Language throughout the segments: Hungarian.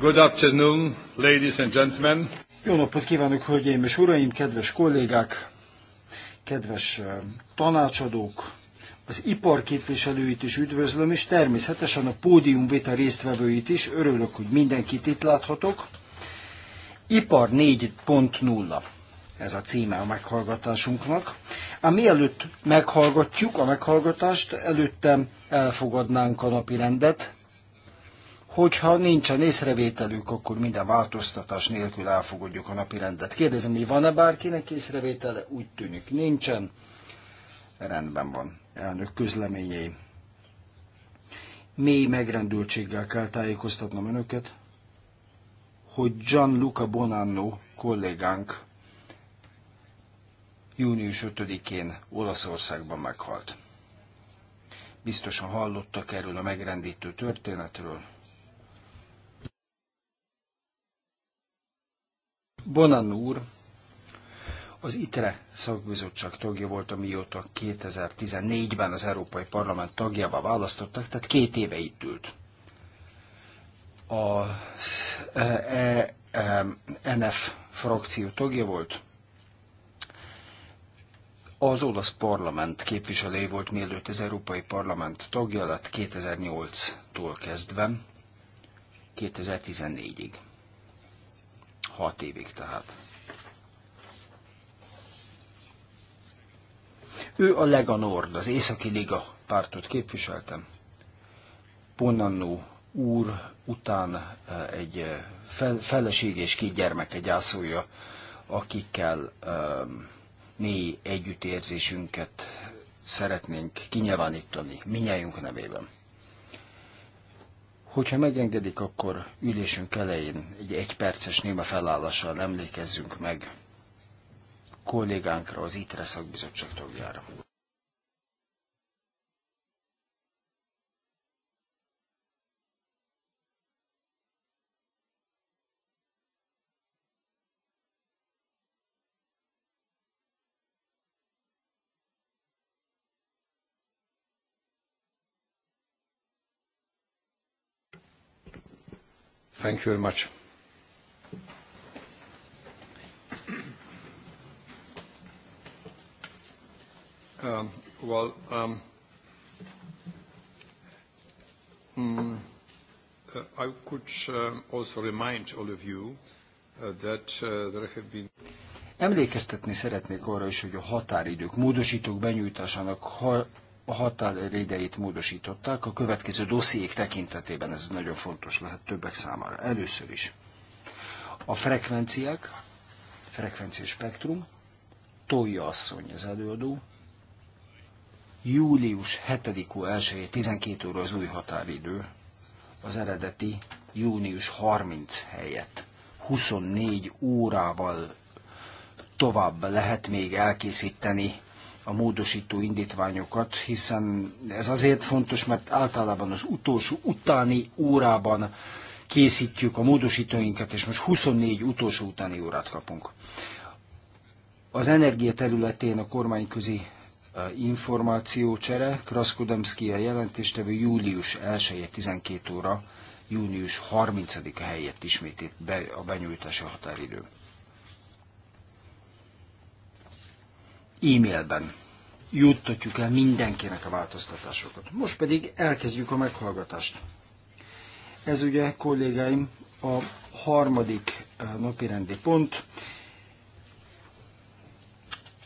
Good afternoon, ladies and gentlemen. Jó napot kívánok, hölgyeim és uraim, kedves kollégák, kedves eh, tanácsadók, az iparképviselőit is üdvözlöm, és természetesen a pódiumvita résztvevőit is. Örülök, hogy mindenkit itt láthatok. Ipar 4.0 ez a címe a meghallgatásunknak. Ám mielőtt meghallgatjuk a meghallgatást, előtte elfogadnánk a napi rendet. Hogyha nincsen észrevételük, akkor minden változtatás nélkül elfogadjuk a napi rendet. Kérdezem, hogy van-e bárkinek észrevétele? Úgy tűnik nincsen. Rendben van. Elnök közleményei. Mély megrendültséggel kell tájékoztatnom önöket, hogy Gianluca Bonanno kollégánk június 5-én Olaszországban meghalt. Biztosan hallottak erről a megrendítő történetről. Bonan úr az ITRE szakbizottság tagja volt, amióta 2014-ben az Európai Parlament tagjává választottak, tehát két éve itt ült. A e, e, e NF frakció tagja volt, az olasz parlament képviselő volt, mielőtt az Európai Parlament tagja lett 2008-tól kezdve 2014-ig hat évig tehát. Ő a Lega Nord, az Északi Liga pártot képviseltem. Bonanno úr után eh, egy eh, feleség és két gyermeke gyászolja, akikkel um, mély együttérzésünket szeretnénk kinyilvánítani minnyájunk nevében. Hogyha megengedik, akkor ülésünk elején egy egyperces néma felállással emlékezzünk meg kollégánkra, az ITRE szakbizottság tagjára. Thank you very much. Um, well, um, mm, uh, I could uh, also remind all of you uh, that uh, there have been Emlékeztetni szeretnék arra is, hogy a határidők módosítók benyújtásának a határőri idejét módosították, a következő dossziék tekintetében ez nagyon fontos lehet többek számára. Először is a frekvenciák, frekvencia spektrum, Tolja asszony az előadó, július 7-ó 1 12 óra az új határidő, az eredeti június 30 helyett 24 órával tovább lehet még elkészíteni a módosító indítványokat, hiszen ez azért fontos, mert általában az utolsó utáni órában készítjük a módosítóinkat, és most 24 utolsó utáni órát kapunk. Az energia területén a kormányközi e, információcsere, Kraszkodemszki a jelentéstevő július 1 -e 12 óra, június 30-a helyett ismét be a benyújtási határidő. e-mailben juttatjuk el mindenkinek a változtatásokat. Most pedig elkezdjük a meghallgatást. Ez ugye, kollégáim, a harmadik eh, napirendi pont.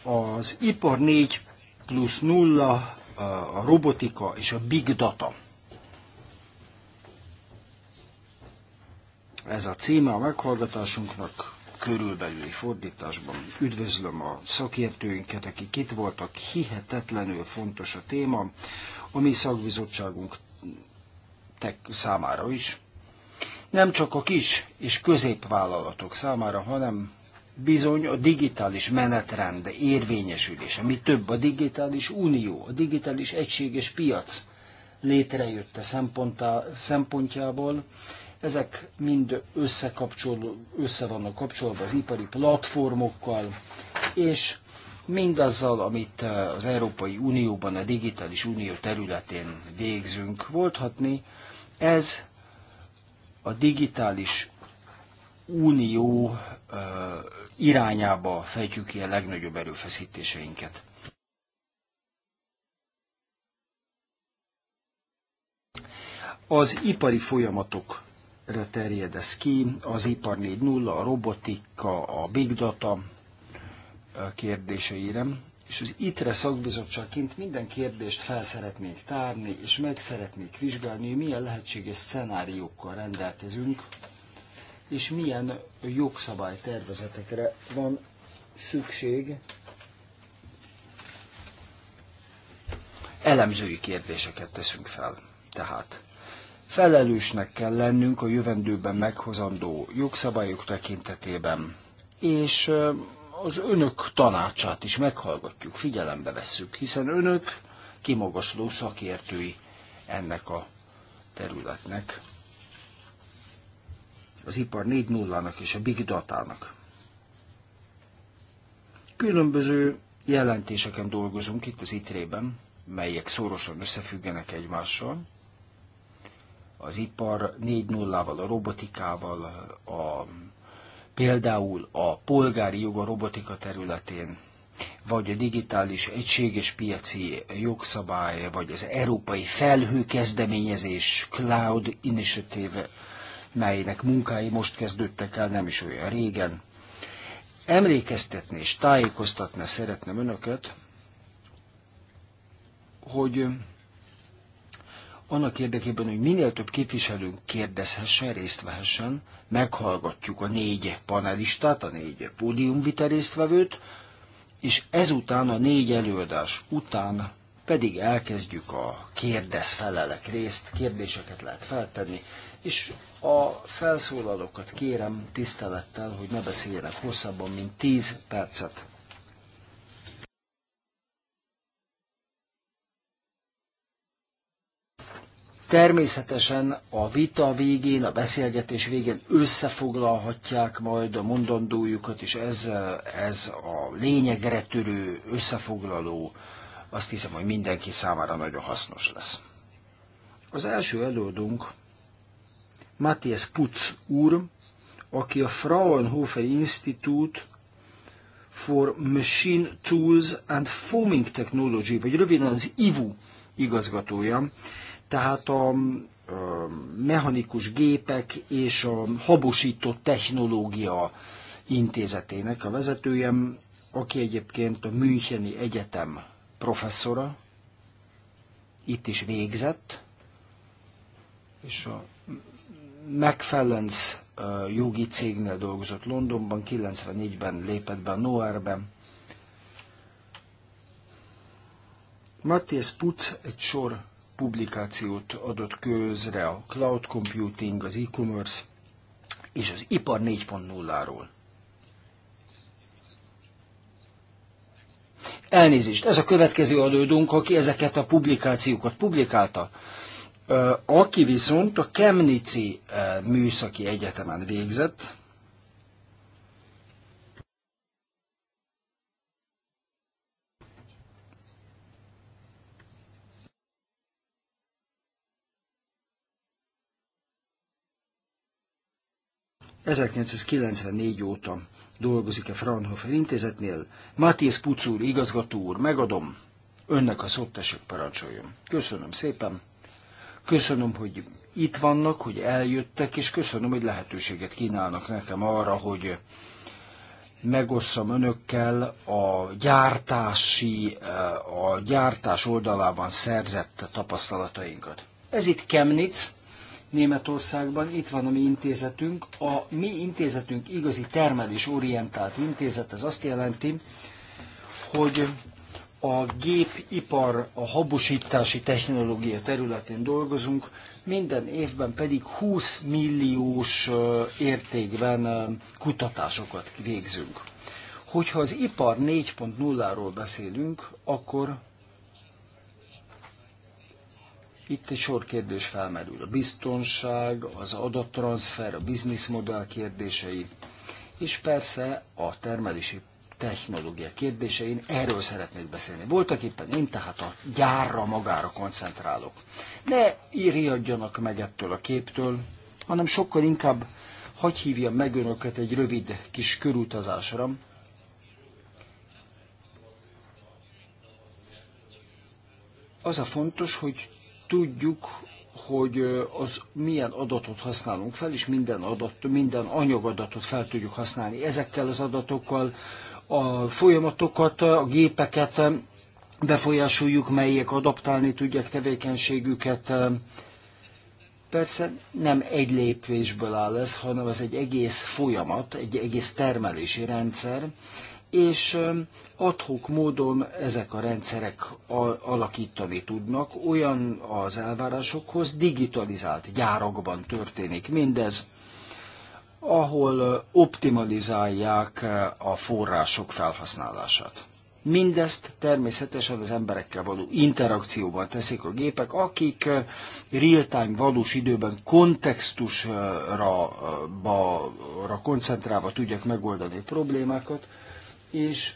Az ipar 4 plusz 0, eh, a robotika és a big data. Ez a címe a meghallgatásunknak körülbelüli fordításban. Üdvözlöm a szakértőinket, akik itt voltak. Hihetetlenül fontos a téma, ami szakbizottságunk tek számára is. Nem csak a kis és középvállalatok számára, hanem bizony a digitális menetrend érvényesülése. Mi több a digitális unió, a digitális egységes piac létrejötte szempontjából, ezek mind össze vannak kapcsolva az ipari platformokkal, és mindazzal, amit eh, az Európai Unióban, a Digitális Unió területén végzünk. Volthatni, ez a digitális unió eh, irányába fejtjük ki a legnagyobb erőfeszítéseinket. Az ipari folyamatok re terjed ez ki, az ipar 4.0, a robotika, a big data kérdéseire, és az ITRE szakbizottságként minden kérdést fel szeretnék tárni, és meg szeretnék vizsgálni, hogy milyen lehetséges szenáriókkal rendelkezünk, és milyen jogszabálytervezetekre van szükség elemzői kérdéseket teszünk fel. Tehát Felelősnek kell lennünk a jövendőben meghozandó jogszabályok tekintetében, és az önök tanácsát is meghallgatjuk, figyelembe vesszük, hiszen önök kimagasló szakértői ennek a területnek, az ipar 4.0-nak és a big Data-nak. Különböző jelentéseken dolgozunk itt az ITRE-ben, melyek szorosan összefüggenek egymással, az ipar 4.0-val, a robotikával, a, például a polgári joga robotika területén, vagy a digitális egységes piaci jogszabály, vagy az európai felhőkezdeményezés Cloud Initiative, melynek munkái most kezdődtek el nem is olyan régen. Emlékeztetni és tájékoztatni szeretném önöket, hogy annak érdekében, hogy minél több képviselőnk kérdezhessen, részt vehessen, meghallgatjuk a négy panelistát, a négy pódiumvita résztvevőt, és ezután a négy előadás után pedig elkezdjük a kérdezfelelek részt, kérdéseket lehet feltenni, és a felszólalókat kérem tisztelettel, hogy ne beszéljenek hosszabban, mint 10 percet. Természetesen a vita végén, a beszélgetés végén összefoglalhatják majd a mondandójukat, és ez, ez a lényegre törő összefoglaló, azt hiszem, hogy mindenki számára nagyon hasznos lesz. Az első előadónk Matthias Putz úr, aki a Fraunhofer Institute for Machine Tools and Foaming Technology, vagy röviden az IVU igazgatója tehát a mechanikus gépek és a habosító technológia intézetének a vezetőjem, aki egyébként a Müncheni Egyetem professzora, itt is végzett, és a McFellens jogi cégnél dolgozott Londonban, 94-ben lépett be a Noirbe. Matthias Putz egy sor publikációt adott közre a cloud computing, az e-commerce és az ipar 4.0-ról. Elnézést, ez a következő adódunk, aki ezeket a publikációkat publikálta. Aki viszont a Kemnici műszaki egyetemen végzett, 1994 óta dolgozik a Fraunhofer intézetnél. Mátész Pucúr, igazgató úr, megadom. Önnek a szottesek parancsoljon. Köszönöm szépen. Köszönöm, hogy itt vannak, hogy eljöttek, és köszönöm, hogy lehetőséget kínálnak nekem arra, hogy megosszam önökkel a gyártási, eh, a gyártás oldalában szerzett tapasztalatainkat. Ez itt Kemnitz, Németországban. Itt van a mi intézetünk. A mi intézetünk igazi termelésorientált intézet. Ez azt jelenti, hogy a gépipar, a habosítási technológia területén dolgozunk, minden évben pedig 20 milliós értékben kutatásokat végzünk. Hogyha az ipar 4.0-ról beszélünk, akkor itt egy sor kérdés felmerül. A biztonság, az adattranszfer, a bizniszmodell kérdései, és persze a termelési technológia kérdésein, erről szeretnék beszélni. Voltak éppen én tehát a gyárra magára koncentrálok. Ne írjadjanak meg ettől a képtől, hanem sokkal inkább hagy hívjam meg önöket egy rövid kis körutazásra. Az a fontos, hogy tudjuk, hogy az milyen adatot használunk fel, és minden, adat, minden anyagadatot fel tudjuk használni. Ezekkel az adatokkal a folyamatokat, a gépeket befolyásoljuk, melyek adaptálni tudják tevékenységüket. Persze nem egy lépésből áll ez, hanem ez egy egész folyamat, egy egész termelési rendszer, és adhok módon ezek a rendszerek alakítani tudnak, olyan az elvárásokhoz digitalizált gyárakban történik mindez, ahol optimalizálják a források felhasználását. Mindezt természetesen az emberekkel való interakcióban teszik a gépek, akik real-time valós időben kontextusra ba, koncentrálva tudják megoldani a problémákat, és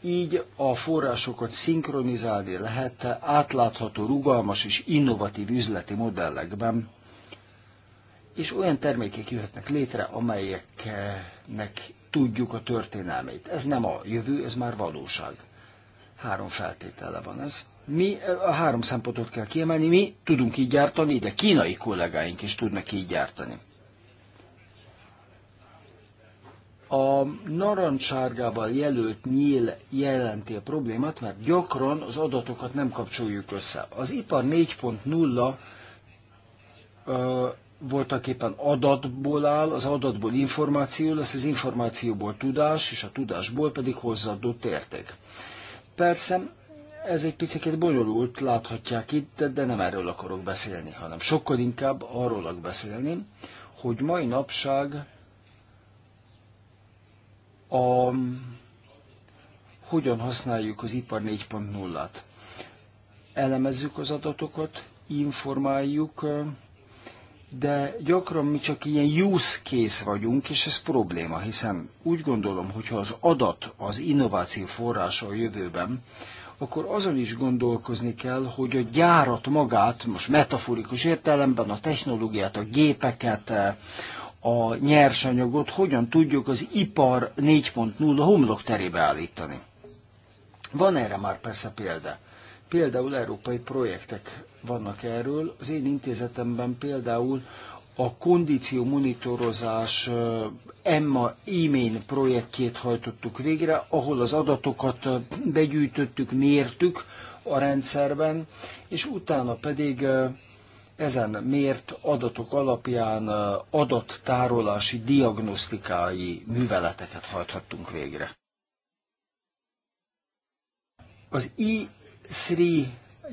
így a forrásokat szinkronizálni lehet átlátható, rugalmas és innovatív üzleti modellekben, és olyan termékek jöhetnek létre, amelyeknek tudjuk a történelmét. Ez nem a jövő, ez már valóság. Három feltétele van ez. Mi a három szempontot kell kiemelni, mi tudunk így gyártani, de kínai kollégáink is tudnak így gyártani. A narancssárgával jelölt nyíl jelenti a problémát, mert gyakran az adatokat nem kapcsoljuk össze. Az ipar 4.0 voltak éppen adatból áll, az adatból információ lesz, az információból tudás, és a tudásból pedig hozzáadott érték. Persze ez egy picit bonyolult, láthatják itt, de nem erről akarok beszélni, hanem sokkal inkább arról akarok beszélni, hogy mai napság a hogyan használjuk az ipar 4.0-át. Elemezzük az adatokat, informáljuk, de gyakran mi csak ilyen use case vagyunk, és ez probléma, hiszen úgy gondolom, hogyha az adat az innováció forrása a jövőben, akkor azon is gondolkozni kell, hogy a gyárat magát, most metaforikus értelemben a technológiát, a gépeket, a nyersanyagot hogyan tudjuk az ipar 4.0 homlok terébe állítani. Van erre már persze példa. Például európai projektek vannak erről. Az én intézetemben például a kondíció monitorozás eh, Emma e-mail projektjét hajtottuk végre, ahol az adatokat eh, begyűjtöttük, mértük a rendszerben, és utána pedig eh, ezen mért adatok alapján adattárolási diagnosztikai műveleteket hajthattunk végre. Az i3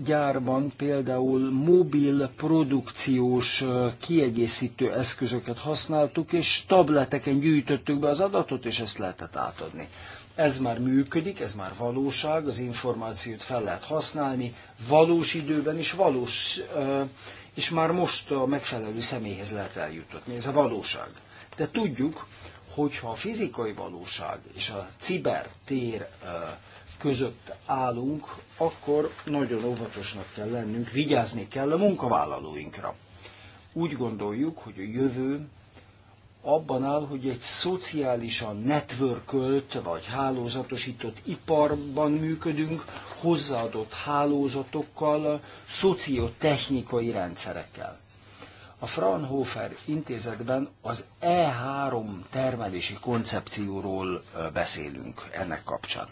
gyárban például mobil produkciós kiegészítő eszközöket használtuk, és tableteken gyűjtöttük be az adatot, és ezt lehetett átadni. Ez már működik, ez már valóság, az információt fel lehet használni, valós időben is valós és már most a megfelelő személyhez lehet eljutatni. Ez a valóság. De tudjuk, hogyha a fizikai valóság és a cibertér között állunk, akkor nagyon óvatosnak kell lennünk, vigyázni kell a munkavállalóinkra. Úgy gondoljuk, hogy a jövő abban áll, hogy egy szociálisan networkölt vagy hálózatosított iparban működünk, hozzáadott hálózatokkal, szociotechnikai rendszerekkel. A Fraunhofer intézetben az E3 termelési koncepcióról beszélünk ennek kapcsán.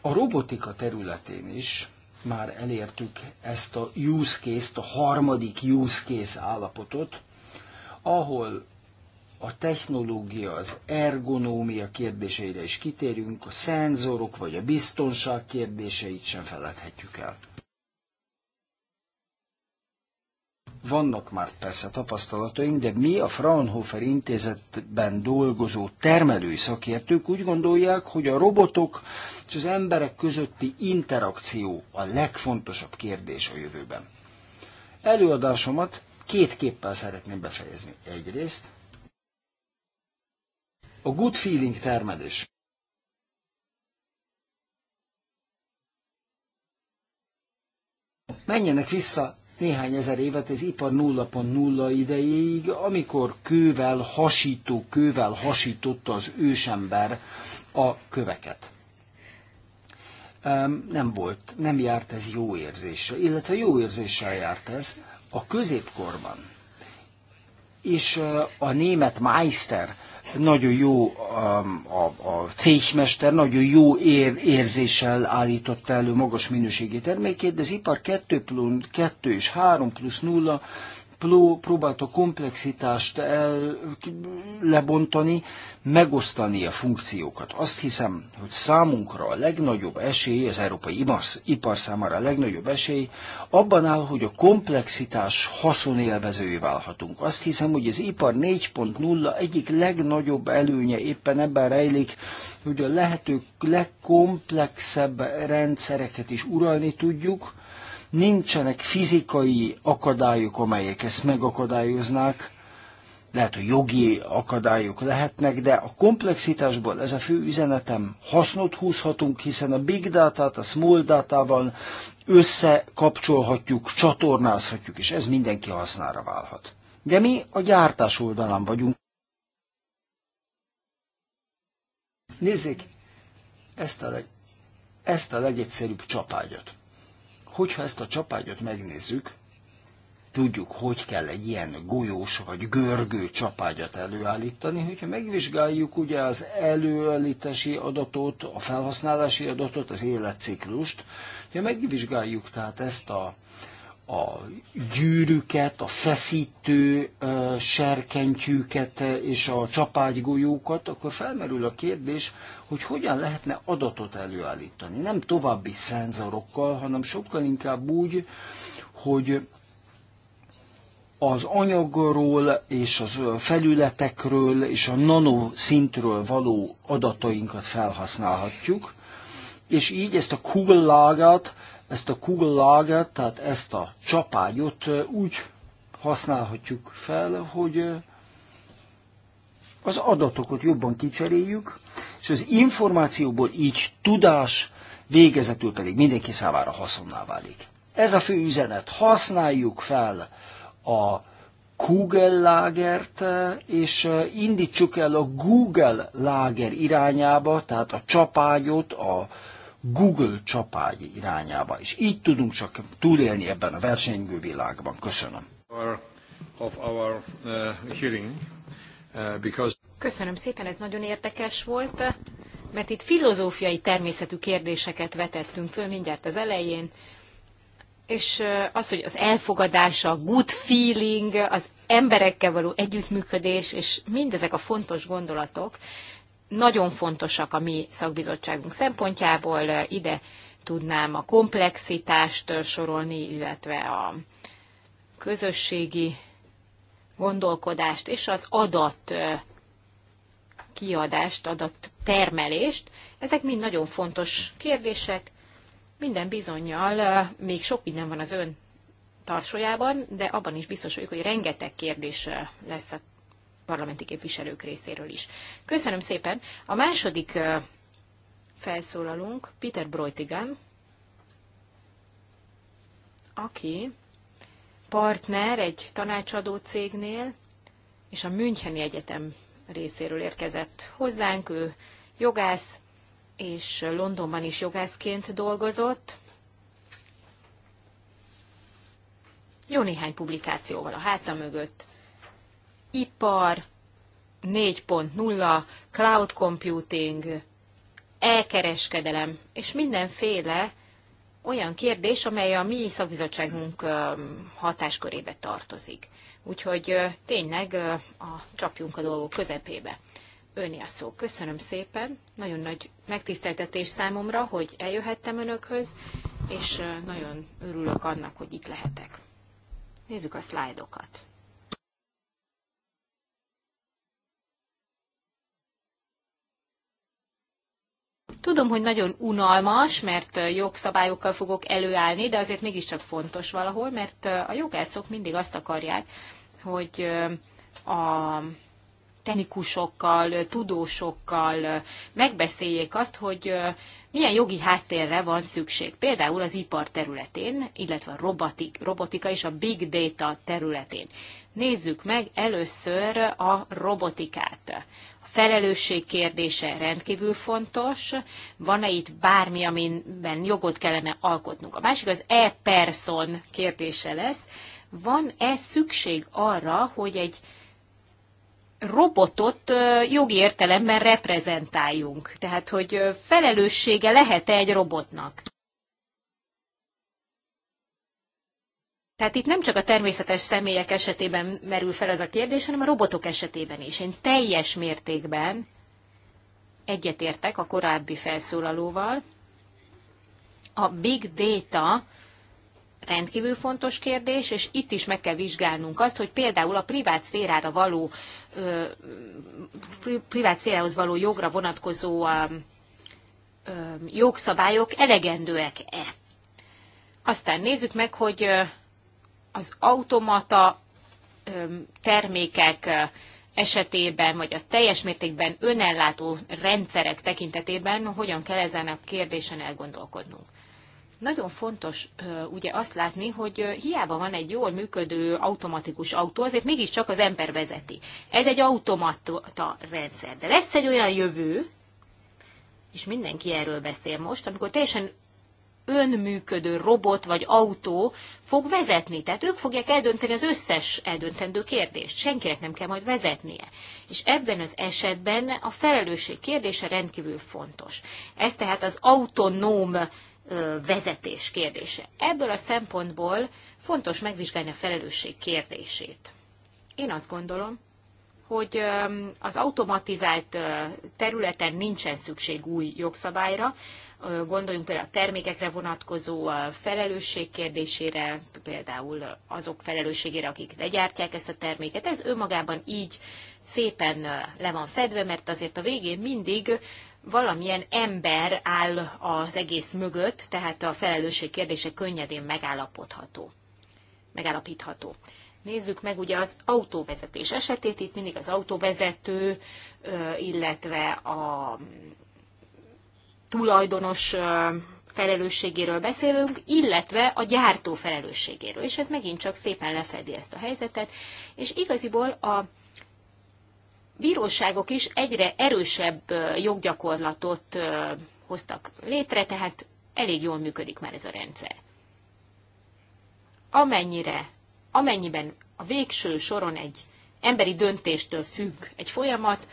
A robotika területén is már elértük ezt a use case-t, a harmadik use case állapotot, ahol a technológia, az ergonómia kérdéseire is kitérünk, a szenzorok vagy a biztonság kérdéseit sem feledhetjük el. Vannak már persze tapasztalataink, de mi a Fraunhofer intézetben dolgozó termelői szakértők úgy gondolják, hogy a robotok és az emberek közötti interakció a legfontosabb kérdés a jövőben. Előadásomat két képpel szeretném befejezni. Egyrészt a good feeling termelés. Menjenek vissza néhány ezer évet az ipar 0.0 idejéig, amikor kővel hasító, kővel hasította az ősember a köveket. Nem volt, nem járt ez jó érzéssel, illetve jó érzéssel járt ez a középkorban. És a német Meister nagyon jó um, a, a a céhmester, nagyon jó ér, érzéssel állította elő magas minőségi termékét, de az ipar 2, plusz, 2 és 3 plusz 0 a komplexitást el, lebontani, megosztani a funkciókat. Azt hiszem, hogy számunkra a legnagyobb esély, az európai ipar számára a legnagyobb esély abban áll, hogy a komplexitás haszonélvezői válhatunk. Azt hiszem, hogy az ipar 4.0 egyik legnagyobb előnye éppen ebben rejlik, hogy a lehető legkomplexebb rendszereket is uralni tudjuk, nincsenek fizikai akadályok, amelyek ezt megakadályoznák, lehet, hogy jogi akadályok lehetnek, de a komplexitásból ez a fő üzenetem, hasznot húzhatunk, hiszen a big data-t a small data-val összekapcsolhatjuk, csatornázhatjuk, és ez mindenki hasznára válhat. De mi a gyártás oldalán vagyunk. Nézzék, ezt a, leg, ezt a legegyszerűbb csapágyat. Hogyha ezt a csapágyat megnézzük, tudjuk, hogy kell egy ilyen golyós vagy görgő csapágyat előállítani. Hogyha megvizsgáljuk ugye az előállítási adatot, a felhasználási adatot, az életciklust, ha megvizsgáljuk tehát ezt a a gyűrűket, a feszítő serkentyűket és a csapágygolyókat, akkor felmerül a kérdés, hogy hogyan lehetne adatot előállítani. Nem további szenzorokkal, hanem sokkal inkább úgy, hogy az anyagról és az felületekről és a nanoszintről való adatainkat felhasználhatjuk, és így ezt a kugellagat ezt a kullaget, tehát ezt a csapágyot úgy használhatjuk fel, hogy az adatokat jobban kicseréljük, és az információból így tudás, végezetül pedig mindenki számára haszonná válik. Ez a fő üzenet. Használjuk fel a Google lágert, és indítsuk el a Google láger irányába, tehát a csapágyot, a Google csapágy irányába, és így tudunk csak túlélni ebben a versenygő világban. Köszönöm. Uh, uh, Köszönöm szépen, ez nagyon érdekes volt, mert itt filozófiai természetű kérdéseket vetettünk föl mindjárt az elején, és uh, az, hogy az elfogadása, a good feeling, az emberekkel való együttműködés, és mindezek a fontos gondolatok, nagyon fontosak a mi szakbizottságunk szempontjából. Ide tudnám a komplexitást sorolni, illetve a közösségi gondolkodást és az adat kiadást, adat termelést. Ezek mind nagyon fontos kérdések. Minden bizonyal még sok minden van az ön tarsójában, de abban is biztos vagyok, hogy rengeteg kérdés lesz a parlamenti képviselők részéről is. Köszönöm szépen. A második felszólalunk Peter Brojtigan, aki partner egy tanácsadó cégnél, és a Müncheni Egyetem részéről érkezett hozzánk. Ő jogász, és Londonban is jogászként dolgozott. Jó néhány publikációval a háta mögött ipar 4.0, cloud computing, elkereskedelem, és mindenféle olyan kérdés, amely a mi szakbizottságunk hatáskörébe tartozik. Úgyhogy tényleg a csapjunk a dolgok közepébe. Önni a szó. Köszönöm szépen. Nagyon nagy megtiszteltetés számomra, hogy eljöhettem önökhöz, és nagyon örülök annak, hogy itt lehetek. Nézzük a szlájdokat. Tudom, hogy nagyon unalmas, mert jogszabályokkal fogok előállni, de azért mégiscsak fontos valahol, mert a jogászok mindig azt akarják, hogy a technikusokkal, tudósokkal megbeszéljék azt, hogy milyen jogi háttérre van szükség. Például az ipar területén, illetve a robotik, robotika és a big data területén. Nézzük meg először a robotikát felelősség kérdése rendkívül fontos. Van-e itt bármi, amiben jogot kellene alkotnunk? A másik az e-person kérdése lesz. Van-e szükség arra, hogy egy robotot jogi értelemben reprezentáljunk? Tehát, hogy felelőssége lehet-e egy robotnak? Tehát itt nem csak a természetes személyek esetében merül fel ez a kérdés, hanem a robotok esetében is. Én teljes mértékben egyetértek a korábbi felszólalóval. A big data rendkívül fontos kérdés, és itt is meg kell vizsgálnunk azt, hogy például a privát szférára való, privát szférához való jogra vonatkozó jogszabályok elegendőek-e. Aztán nézzük meg, hogy az automata termékek esetében, vagy a teljes mértékben önellátó rendszerek tekintetében hogyan kell ezen a kérdésen elgondolkodnunk. Nagyon fontos ugye azt látni, hogy hiába van egy jól működő automatikus autó, azért mégiscsak az ember vezeti. Ez egy automata rendszer. De lesz egy olyan jövő, és mindenki erről beszél most, amikor teljesen önműködő robot vagy autó fog vezetni. Tehát ők fogják eldönteni az összes eldöntendő kérdést. Senkinek nem kell majd vezetnie. És ebben az esetben a felelősség kérdése rendkívül fontos. Ez tehát az autonóm vezetés kérdése. Ebből a szempontból fontos megvizsgálni a felelősség kérdését. Én azt gondolom, hogy az automatizált területen nincsen szükség új jogszabályra, Gondoljunk például a termékekre vonatkozó felelősség kérdésére, például azok felelősségére, akik legyártják ezt a terméket. Ez önmagában így szépen le van fedve, mert azért a végén mindig valamilyen ember áll az egész mögött, tehát a felelősség kérdése könnyedén megállapodható. Megállapítható. Nézzük meg ugye az autóvezetés esetét, itt mindig az autóvezető, illetve a tulajdonos felelősségéről beszélünk, illetve a gyártó felelősségéről. És ez megint csak szépen lefedi ezt a helyzetet, és igaziból a bíróságok is egyre erősebb joggyakorlatot hoztak létre, tehát elég jól működik már ez a rendszer. Amennyire, amennyiben a végső soron egy emberi döntéstől függ egy folyamat,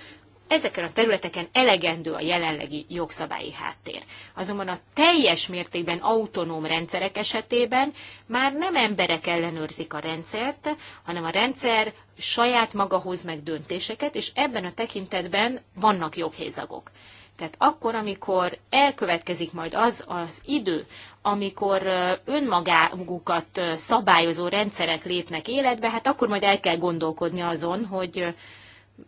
ezeken a területeken elegendő a jelenlegi jogszabályi háttér. Azonban a teljes mértékben autonóm rendszerek esetében már nem emberek ellenőrzik a rendszert, hanem a rendszer saját maga hoz meg döntéseket, és ebben a tekintetben vannak joghézagok. Tehát akkor, amikor elkövetkezik majd az az idő, amikor önmagukat szabályozó rendszerek lépnek életbe, hát akkor majd el kell gondolkodni azon, hogy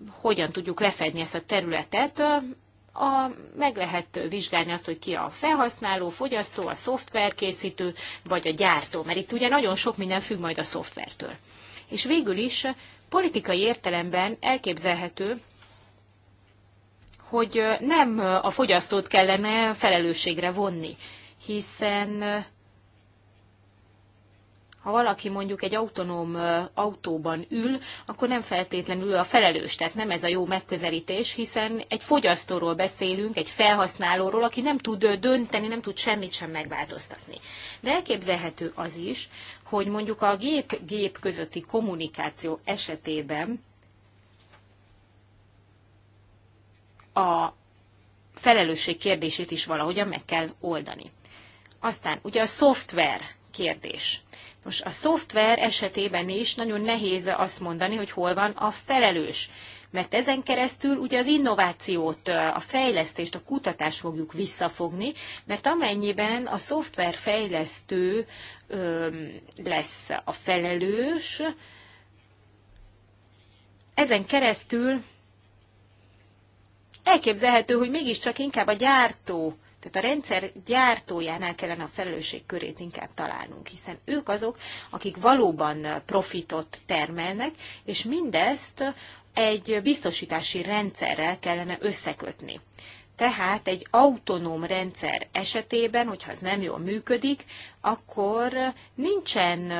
hogyan tudjuk lefedni ezt a területet, a, meg lehet vizsgálni azt, hogy ki a felhasználó, fogyasztó, a szoftverkészítő, vagy a gyártó, mert itt ugye nagyon sok minden függ majd a szoftvertől. És végül is politikai értelemben elképzelhető, hogy nem a fogyasztót kellene felelősségre vonni, hiszen ha valaki mondjuk egy autonóm autóban ül, akkor nem feltétlenül a felelős, tehát nem ez a jó megközelítés, hiszen egy fogyasztóról beszélünk, egy felhasználóról, aki nem tud dönteni, nem tud semmit sem megváltoztatni. De elképzelhető az is, hogy mondjuk a gép-gép közötti kommunikáció esetében a felelősség kérdését is valahogyan meg kell oldani. Aztán ugye a szoftver kérdés. Most a szoftver esetében is nagyon nehéz azt mondani, hogy hol van a felelős. Mert ezen keresztül ugye az innovációt, a fejlesztést, a kutatást fogjuk visszafogni, mert amennyiben a szoftverfejlesztő lesz a felelős, ezen keresztül elképzelhető, hogy mégiscsak inkább a gyártó tehát a rendszer gyártójánál kellene a felelősség körét inkább találnunk, hiszen ők azok, akik valóban profitot termelnek, és mindezt egy biztosítási rendszerrel kellene összekötni. Tehát egy autonóm rendszer esetében, hogyha ez nem jól működik, akkor nincsen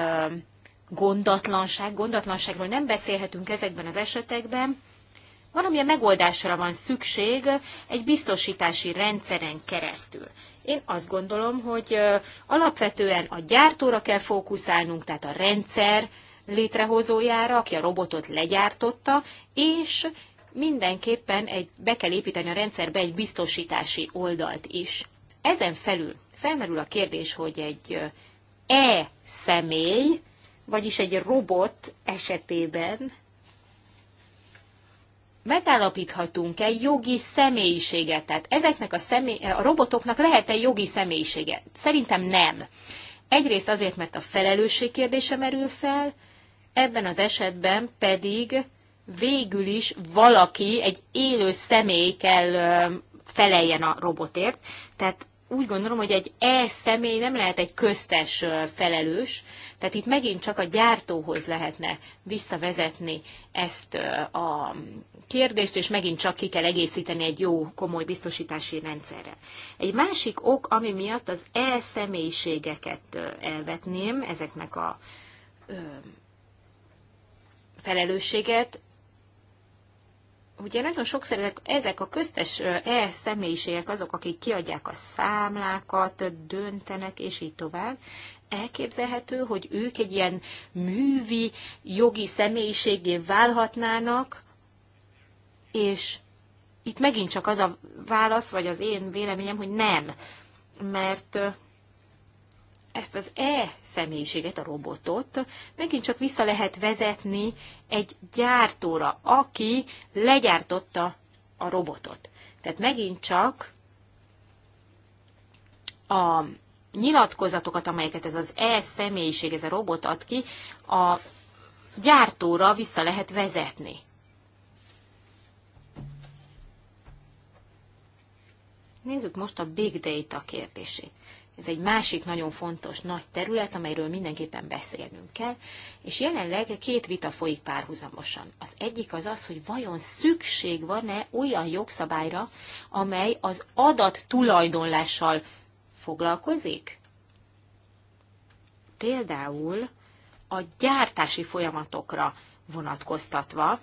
gondatlanság, gondatlanságról nem beszélhetünk ezekben az esetekben, valamilyen megoldásra van szükség egy biztosítási rendszeren keresztül. Én azt gondolom, hogy alapvetően a gyártóra kell fókuszálnunk, tehát a rendszer létrehozójára, aki a robotot legyártotta, és mindenképpen egy, be kell építeni a rendszerbe egy biztosítási oldalt is. Ezen felül felmerül a kérdés, hogy egy e-személy, vagyis egy robot esetében megállapíthatunk egy jogi személyiséget? Tehát ezeknek a, személy, a robotoknak lehet-e jogi személyisége? Szerintem nem. Egyrészt azért, mert a felelősség kérdése merül fel, ebben az esetben pedig végül is valaki, egy élő személy kell feleljen a robotért. Tehát úgy gondolom, hogy egy E személy nem lehet egy köztes felelős, tehát itt megint csak a gyártóhoz lehetne visszavezetni ezt a kérdést, és megint csak ki kell egészíteni egy jó, komoly biztosítási rendszerre. Egy másik ok, ami miatt az E személyiségeket elvetném, ezeknek a felelősséget, ugye nagyon sokszor ezek, a köztes e személyiségek azok, akik kiadják a számlákat, döntenek, és így tovább. Elképzelhető, hogy ők egy ilyen művi, jogi személyiségé válhatnának, és itt megint csak az a válasz, vagy az én véleményem, hogy nem. Mert ezt az E személyiséget, a robotot megint csak vissza lehet vezetni egy gyártóra, aki legyártotta a robotot. Tehát megint csak a nyilatkozatokat, amelyeket ez az E személyiség, ez a robot ad ki, a gyártóra vissza lehet vezetni. Nézzük most a big data kérdését. Ez egy másik nagyon fontos nagy terület, amelyről mindenképpen beszélnünk kell, és jelenleg két vita folyik párhuzamosan. Az egyik az az, hogy vajon szükség van-e olyan jogszabályra, amely az adat tulajdonlással foglalkozik? Például a gyártási folyamatokra vonatkoztatva,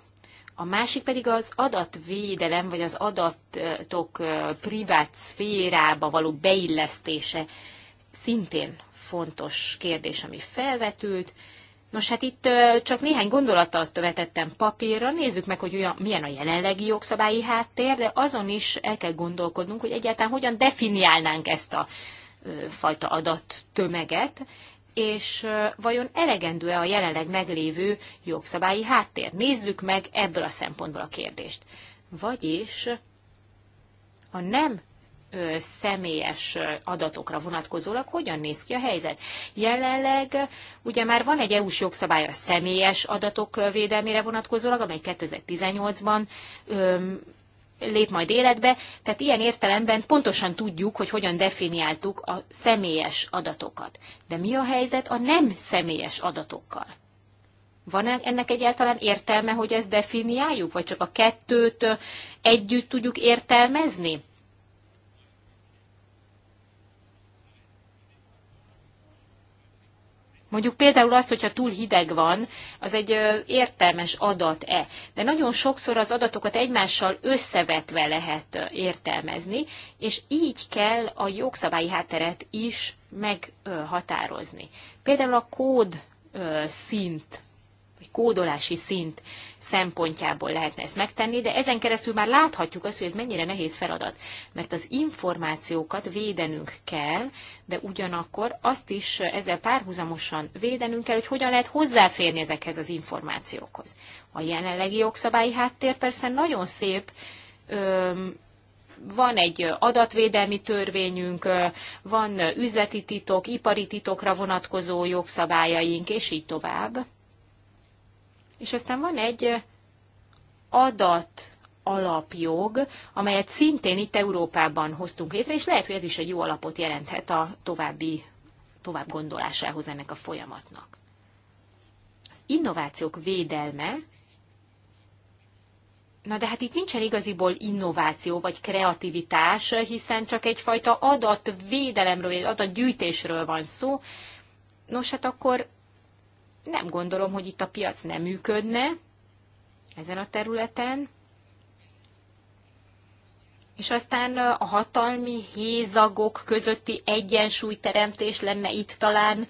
a másik pedig az adatvédelem, vagy az adatok privát szférába való beillesztése szintén fontos kérdés, ami felvetült. Nos, hát itt csak néhány gondolatot vetettem papírra, nézzük meg, hogy olyan, milyen a jelenlegi jogszabályi háttér, de azon is el kell gondolkodnunk, hogy egyáltalán hogyan definiálnánk ezt a fajta adattömeget, és vajon elegendő-e a jelenleg meglévő jogszabályi háttér? Nézzük meg ebből a szempontból a kérdést. Vagyis a nem személyes adatokra vonatkozólag hogyan néz ki a helyzet. Jelenleg ugye már van egy EU-s jogszabály a személyes adatok védelmére vonatkozólag, amely 2018-ban lép majd életbe, tehát ilyen értelemben pontosan tudjuk, hogy hogyan definiáltuk a személyes adatokat. De mi a helyzet a nem személyes adatokkal? Van -e ennek egyáltalán értelme, hogy ezt definiáljuk, vagy csak a kettőt együtt tudjuk értelmezni? Mondjuk például az, hogyha túl hideg van, az egy értelmes adat-e. De nagyon sokszor az adatokat egymással összevetve lehet értelmezni, és így kell a jogszabályi hátteret is meghatározni. Például a kód szint, vagy kódolási szint szempontjából lehetne ezt megtenni, de ezen keresztül már láthatjuk azt, hogy ez mennyire nehéz feladat. Mert az információkat védenünk kell, de ugyanakkor azt is ezzel párhuzamosan védenünk kell, hogy hogyan lehet hozzáférni ezekhez az információkhoz. A jelenlegi jogszabályi háttér persze nagyon szép, öm, van egy adatvédelmi törvényünk, van üzleti titok, ipari titokra vonatkozó jogszabályaink, és így tovább. És aztán van egy eh, adat alapjog, amelyet szintén itt Európában hoztunk létre, és lehet, hogy ez is egy jó alapot jelenthet a további tovább gondolásához ennek a folyamatnak. Az innovációk védelme, na de hát itt nincsen igaziból innováció vagy kreativitás, hiszen csak egyfajta adatvédelemről, egy adatgyűjtésről van szó. Nos, hát akkor nem gondolom, hogy itt a piac nem működne ezen a területen. És aztán a hatalmi hézagok közötti egyensúlyteremtés lenne itt talán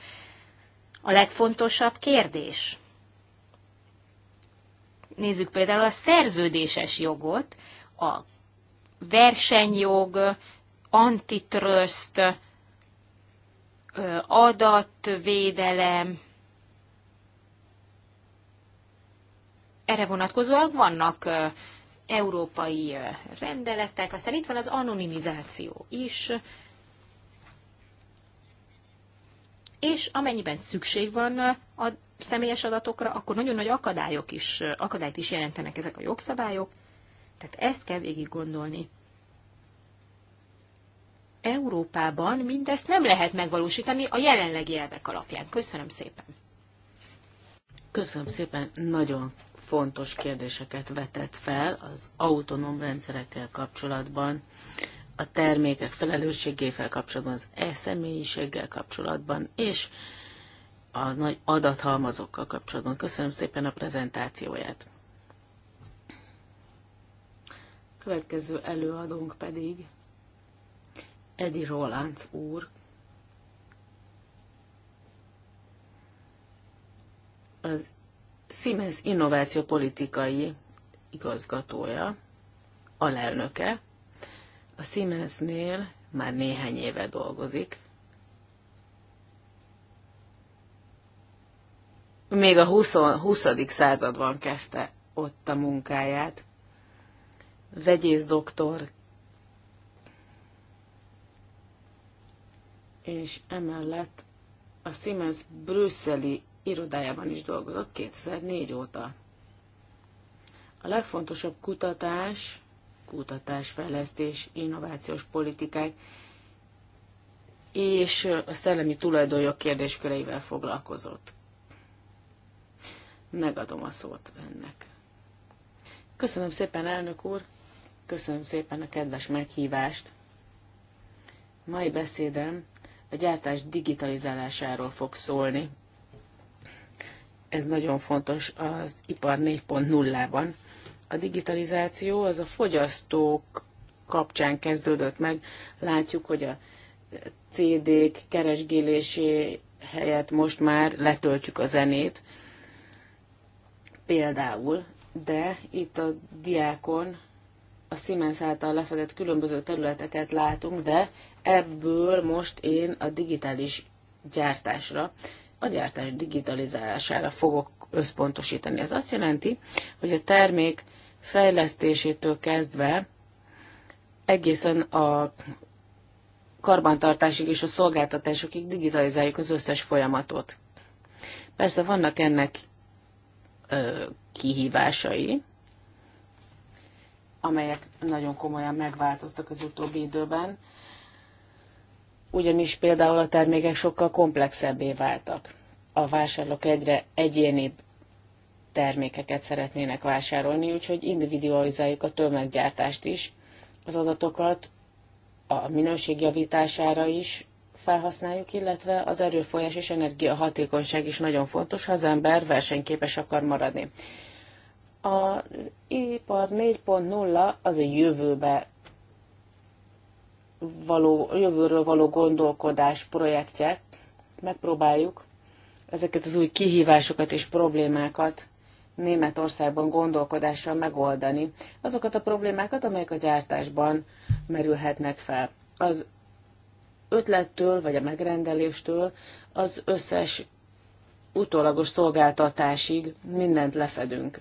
a legfontosabb kérdés. Nézzük például a szerződéses jogot, a versenyjog, antitrust, adatvédelem, erre vonatkozóan vannak európai rendeletek, aztán itt van az anonimizáció is, és amennyiben szükség van a személyes adatokra, akkor nagyon nagy akadályok is, akadályt is jelentenek ezek a jogszabályok, tehát ezt kell végig gondolni. Európában mindezt nem lehet megvalósítani a jelenlegi elvek alapján. Köszönöm szépen! Köszönöm szépen, nagyon fontos kérdéseket vetett fel az autonóm rendszerekkel kapcsolatban, a termékek felelősségével kapcsolatban, az e-személyiséggel kapcsolatban, és a nagy adathalmazokkal kapcsolatban. Köszönöm szépen a prezentációját. Következő előadónk pedig Edi Roland úr. Az Siemens innovációpolitikai igazgatója, alelnöke. A Siemensnél már néhány éve dolgozik. Még a 20. 20. században kezdte ott a munkáját. Vegyész doktor, és emellett a Siemens brüsszeli irodájában is dolgozott 2004 óta. A legfontosabb kutatás, kutatásfejlesztés, innovációs politikák és a szellemi tulajdonjog kérdésköreivel foglalkozott. Megadom a szót ennek. Köszönöm szépen, elnök úr, köszönöm szépen a kedves meghívást. Mai beszédem a gyártás digitalizálásáról fog szólni, ez nagyon fontos az ipar 4.0-ban. A digitalizáció az a fogyasztók kapcsán kezdődött meg. Látjuk, hogy a CD-k keresgélésé helyett most már letöltjük a zenét, például, de itt a diákon a Siemens által lefedett különböző területeket látunk, de ebből most én a digitális gyártásra a gyártás digitalizálására fogok összpontosítani. Ez azt jelenti, hogy a termék fejlesztésétől kezdve egészen a karbantartásig és a szolgáltatásokig digitalizáljuk az összes folyamatot. Persze vannak ennek ö, kihívásai, amelyek nagyon komolyan megváltoztak az utóbbi időben, ugyanis például a termékek sokkal komplexebbé váltak. A vásárlók egyre egyénibb termékeket szeretnének vásárolni, úgyhogy individualizáljuk a tömeggyártást is, az adatokat a minőség javítására is felhasználjuk, illetve az erőfolyás és energiahatékonyság is nagyon fontos, ha az ember versenyképes akar maradni. Az ipar 4.0 az a jövőbe való, jövőről való gondolkodás projektje. Megpróbáljuk ezeket az új kihívásokat és problémákat Németországban gondolkodással megoldani azokat a problémákat, amelyek a gyártásban merülhetnek fel. Az ötlettől vagy a megrendeléstől az összes utólagos szolgáltatásig mindent lefedünk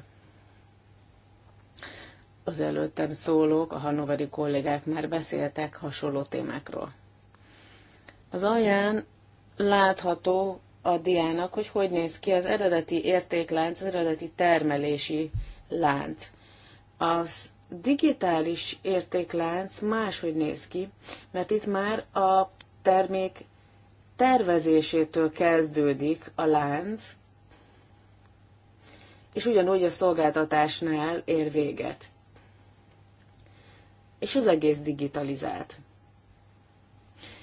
az előttem szólók, a hannoveri kollégák már beszéltek hasonló témákról. Az alján látható a diának, hogy hogy néz ki az eredeti értéklánc, az eredeti termelési lánc. Az digitális értéklánc máshogy néz ki, mert itt már a termék tervezésétől kezdődik a lánc, és ugyanúgy a szolgáltatásnál ér véget és az egész digitalizált.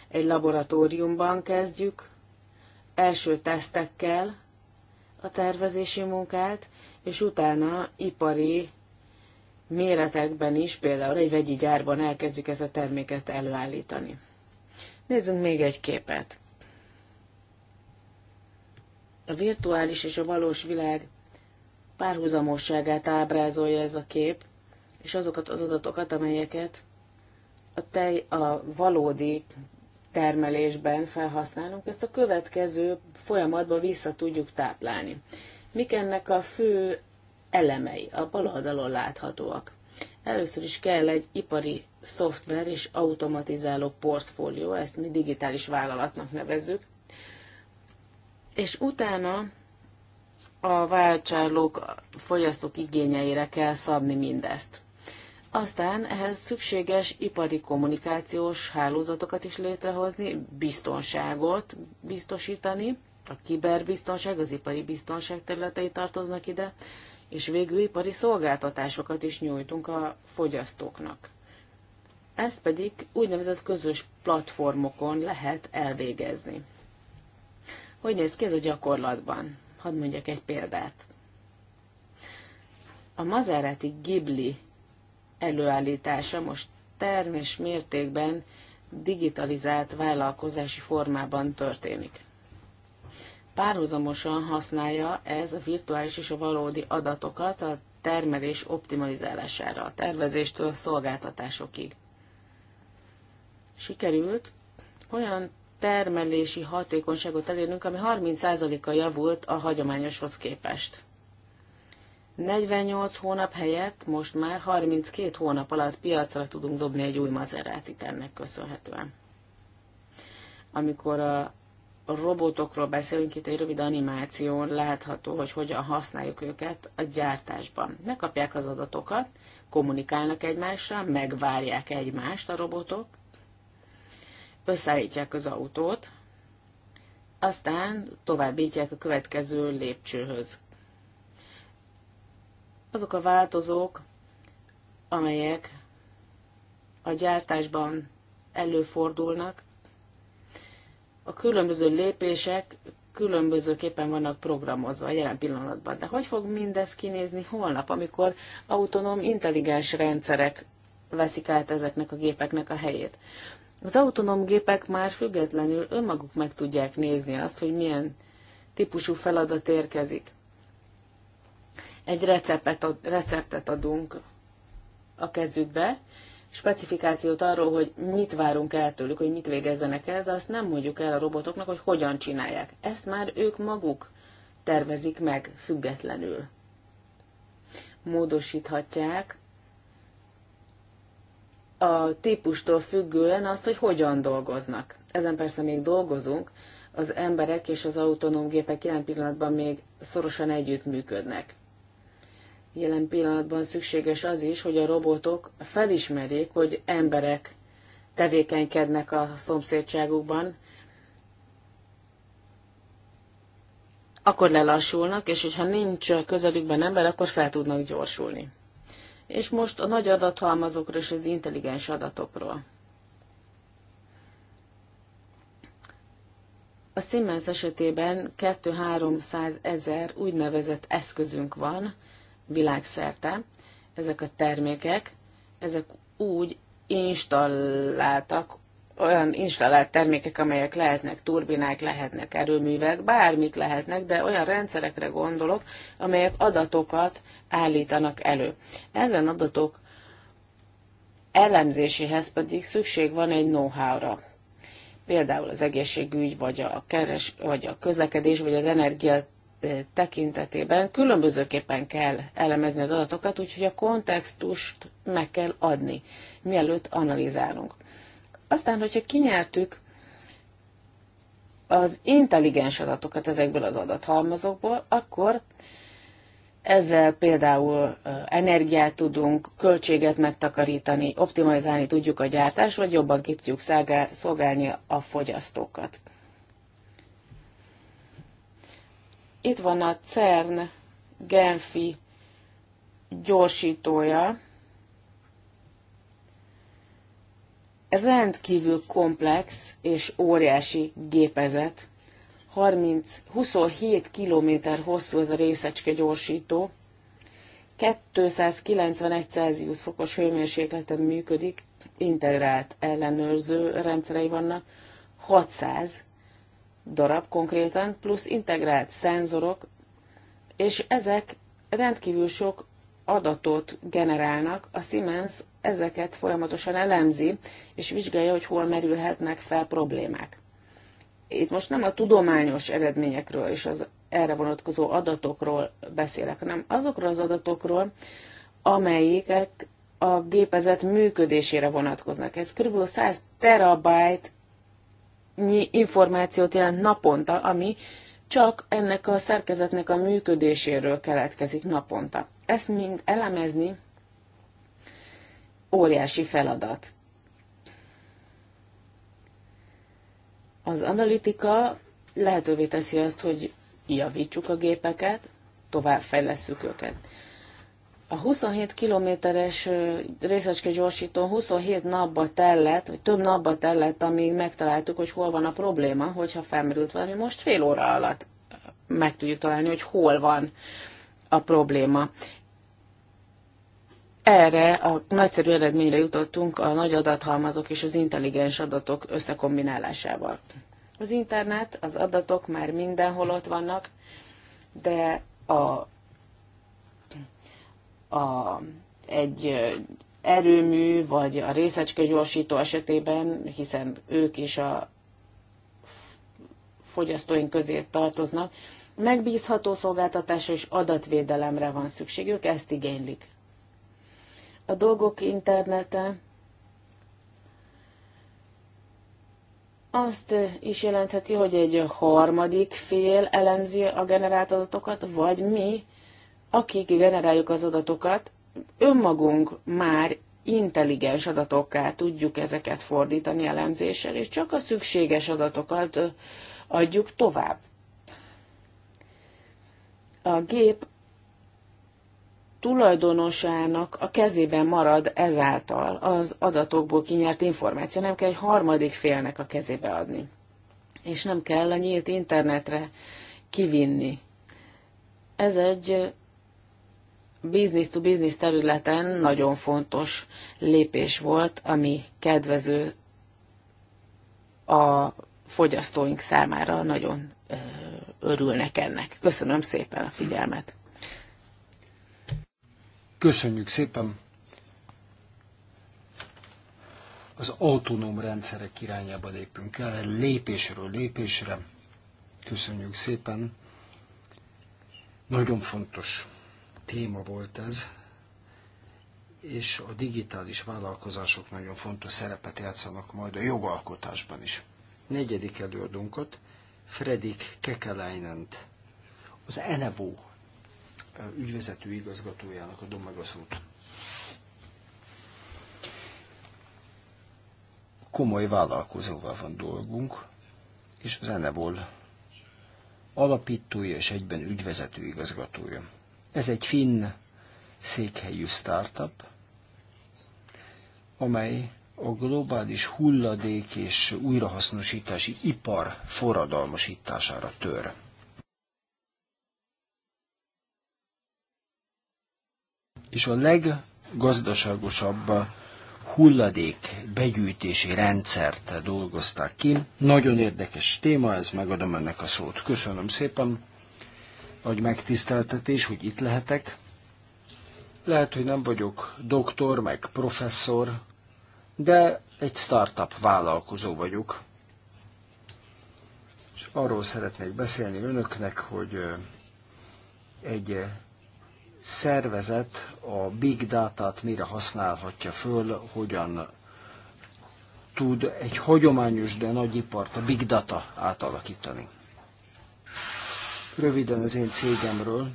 Egy laboratóriumban kezdjük, első tesztekkel a tervezési munkát, és utána ipari méretekben is, például egy vegyi gyárban elkezdjük ezt a terméket előállítani. Nézzünk még egy képet. A virtuális és a valós világ párhuzamosságát ábrázolja ez a kép, és azokat az adatokat, amelyeket a tej a valódi termelésben felhasználunk, ezt a következő folyamatban vissza tudjuk táplálni. Mik ennek a fő elemei? A bal oldalon láthatóak. Először is kell egy ipari szoftver és automatizáló portfólió, ezt mi digitális vállalatnak nevezzük, és utána a vásárlók, fogyasztók igényeire kell szabni mindezt. Aztán ehhez szükséges ipari kommunikációs hálózatokat is létrehozni, biztonságot biztosítani, a kiberbiztonság, az ipari biztonság területei tartoznak ide, és végül ipari szolgáltatásokat is nyújtunk a fogyasztóknak. Ezt pedig úgynevezett közös platformokon lehet elvégezni. Hogy néz ki ez a gyakorlatban? Hadd mondjak egy példát. A Maserati Ghibli előállítása most termés mértékben digitalizált vállalkozási formában történik. Párhuzamosan használja ez a virtuális és a valódi adatokat a termelés optimalizálására, a tervezéstől a szolgáltatásokig. Sikerült olyan termelési hatékonyságot elérnünk, ami 30%-a javult a hagyományoshoz képest. 48 hónap helyett most már 32 hónap alatt piacra tudunk dobni egy új mazerátit ennek köszönhetően. Amikor a robotokról beszélünk, itt egy rövid animáción látható, hogy hogyan használjuk őket a gyártásban. Megkapják az adatokat, kommunikálnak egymással, megvárják egymást a robotok, összeállítják az autót, aztán továbbítják a következő lépcsőhöz azok a változók, amelyek a gyártásban előfordulnak, a különböző lépések különbözőképpen vannak programozva a jelen pillanatban. De hogy fog mindez kinézni holnap, amikor autonóm intelligens rendszerek veszik át ezeknek a gépeknek a helyét? Az autonóm gépek már függetlenül önmaguk meg tudják nézni azt, hogy milyen típusú feladat érkezik egy receptet, ad, receptet adunk a kezükbe, specifikációt arról, hogy mit várunk el tőlük, hogy mit végezzenek el, de azt nem mondjuk el a robotoknak, hogy hogyan csinálják. Ezt már ők maguk tervezik meg függetlenül. Módosíthatják a típustól függően azt, hogy hogyan dolgoznak. Ezen persze még dolgozunk, az emberek és az autonóm gépek jelen pillanatban még szorosan együttműködnek. Jelen pillanatban szükséges az is, hogy a robotok felismerjék, hogy emberek tevékenykednek a szomszédságukban, akkor lelassulnak, és hogyha nincs közelükben ember, akkor fel tudnak gyorsulni. És most a nagy adathalmazokról és az intelligens adatokról. A Siemens esetében 2-300 ezer úgynevezett eszközünk van, világszerte ezek a termékek, ezek úgy installáltak, olyan installált termékek, amelyek lehetnek turbinák, lehetnek erőművek, bármik lehetnek, de olyan rendszerekre gondolok, amelyek adatokat állítanak elő. Ezen adatok elemzéséhez pedig szükség van egy know-how-ra. Például az egészségügy, vagy a, keres, vagy a közlekedés, vagy az energia tekintetében különbözőképpen kell elemezni az adatokat, úgyhogy a kontextust meg kell adni, mielőtt analizálunk. Aztán, hogyha kinyertük az intelligens adatokat ezekből az adathalmazokból, akkor ezzel például energiát tudunk, költséget megtakarítani, optimalizálni tudjuk a gyártást, vagy jobban ki tudjuk szolgálni a fogyasztókat. Itt van a CERN Genfi gyorsítója. Rendkívül komplex és óriási gépezet. 30, 27 kilométer hosszú ez a részecske gyorsító. 291 Celsius fokos hőmérsékleten működik, integrált ellenőrző rendszerei vannak, 600 darab konkrétan, plusz integrált szenzorok, és ezek rendkívül sok adatot generálnak. A Siemens ezeket folyamatosan elemzi, és vizsgálja, hogy hol merülhetnek fel problémák. Itt most nem a tudományos eredményekről és az erre vonatkozó adatokról beszélek, hanem azokról az adatokról, amelyikek a gépezet működésére vonatkoznak. Ez kb. 100 terabyte információt jelent naponta, ami csak ennek a szerkezetnek a működéséről keletkezik naponta. Ezt mind elemezni óriási feladat. Az analitika lehetővé teszi azt, hogy javítsuk a gépeket, továbbfejlesszük őket. A 27 kilométeres részecske gyorsító 27 napba tellett, vagy több napba tellett, amíg megtaláltuk, hogy hol van a probléma, hogyha felmerült valami. Most fél óra alatt meg tudjuk találni, hogy hol van a probléma. Erre a nagyszerű eredményre jutottunk a nagy adathalmazok és az intelligens adatok összekombinálásával. Az internet, az adatok már mindenhol ott vannak, de a a, egy erőmű vagy a részecskegyorsító esetében, hiszen ők is a fogyasztóink közé tartoznak, megbízható szolgáltatásra és adatvédelemre van szükségük, ezt igénylik. A dolgok internete azt is jelentheti, hogy egy harmadik fél elemzi a generált adatokat, vagy mi akik generáljuk az adatokat, önmagunk már intelligens adatokká tudjuk ezeket fordítani elemzéssel, és csak a szükséges adatokat adjuk tovább. A gép tulajdonosának a kezében marad ezáltal az adatokból kinyert információ, nem kell egy harmadik félnek a kezébe adni. És nem kell a nyílt internetre kivinni. Ez egy business-to-business területen nagyon fontos lépés volt, ami kedvező a fogyasztóink számára, nagyon örülnek ennek. Köszönöm szépen a figyelmet. Köszönjük szépen! Az autonóm rendszerek irányába lépünk el, lépésről lépésre. Köszönjük szépen! Nagyon fontos téma volt ez, és a digitális vállalkozások nagyon fontos szerepet játszanak majd a jogalkotásban is. Negyedik előadónkat, Fredik Kekeleinent, az Enevó ügyvezető igazgatójának a szót. Komoly vállalkozóval van dolgunk, és az Enevol alapítója és egyben ügyvezető igazgatója. Ez egy finn székhelyű startup, amely a globális hulladék és újrahasznosítási ipar forradalmasítására tör. És a leggazdaságosabb hulladék begyűjtési rendszert dolgozták ki. Nagyon érdekes téma, ez megadom ennek a szót. Köszönöm szépen. Nagy megtiszteltetés, hogy itt lehetek. Lehet, hogy nem vagyok doktor, meg professzor, de egy startup vállalkozó vagyok. És arról szeretnék beszélni önöknek, hogy egy szervezet a big data-t mire használhatja föl, hogyan tud egy hagyományos, de nagy ipart a big data átalakítani. Röviden az én cégemről.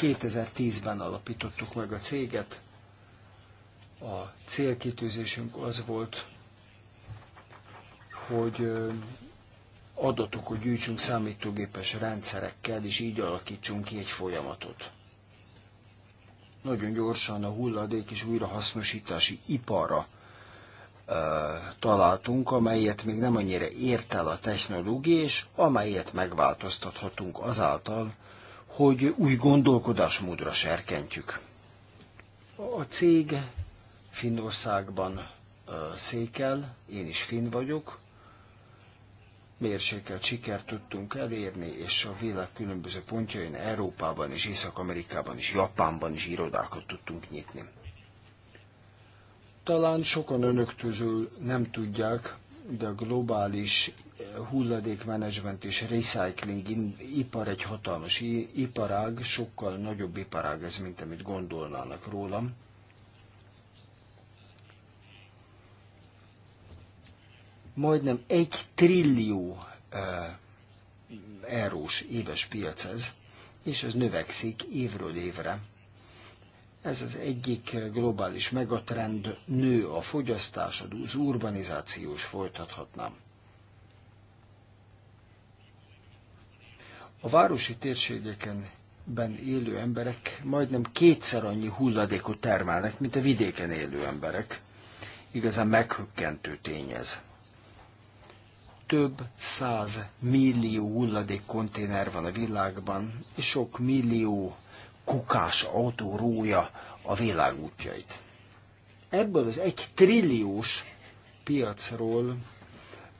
2010-ben alapítottuk meg a céget. A célkitűzésünk az volt, hogy adatokat gyűjtsünk számítógépes rendszerekkel, és így alakítsunk ki egy folyamatot. Nagyon gyorsan a hulladék és újrahasznosítási iparra találtunk, amelyet még nem annyira ért el a technológia, és amelyet megváltoztathatunk azáltal, hogy új gondolkodásmódra serkentjük. A cég Finnországban székel, én is finn vagyok, mérsékelt sikert tudtunk elérni, és a világ különböző pontjain, Európában és Észak-Amerikában és Japánban is irodákat tudtunk nyitni. Talán sokan önök közül nem tudják, de a globális eh, hulladékmenedzsment és recycling ipar egy hatalmas iparág, sokkal nagyobb iparág ez, mint amit gondolnának rólam. Majdnem egy trillió eh, eurós éves piac ez, és ez növekszik évről évre. Ez az egyik globális megatrend, nő a fogyasztás, az urbanizációs folytathatnám. A városi térségeken ben élő emberek majdnem kétszer annyi hulladékot termelnek, mint a vidéken élő emberek. Igazán meghökkentő tény ez. Több száz millió hulladékkonténer van a világban, és sok millió kukás autó rója a világ útjait. Ebből az egy trilliós piacról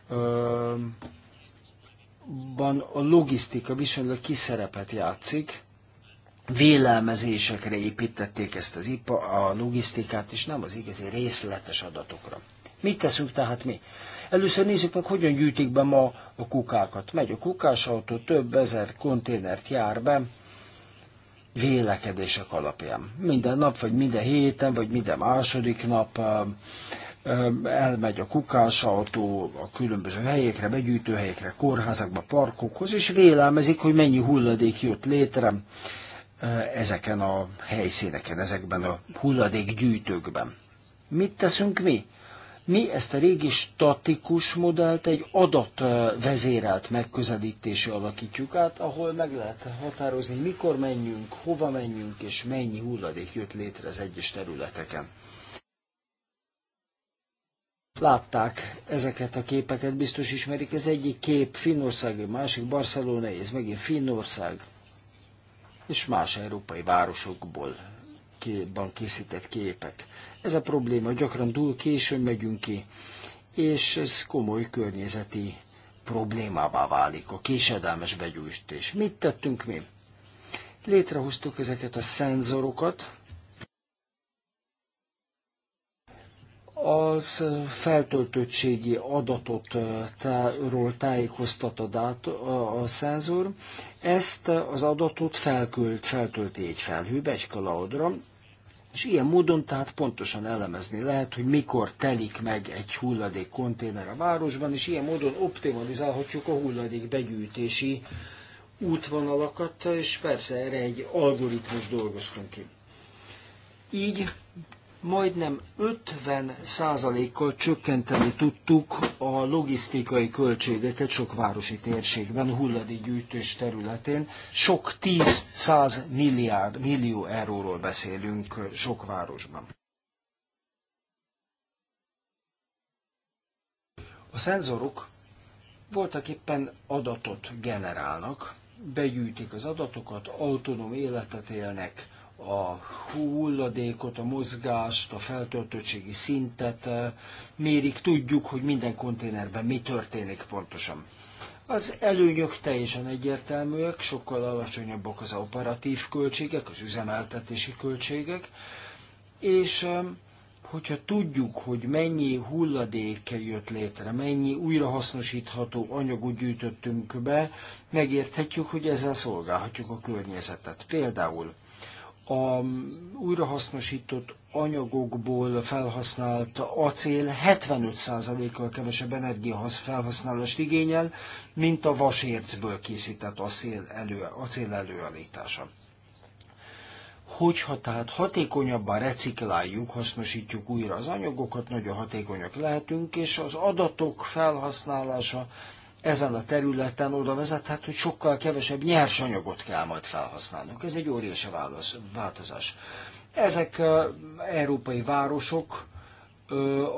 ö, van a logisztika viszonylag kiszerepet játszik, vélelmezésekre építették ezt az IPA, a logisztikát, és nem az igazi részletes adatokra. Mit teszünk tehát mi? Először nézzük meg, hogyan gyűjtik be ma a kukákat. Megy a kukásautó, több ezer konténert jár be, vélekedések alapján. Minden nap, vagy minden héten, vagy minden második nap elmegy a kukásautó a különböző helyekre, begyűjtőhelyekre, kórházakba, parkokhoz, és vélelmezik, hogy mennyi hulladék jött létre ezeken a helyszíneken, ezekben a hulladékgyűjtőkben. Mit teszünk mi? Mi ezt a régi statikus modellt egy adatvezérelt megközelítésre alakítjuk át, ahol meg lehet határozni, mikor menjünk, hova menjünk, és mennyi hulladék jött létre az egyes területeken. Látták ezeket a képeket, biztos ismerik. Ez egyik kép Finnország, másik Barcelona, ez megint Finnország, és más európai városokból készített képek. Ez a probléma, gyakran túl későn megyünk ki, és ez komoly környezeti problémává válik, a késedelmes begyújtés. Mit tettünk mi? Létrehoztuk ezeket a szenzorokat, az feltöltöttségi ról tájékoztat a, dát, a, a szenzor, ezt az adatot felkült, feltölti egy felhőbe, egy cloudra, és ilyen módon tehát pontosan elemezni lehet, hogy mikor telik meg egy hulladék konténer a városban, és ilyen módon optimalizálhatjuk a hulladék begyűjtési útvonalakat, és persze erre egy algoritmus dolgoztunk ki. Így majdnem 50%-kal csökkenteni tudtuk a logisztikai költségeket sok városi térségben, hulladékgyűjtés területén. Sok 10-100 milliárd, millió euróról beszélünk sok városban. A szenzorok voltak éppen adatot generálnak, begyűjtik az adatokat, autonóm életet élnek, a hulladékot, a mozgást, a feltöltöttségi szintet mérik, tudjuk, hogy minden konténerben mi történik pontosan. Az előnyök teljesen egyértelműek, sokkal alacsonyabbak az operatív költségek, az üzemeltetési költségek, és hogyha tudjuk, hogy mennyi hulladék jött létre, mennyi újrahasznosítható anyagot gyűjtöttünk be, megérthetjük, hogy ezzel szolgálhatjuk a környezetet. Például a újrahasznosított anyagokból felhasznált acél 75%-kal kevesebb energiafelhasználást igényel, mint a vasércből készített acél, elő, acél előállítása. Hogyha tehát hatékonyabban recikláljuk, hasznosítjuk újra az anyagokat, nagyon hatékonyak lehetünk, és az adatok felhasználása ezen a területen oda vezethet, hogy sokkal kevesebb nyersanyagot kell majd felhasználnunk. Ez egy óriási változás. Ezek európai városok,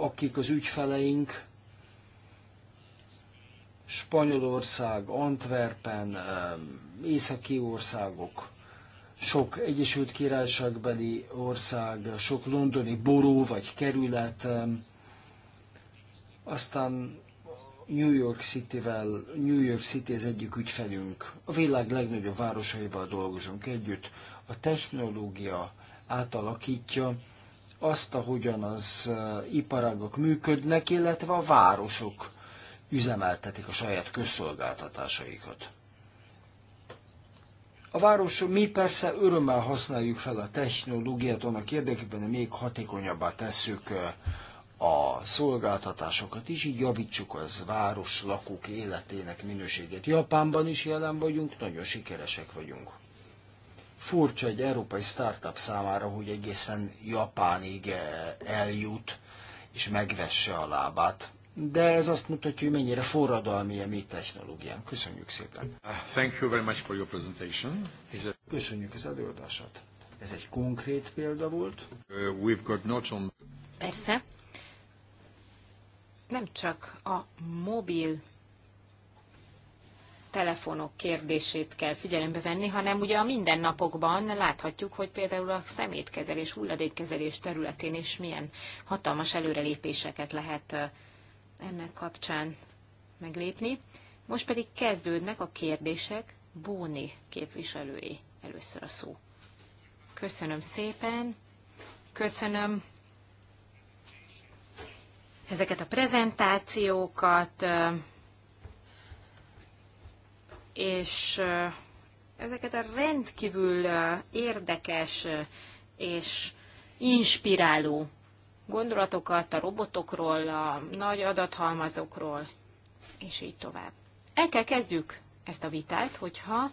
akik az ügyfeleink, Spanyolország, Antwerpen, északi országok, sok Egyesült Királyságbeli ország, sok londoni boró vagy kerület, aztán New York City-vel, New York City az egyik ügyfelünk. A világ legnagyobb városaival dolgozunk együtt. A technológia átalakítja azt, ahogyan az eh, iparágok működnek, illetve a városok üzemeltetik a saját közszolgáltatásaikat. A város, mi persze örömmel használjuk fel a technológiát annak érdekében, hogy még hatékonyabbá tesszük eh, a szolgáltatásokat is, így javítsuk az város lakók életének minőségét. Japánban is jelen vagyunk, nagyon sikeresek vagyunk. Furcsa egy európai startup számára, hogy egészen Japánig eh, eljut és megvesse a lábát. De ez azt mutatja, hogy mennyire forradalmi a mi technológián. Köszönjük szépen. Thank you very much for your presentation. Köszönjük az előadását. Ez egy konkrét példa volt. Uh, we've got not on... Persze nem csak a mobil telefonok kérdését kell figyelembe venni, hanem ugye a mindennapokban láthatjuk, hogy például a szemétkezelés, hulladékkezelés területén is milyen hatalmas előrelépéseket lehet ennek kapcsán meglépni. Most pedig kezdődnek a kérdések, Bóni képviselői először a szó. Köszönöm szépen, köszönöm ezeket a prezentációkat, és ezeket a rendkívül érdekes és inspiráló gondolatokat a robotokról, a nagy adathalmazokról, és így tovább. El kell kezdjük ezt a vitát, hogyha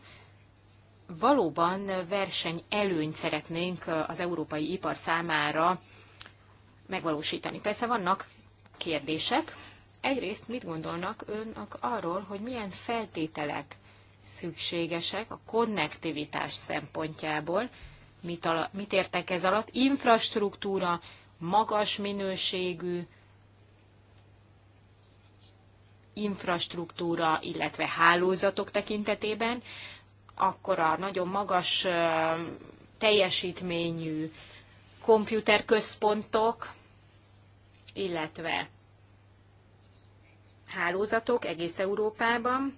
valóban verseny előnyt szeretnénk az európai ipar számára megvalósítani. Persze vannak kérdések. Egyrészt mit gondolnak önök arról, hogy milyen feltételek szükségesek a konnektivitás szempontjából, mit, ala, mit értek ez alatt, infrastruktúra, magas minőségű infrastruktúra, illetve hálózatok tekintetében, akkor a nagyon magas teljesítményű komputerközpontok, illetve hálózatok egész Európában,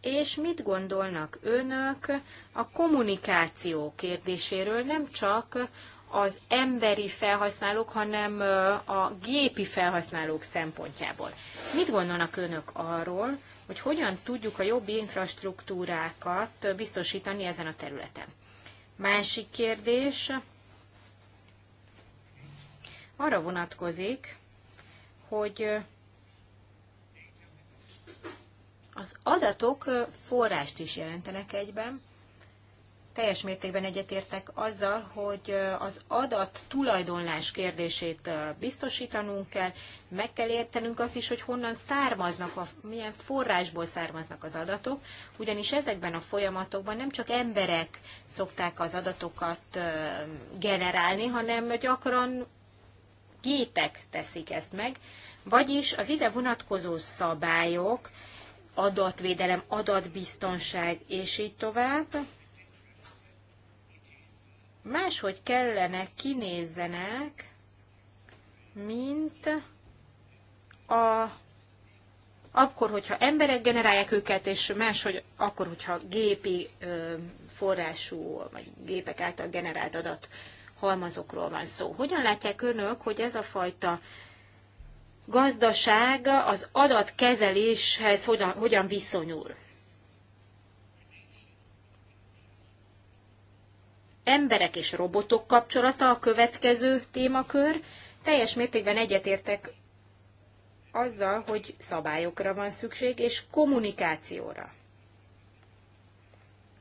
és mit gondolnak önök a kommunikáció kérdéséről, nem csak az emberi felhasználók, hanem a gépi felhasználók szempontjából. Mit gondolnak önök arról, hogy hogyan tudjuk a jobb infrastruktúrákat biztosítani ezen a területen? Másik kérdés, arra vonatkozik, hogy az adatok forrást is jelentenek egyben. Teljes mértékben egyetértek azzal, hogy az adat tulajdonlás kérdését biztosítanunk kell, meg kell értenünk azt is, hogy honnan származnak, a, milyen forrásból származnak az adatok, ugyanis ezekben a folyamatokban nem csak emberek szokták az adatokat generálni, hanem gyakran gépek teszik ezt meg, vagyis az ide vonatkozó szabályok, adatvédelem, adatbiztonság és így tovább, máshogy kellene kinézzenek, mint a, akkor, hogyha emberek generálják őket, és máshogy akkor, hogyha gépi ö, forrású, vagy gépek által generált adat halmazokról van szó. Hogyan látják önök, hogy ez a fajta gazdaság az adatkezeléshez hogyan, hogyan viszonyul? Emberek és robotok kapcsolata a következő témakör. Teljes mértékben egyetértek azzal, hogy szabályokra van szükség, és kommunikációra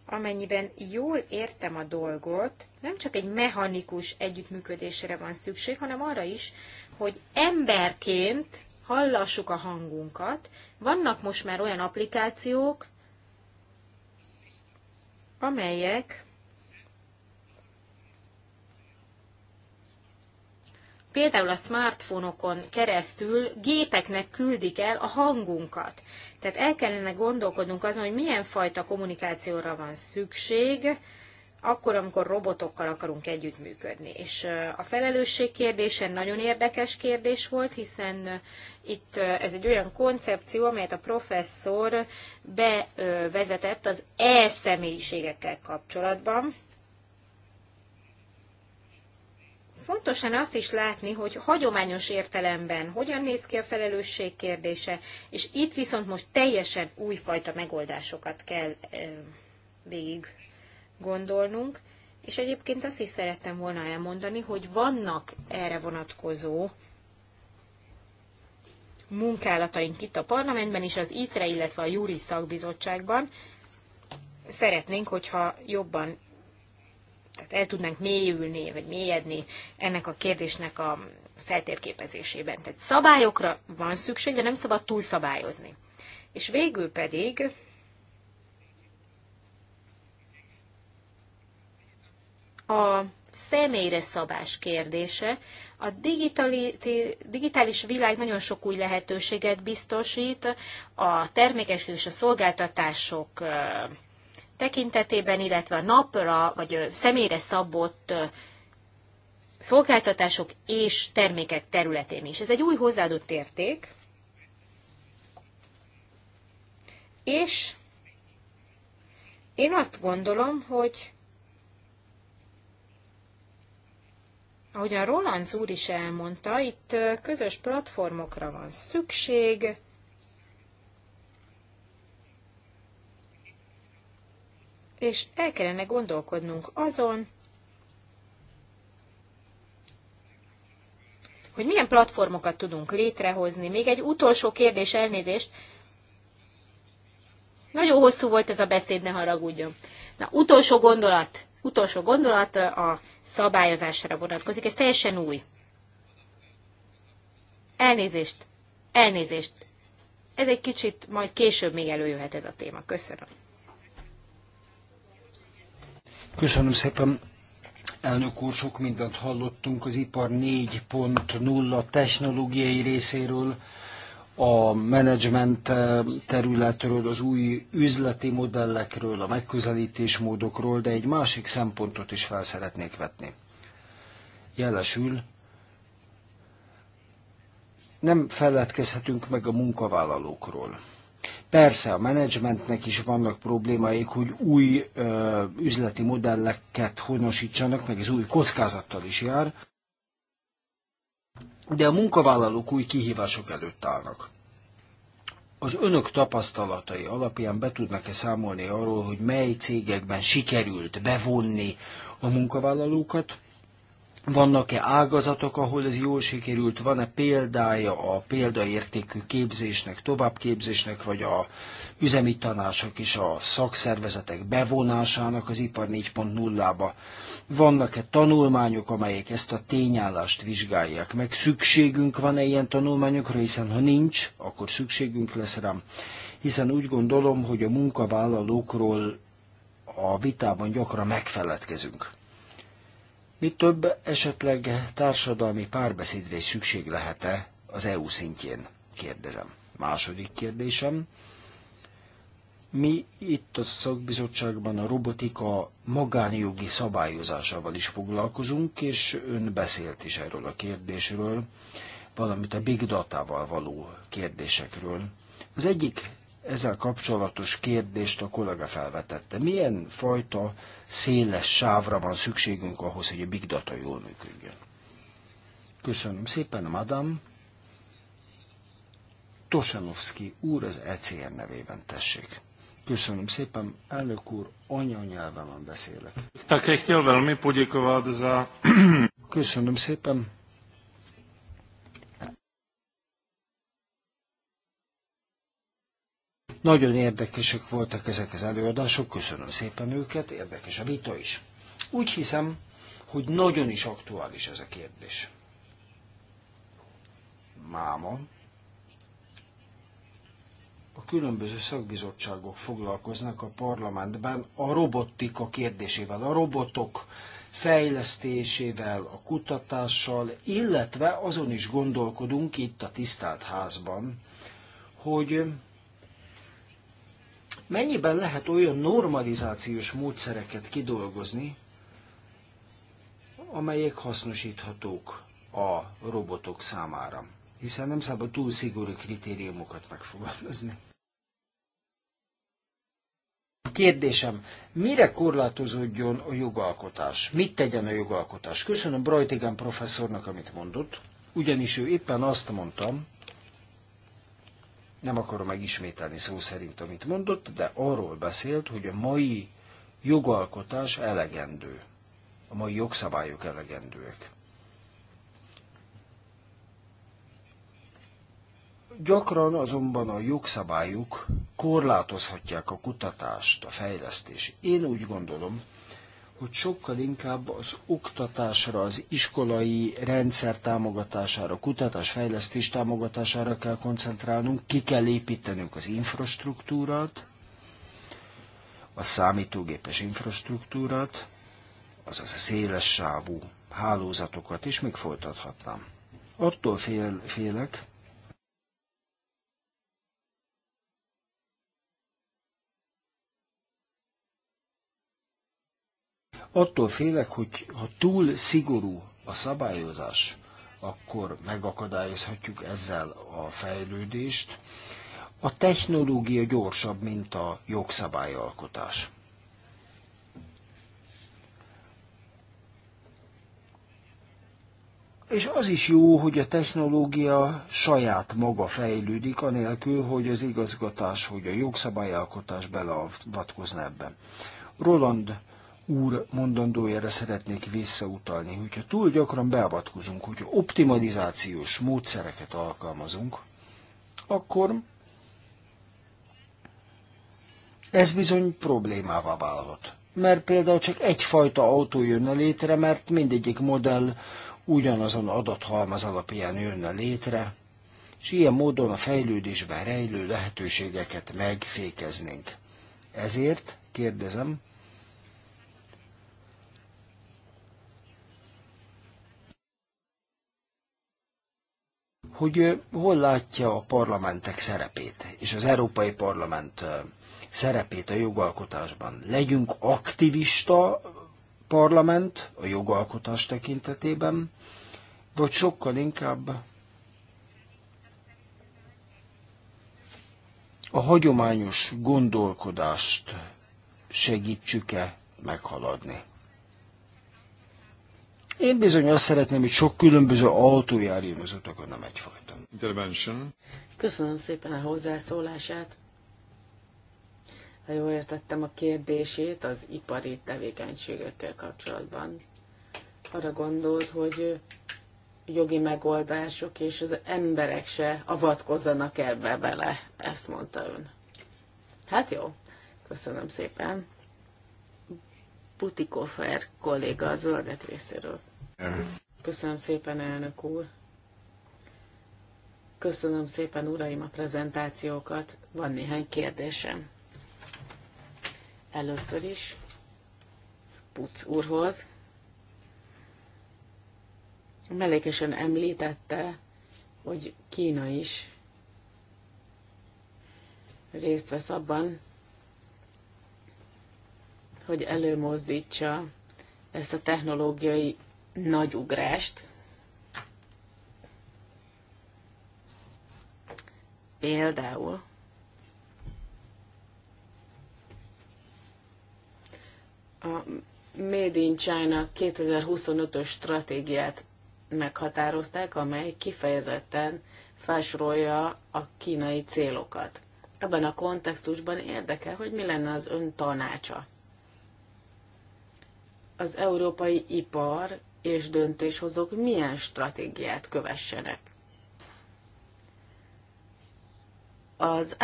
amennyiben jól értem a dolgot, nem csak egy mechanikus együttműködésre van szükség, hanem arra is, hogy emberként hallassuk a hangunkat. Vannak most már olyan applikációk, amelyek például a smartfonokon keresztül gépeknek küldik el a hangunkat. Tehát el kellene gondolkodnunk azon, hogy milyen fajta kommunikációra van szükség, akkor, amikor robotokkal akarunk együttműködni. És a felelősség kérdése nagyon érdekes kérdés volt, hiszen itt ez egy olyan koncepció, amelyet a professzor bevezetett az e-személyiségekkel kapcsolatban. Fontos lenne azt is látni, hogy hagyományos értelemben hogyan néz ki a felelősség kérdése, és itt viszont most teljesen újfajta megoldásokat kell végig gondolnunk. És egyébként azt is szerettem volna elmondani, hogy vannak erre vonatkozó munkálataink itt a parlamentben és az ITRE, illetve a Júri Szakbizottságban. Szeretnénk, hogyha jobban tehát el tudnánk mélyülni, vagy mélyedni ennek a kérdésnek a feltérképezésében. Tehát szabályokra van szükség, de nem szabad túlszabályozni. És végül pedig a személyre szabás kérdése. A digitális világ nagyon sok új lehetőséget biztosít, a termékek és a szolgáltatások tekintetében, illetve a napra vagy személyre szabott szolgáltatások és termékek területén is. Ez egy új hozzáadott érték, és én azt gondolom, hogy ahogyan Roland úr is elmondta, itt közös platformokra van szükség, és el kellene gondolkodnunk azon, hogy milyen platformokat tudunk létrehozni. Még egy utolsó kérdés, elnézést. Nagyon hosszú volt ez a beszéd, ne haragudjon. Na, utolsó gondolat. Utolsó gondolat a szabályozásra vonatkozik. Ez teljesen új. Elnézést. Elnézést. Ez egy kicsit majd később még előjöhet ez a téma. Köszönöm. Köszönöm szépen. Elnök úr, sok mindent hallottunk az ipar 4.0 technológiai részéről, a menedzsment eh, területről, az új üzleti modellekről, a megközelítésmódokról, de egy másik szempontot is fel szeretnék vetni. Jelesül, nem feledkezhetünk meg a munkavállalókról Persze a menedzsmentnek is vannak problémáik, hogy új ö, üzleti modelleket honosítsanak, meg ez új kockázattal is jár, de a munkavállalók új kihívások előtt állnak. Az önök tapasztalatai alapján be tudnak-e számolni arról, hogy mely cégekben sikerült bevonni a munkavállalókat, vannak-e ágazatok, ahol ez jól sikerült? Van-e példája a példaértékű képzésnek, továbbképzésnek, vagy a üzemi tanácsok és a szakszervezetek bevonásának az ipar 4.0-ba? Vannak-e tanulmányok, amelyek ezt a tényállást vizsgálják meg? Szükségünk van-e ilyen tanulmányokra, hiszen ha nincs, akkor szükségünk lesz rám. Hiszen úgy gondolom, hogy a munkavállalókról a vitában gyakran megfeledkezünk. Mi több esetleg társadalmi párbeszédre is szükség lehet-e az EU szintjén? Kérdezem. Második kérdésem. Mi itt a szakbizottságban a robotika magánjogi szabályozásával is foglalkozunk, és ön beszélt is erről a kérdésről, valamint a big val való kérdésekről. Az egyik ezzel kapcsolatos kérdést a kollega felvetette. Milyen fajta széles sávra van szükségünk ahhoz, hogy a big data jól működjön? Köszönöm szépen, madam. Tosanovszki úr az ECR nevében tessék. Köszönöm szépen, elnök úr, anyanyelvemen beszélek. Köszönöm szépen. Nagyon érdekesek voltak ezek az előadások, köszönöm szépen őket, érdekes a vita is. Úgy hiszem, hogy nagyon is aktuális ez a kérdés. Máma, a különböző szakbizottságok foglalkoznak a parlamentben a robotika kérdésével, a robotok fejlesztésével, a kutatással, illetve azon is gondolkodunk itt a tisztelt házban, hogy Mennyiben lehet olyan normalizációs módszereket kidolgozni, amelyek hasznosíthatók a robotok számára? Hiszen nem szabad túl szigorú kritériumokat megfogalmazni. Kérdésem, mire korlátozódjon a jogalkotás? Mit tegyen a jogalkotás? Köszönöm Brajtigen professzornak, amit mondott, ugyanis ő éppen azt mondtam, nem akarom megismételni szó szerint, amit mondott, de arról beszélt, hogy a mai jogalkotás elegendő. A mai jogszabályok elegendőek. Gyakran azonban a jogszabályok korlátozhatják a kutatást, a fejlesztést. Én úgy gondolom, hogy sokkal inkább az oktatásra, az iskolai rendszer támogatására, kutatásfejlesztés támogatására kell koncentrálnunk, ki kell építenünk az infrastruktúrát, a számítógépes infrastruktúrát, azaz a széles sávú hálózatokat is még folytathatnám. Attól fél, félek, Attól félek, hogy ha túl szigorú a szabályozás, akkor megakadályozhatjuk ezzel a fejlődést. A technológia gyorsabb, mint a jogszabályalkotás. És az is jó, hogy a technológia saját maga fejlődik, anélkül, hogy az igazgatás, hogy a jogszabályalkotás beleavatkozna ebben. Roland úr mondandójára szeretnék visszautalni, hogyha túl gyakran beavatkozunk, hogyha optimalizációs módszereket alkalmazunk, akkor ez bizony problémává válhat. Mert például csak egyfajta autó jönne létre, mert mindegyik modell ugyanazon adathalmaz alapján jönne létre, és ilyen módon a fejlődésben rejlő lehetőségeket megfékeznénk. Ezért kérdezem, hogy hol látja a parlamentek szerepét, és az Európai Parlament szerepét a jogalkotásban. Legyünk aktivista parlament a jogalkotás tekintetében, vagy sokkal inkább a hagyományos gondolkodást segítsük-e meghaladni. Én bizony azt szeretném, hogy sok különböző autó járjon az utakon, nem egyfajta. Intervention. Köszönöm szépen a hozzászólását. Ha jól értettem a kérdését, az ipari tevékenységekkel kapcsolatban arra gondolt, hogy jogi megoldások és az emberek se avatkozzanak ebbe bele. Ezt mondta ön. Hát jó, köszönöm szépen. Putikofer kolléga a zöldek részéről. Köszönöm szépen, elnök úr. Köszönöm szépen, uraim, a prezentációkat. Van néhány kérdésem. Először is Puc úrhoz. Melékesen említette, hogy Kína is részt vesz abban, hogy előmozdítsa ezt a technológiai nagyugrást. Például a Made in China 2025-ös stratégiát meghatározták, amely kifejezetten felsorolja a kínai célokat. Ebben a kontextusban érdekel, hogy mi lenne az ön tanácsa az európai ipar és döntéshozók milyen stratégiát kövessenek. Az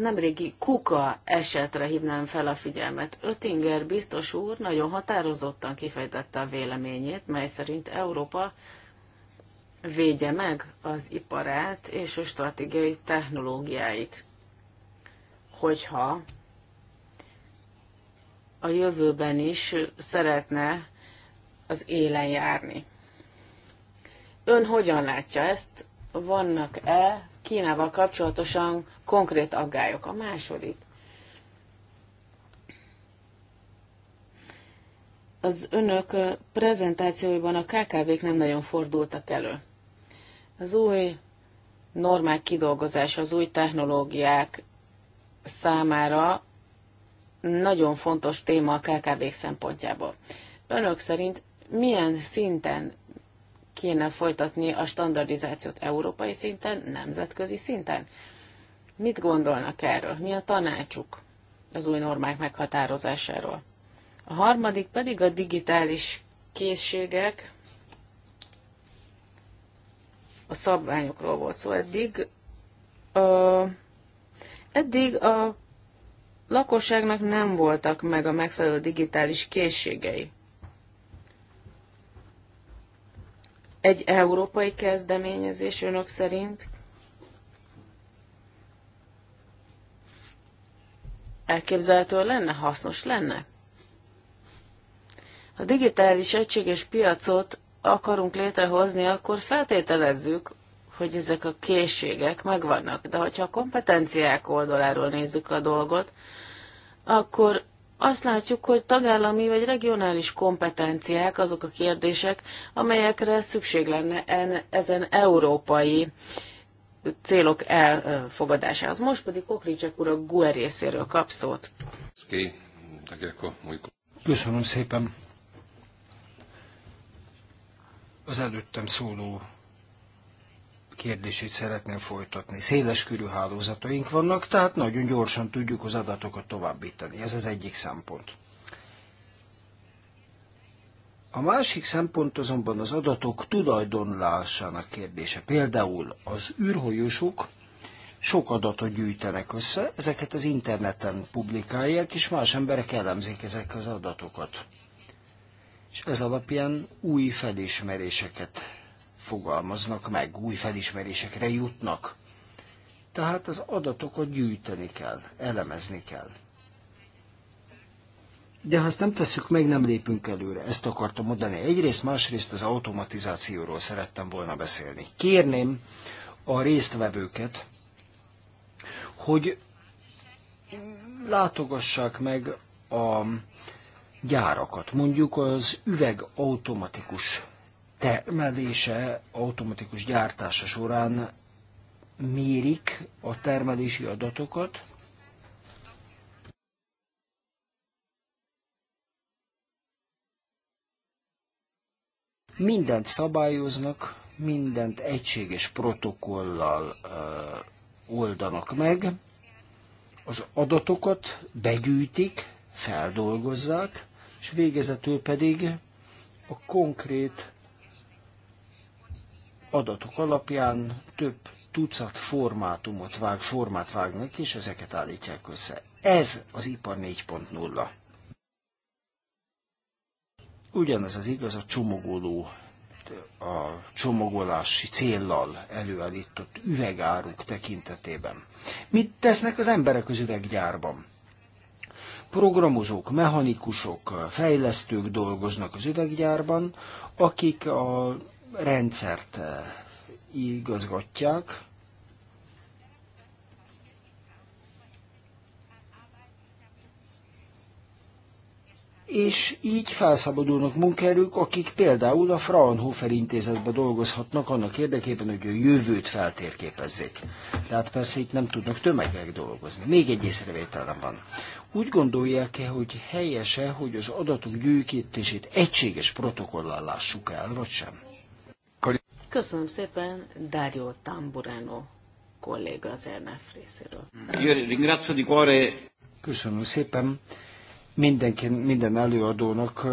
nemrégi kuka esetre hívnám fel a figyelmet. Öttinger biztos úr nagyon határozottan kifejtette a véleményét, mely szerint Európa védje meg az iparát és a stratégiai technológiáit. Hogyha a jövőben is szeretne az élen járni. Ön hogyan látja ezt? Vannak-e Kínával kapcsolatosan konkrét aggályok? A második. Az önök prezentációiban a KKV-k nem nagyon fordultak elő. Az új normák kidolgozása, az új technológiák számára nagyon fontos téma a kkv szempontjából. Önök szerint milyen szinten kéne folytatni a standardizációt európai szinten, nemzetközi szinten? Mit gondolnak erről? Mi a tanácsuk az új normák meghatározásáról? A harmadik pedig a digitális készségek. A szabványokról volt szó eddig. A, eddig a lakosságnak nem voltak meg a megfelelő digitális készségei. Egy európai kezdeményezés önök szerint elképzelhető lenne, hasznos lenne? Ha digitális egységes piacot akarunk létrehozni, akkor feltételezzük hogy ezek a készségek megvannak. De hogyha a kompetenciák oldaláról nézzük a dolgot, akkor azt látjuk, hogy tagállami vagy regionális kompetenciák azok a kérdések, amelyekre szükség lenne en, ezen európai célok elfogadásához. Most pedig Kokricsek úr a GUE részéről kap szót. Köszönöm szépen. Az előttem szóló kérdését szeretném folytatni. Széles körű hálózataink vannak, tehát nagyon gyorsan tudjuk az adatokat továbbítani. Ez az egyik szempont. A másik szempont azonban az adatok tulajdonlásának kérdése. Például az űrhajósok sok adatot gyűjtenek össze, ezeket az interneten publikálják, és más emberek elemzik ezek az adatokat. És ez alapján új felismeréseket fogalmaznak meg, új felismerésekre jutnak. Tehát az adatokat gyűjteni kell, elemezni kell. De ha ezt nem tesszük meg, nem lépünk előre. Ezt akartam mondani. Egyrészt, másrészt az automatizációról szerettem volna beszélni. Kérném a résztvevőket, hogy látogassák meg a gyárakat, mondjuk az üvegautomatikus termelése, automatikus gyártása során mérik a termelési adatokat, mindent szabályoznak, mindent egységes protokollal oldanak meg, az adatokat begyűjtik, feldolgozzák, és végezetül pedig a konkrét adatok alapján több tucat formátumot vág, formát vágnak, és ezeket állítják össze. Ez az ipar 4.0. Ugyanez az igaz a csomagoló a csomagolási céllal előállított üvegáruk tekintetében. Mit tesznek az emberek az üveggyárban? Programozók, mechanikusok, fejlesztők dolgoznak az üveggyárban, akik a rendszert eh, igazgatják, és így felszabadulnak munkaerők, akik például a Fraunhofer intézetben dolgozhatnak annak érdekében, hogy a jövőt feltérképezzék. Tehát persze itt nem tudnak tömegek dolgozni. Még egy észrevételem van. Úgy gondolják-e, hogy helyese, hogy az adatok gyűjtését egységes protokollal lássuk el, vagy sem? Köszönöm szépen, Dario Tamburano kolléga az ERNF részéről. Köszönöm szépen. Mindenki, minden előadónak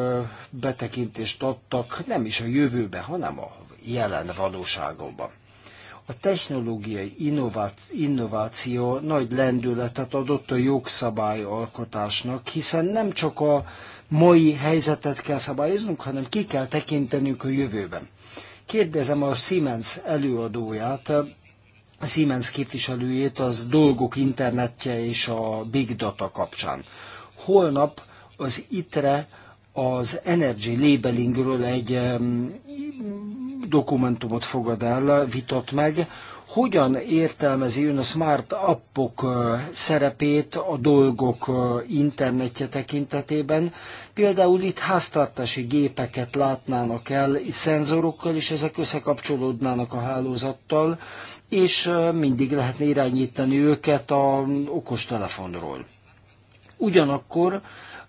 betekintést adtak, nem is a jövőbe, hanem a jelen valóságokban. A technológiai innováció nagy lendületet adott a jogszabályalkotásnak, hiszen nem csak a mai helyzetet kell szabályoznunk, hanem ki kell tekintenünk a jövőben. Kérdezem a Siemens előadóját, a Siemens képviselőjét az dolgok internetje és a big data kapcsán. Holnap az ITRE az Energy Labelingről egy dokumentumot fogad el, vitat meg, hogyan értelmezi ön a smart appok szerepét a dolgok internetje tekintetében? Például itt háztartási gépeket látnának el szenzorokkal, és ezek összekapcsolódnának a hálózattal, és mindig lehetne irányítani őket a okostelefonról. Ugyanakkor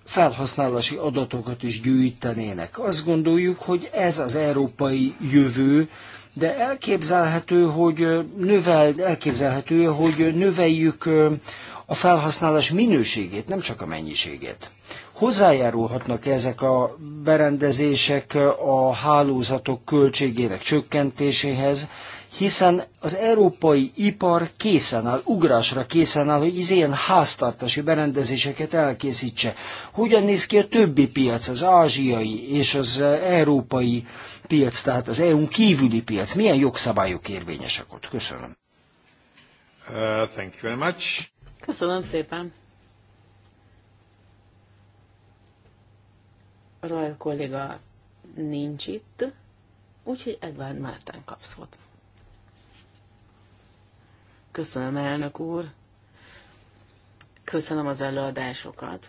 felhasználási adatokat is gyűjtenének. Azt gondoljuk, hogy ez az európai jövő, de elképzelhető, hogy növel, elképzelhető, hogy növeljük a felhasználás minőségét, nem csak a mennyiségét. Hozzájárulhatnak -e ezek a berendezések a hálózatok költségének csökkentéséhez, hiszen az európai ipar készen áll, ugrásra készen áll, hogy ilyen háztartási berendezéseket elkészítse. Hogyan néz ki a többi piac, az ázsiai és az európai piac, tehát az EU-n kívüli piac? Milyen jogszabályok érvényesek ott? Köszönöm. Uh, thank you very much. Köszönöm szépen. Royal kolléga nincs itt, úgyhogy Edvard Márten kapsz volt. Köszönöm, elnök úr. Köszönöm az előadásokat.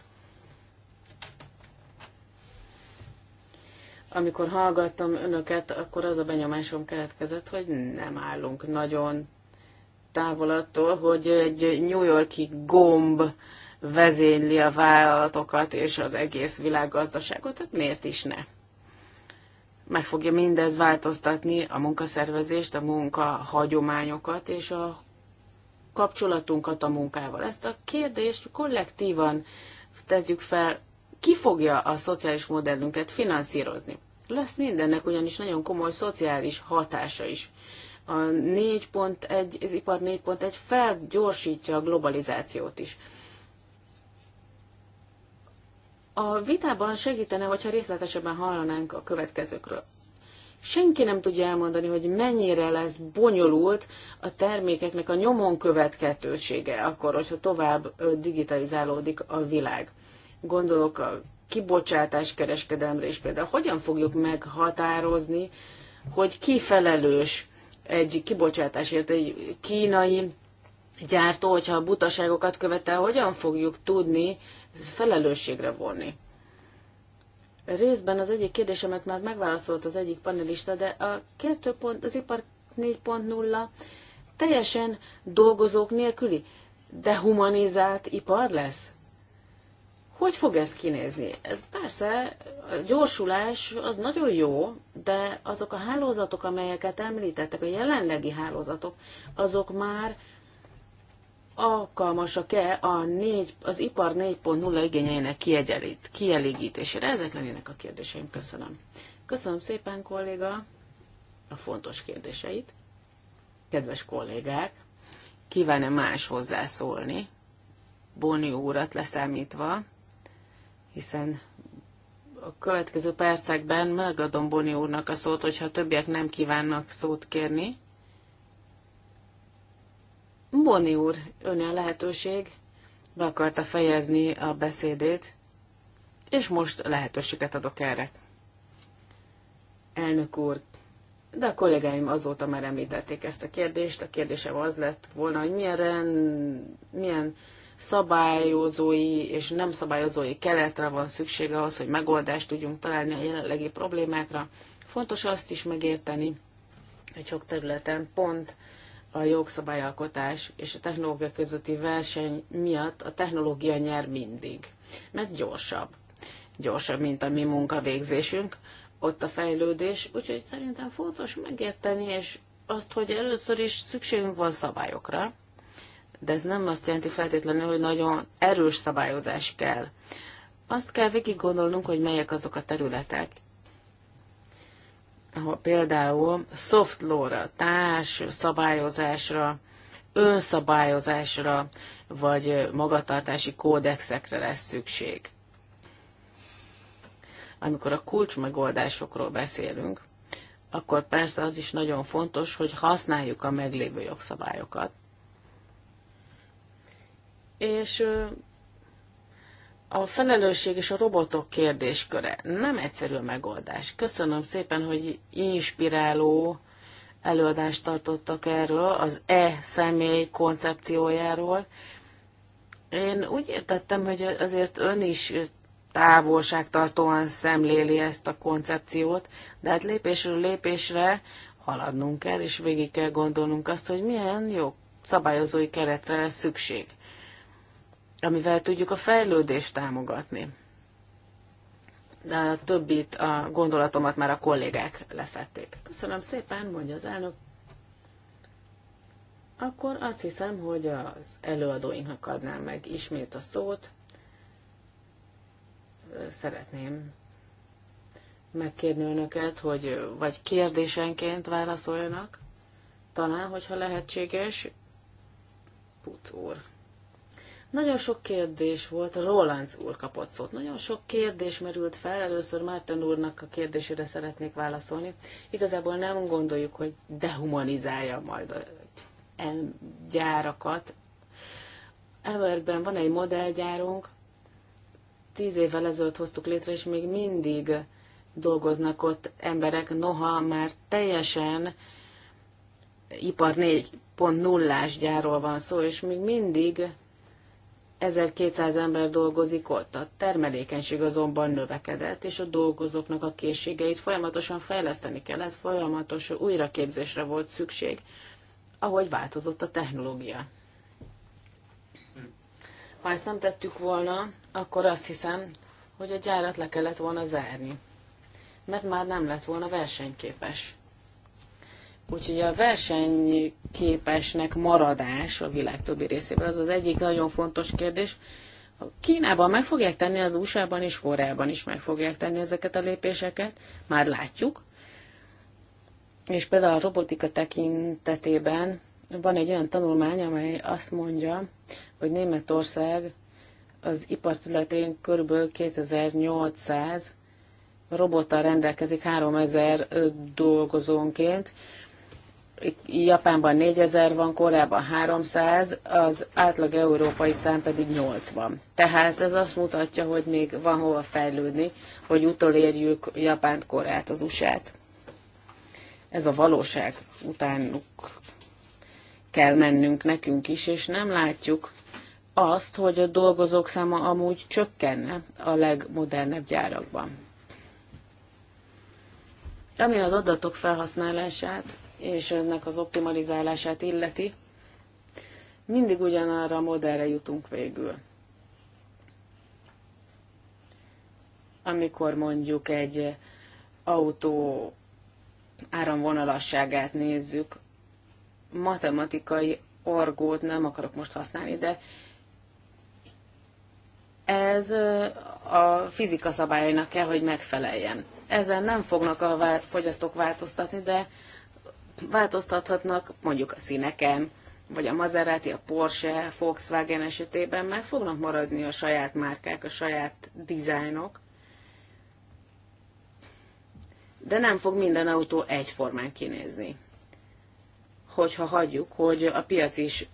Amikor hallgattam önöket, akkor az a benyomásom keletkezett, hogy nem állunk nagyon távol attól, hogy egy New Yorki gomb vezényli a vállalatokat és az egész világgazdaságot, tehát miért is ne? meg fogja mindez változtatni a munkaszervezést, a munkahagyományokat és a kapcsolatunkat a munkával. Ezt a kérdést kollektívan tegyük fel, ki fogja a szociális modellünket finanszírozni. Lesz mindennek ugyanis nagyon komoly szociális hatása is. A 4.1, az ipar 4.1 felgyorsítja a globalizációt is. A vitában segítene, hogyha részletesebben hallanánk a következőkről senki nem tudja elmondani, hogy mennyire lesz bonyolult a termékeknek a nyomon következtősége akkor, hogyha tovább digitalizálódik a világ. Gondolok a kibocsátás kereskedelemre is például. Hogyan fogjuk meghatározni, hogy ki felelős egy kibocsátásért, egy kínai gyártó, hogyha a butaságokat követel, hogyan fogjuk tudni felelősségre vonni? Részben az egyik kérdésemet már megválaszolt az egyik panelista, de a kettő pont, az ipar 4.0 teljesen dolgozók nélküli, de humanizált ipar lesz? Hogy fog ez kinézni? Ez persze, a gyorsulás az nagyon jó, de azok a hálózatok, amelyeket említettek, a jelenlegi hálózatok, azok már alkalmasak-e a négy, az ipar 4.0 igényeinek kiegyenlít, kielégítésére? Ezek lennének a kérdéseim. Köszönöm. Köszönöm szépen, kolléga, a fontos kérdéseit. Kedves kollégák, -e más hozzászólni, Bóni úrat leszámítva, hiszen a következő percekben megadom Boni úrnak a szót, hogyha többiek nem kívánnak szót kérni. Boni úr, a lehetőség, be akarta fejezni a beszédét, és most lehetőséget adok erre. Elnök úr, de a kollégáim azóta már említették ezt a kérdést. A kérdésem az lett volna, hogy milyen, rend, milyen szabályozói és nem szabályozói keletre van szüksége ahhoz, hogy megoldást tudjunk találni a jelenlegi problémákra. Fontos azt is megérteni, hogy sok területen pont a jogszabályalkotás és a technológia közötti verseny miatt a technológia nyer mindig, mert gyorsabb. Gyorsabb, mint a mi munkavégzésünk, ott a fejlődés, úgyhogy szerintem fontos megérteni, és azt, hogy először is szükségünk van szabályokra, de ez nem azt jelenti feltétlenül, hogy nagyon erős szabályozás kell. Azt kell végig gondolnunk, hogy melyek azok a területek, például soft law-ra, társ szabályozásra, önszabályozásra vagy magatartási kódexekre lesz szükség. Amikor a kulcsmegoldásokról beszélünk, akkor persze az is nagyon fontos, hogy használjuk a meglévő jogszabályokat. És a felelősség és a robotok kérdésköre nem egyszerű a megoldás. Köszönöm szépen, hogy inspiráló előadást tartottak erről, az e-személy koncepciójáról. Én úgy értettem, hogy azért ön is távolságtartóan szemléli ezt a koncepciót, de hát lépésről lépésre haladnunk kell, és végig kell gondolnunk azt, hogy milyen jó szabályozói keretre lesz szükség amivel tudjuk a fejlődést támogatni. De a többit, a gondolatomat már a kollégák lefették. Köszönöm szépen, mondja az elnök. Akkor azt hiszem, hogy az előadóinknak adnám meg ismét a szót. Szeretném megkérni önöket, hogy vagy kérdésenként válaszoljanak, talán, hogyha lehetséges, Puc úr. Nagyon sok kérdés volt, Roland úr kapott szót. Nagyon sok kérdés merült fel, először Márten úrnak a kérdésére szeretnék válaszolni. Igazából nem gondoljuk, hogy dehumanizálja majd a gyárakat. Evertben van egy modellgyárunk, tíz évvel ezelőtt hoztuk létre, és még mindig dolgoznak ott emberek, noha már teljesen ipar 4.0-ás gyárról van szó, és még mindig 1200 ember dolgozik ott. A termelékenység azonban növekedett, és a dolgozóknak a készségeit folyamatosan fejleszteni kellett, folyamatos újraképzésre volt szükség, ahogy változott a technológia. Ha ezt nem tettük volna, akkor azt hiszem, hogy a gyárat le kellett volna zárni, mert már nem lett volna versenyképes. Úgyhogy a versenyképesnek maradás a világ többi részében, az az egyik nagyon fontos kérdés. Kínában meg fogják tenni, az USA-ban és Koreában is meg fogják tenni ezeket a lépéseket, már látjuk. És például a robotika tekintetében van egy olyan tanulmány, amely azt mondja, hogy Németország az iparterületén kb. 2800 robottal rendelkezik 3000 dolgozónként, Japánban 4000 van, Koreában 300, az átlag európai szám pedig 80. Tehát ez azt mutatja, hogy még van hova fejlődni, hogy utolérjük Japánt, Koreát, az USA-t. Ez a valóság. Utánuk kell mennünk nekünk is, és nem látjuk azt, hogy a dolgozók száma amúgy csökkenne a legmodernebb gyárakban. Ami az adatok felhasználását és ennek az optimalizálását illeti, mindig ugyanarra a modellre jutunk végül. Amikor mondjuk egy autó áramvonalasságát nézzük, matematikai orgót nem akarok most használni, de ez a fizika szabályainak kell, hogy megfeleljen. Ezen nem fognak a fogyasztók változtatni, de változtathatnak, mondjuk a színeken, vagy a Maserati, a Porsche, Volkswagen esetében meg fognak maradni a saját márkák, a saját dizájnok, de nem fog minden autó egyformán kinézni. Hogyha hagyjuk, hogy a piac is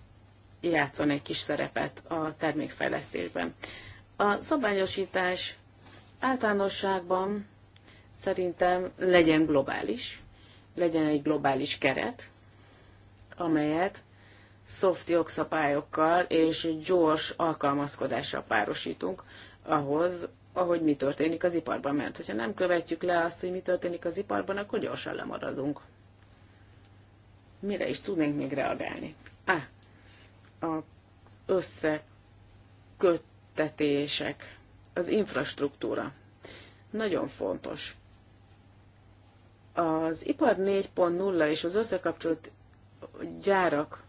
játszon egy kis szerepet a termékfejlesztésben. A szabályosítás általánosságban szerintem legyen globális, legyen egy globális keret, amelyet szoft jogszabályokkal és gyors alkalmazkodással párosítunk ahhoz, ahogy mi történik az iparban. Mert hogyha nem követjük le azt, hogy mi történik az iparban, akkor gyorsan lemaradunk. Mire is tudnénk még reagálni? Á, az összeköttetések, az infrastruktúra. Nagyon fontos. Az ipar 4.0 és az összekapcsolt gyárak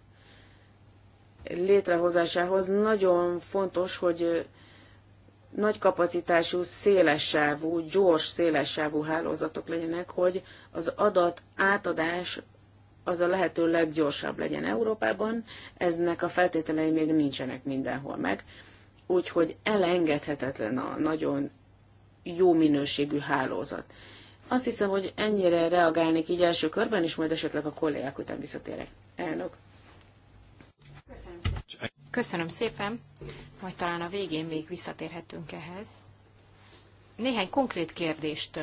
létrehozásához nagyon fontos, hogy nagy kapacitású, szélessávú, gyors szélessávú hálózatok legyenek, hogy az adat átadás az a lehető leggyorsabb legyen Európában. Eznek a feltételei még nincsenek mindenhol meg. Úgyhogy elengedhetetlen a nagyon jó minőségű hálózat. Azt hiszem, hogy ennyire reagálnék így első körben, és majd esetleg a kollégák után visszatérek. Elnök. Köszönöm szépen. Köszönöm szépen. Majd talán a végén még visszatérhetünk ehhez. Néhány konkrét kérdést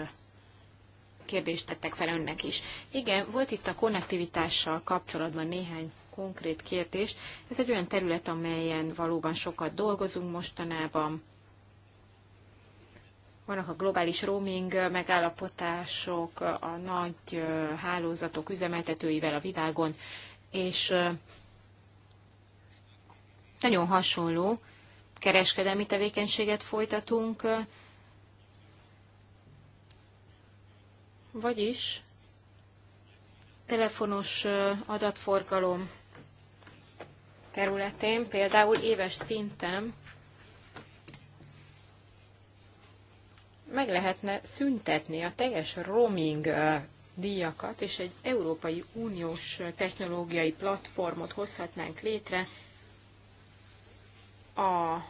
kérdést tettek fel önnek is. Igen, volt itt a konnektivitással kapcsolatban néhány konkrét kérdés. Ez egy olyan terület, amelyen valóban sokat dolgozunk mostanában. Vannak a globális roaming megállapotások a nagy hálózatok üzemeltetőivel a világon, és nagyon hasonló kereskedelmi tevékenységet folytatunk, vagyis telefonos adatforgalom területén például éves szinten meg lehetne szüntetni a teljes roaming díjakat, és egy Európai Uniós technológiai platformot hozhatnánk létre a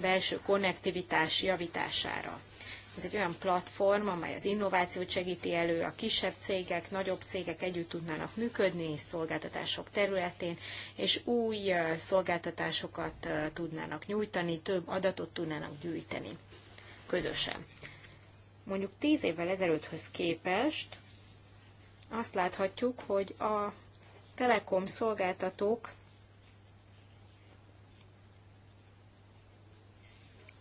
belső konnektivitás javítására. Ez egy olyan platform, amely az innovációt segíti elő, a kisebb cégek, nagyobb cégek együtt tudnának működni szolgáltatások területén, és új szolgáltatásokat tudnának nyújtani, több adatot tudnának gyűjteni közösen. Mondjuk 10 évvel ezelőtthöz képest azt láthatjuk, hogy a telekom szolgáltatók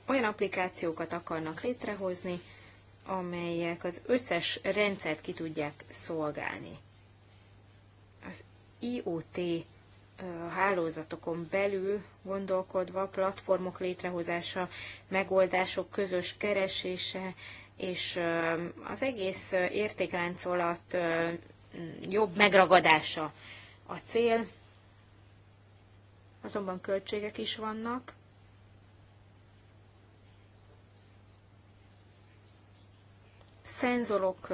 olyan applikációkat akarnak létrehozni, amelyek az összes rendszert ki tudják szolgálni. Az IoT hálózatokon belül gondolkodva platformok létrehozása, megoldások közös keresése, és az egész értékláncolat jobb megragadása a cél, azonban költségek is vannak. Szenzorok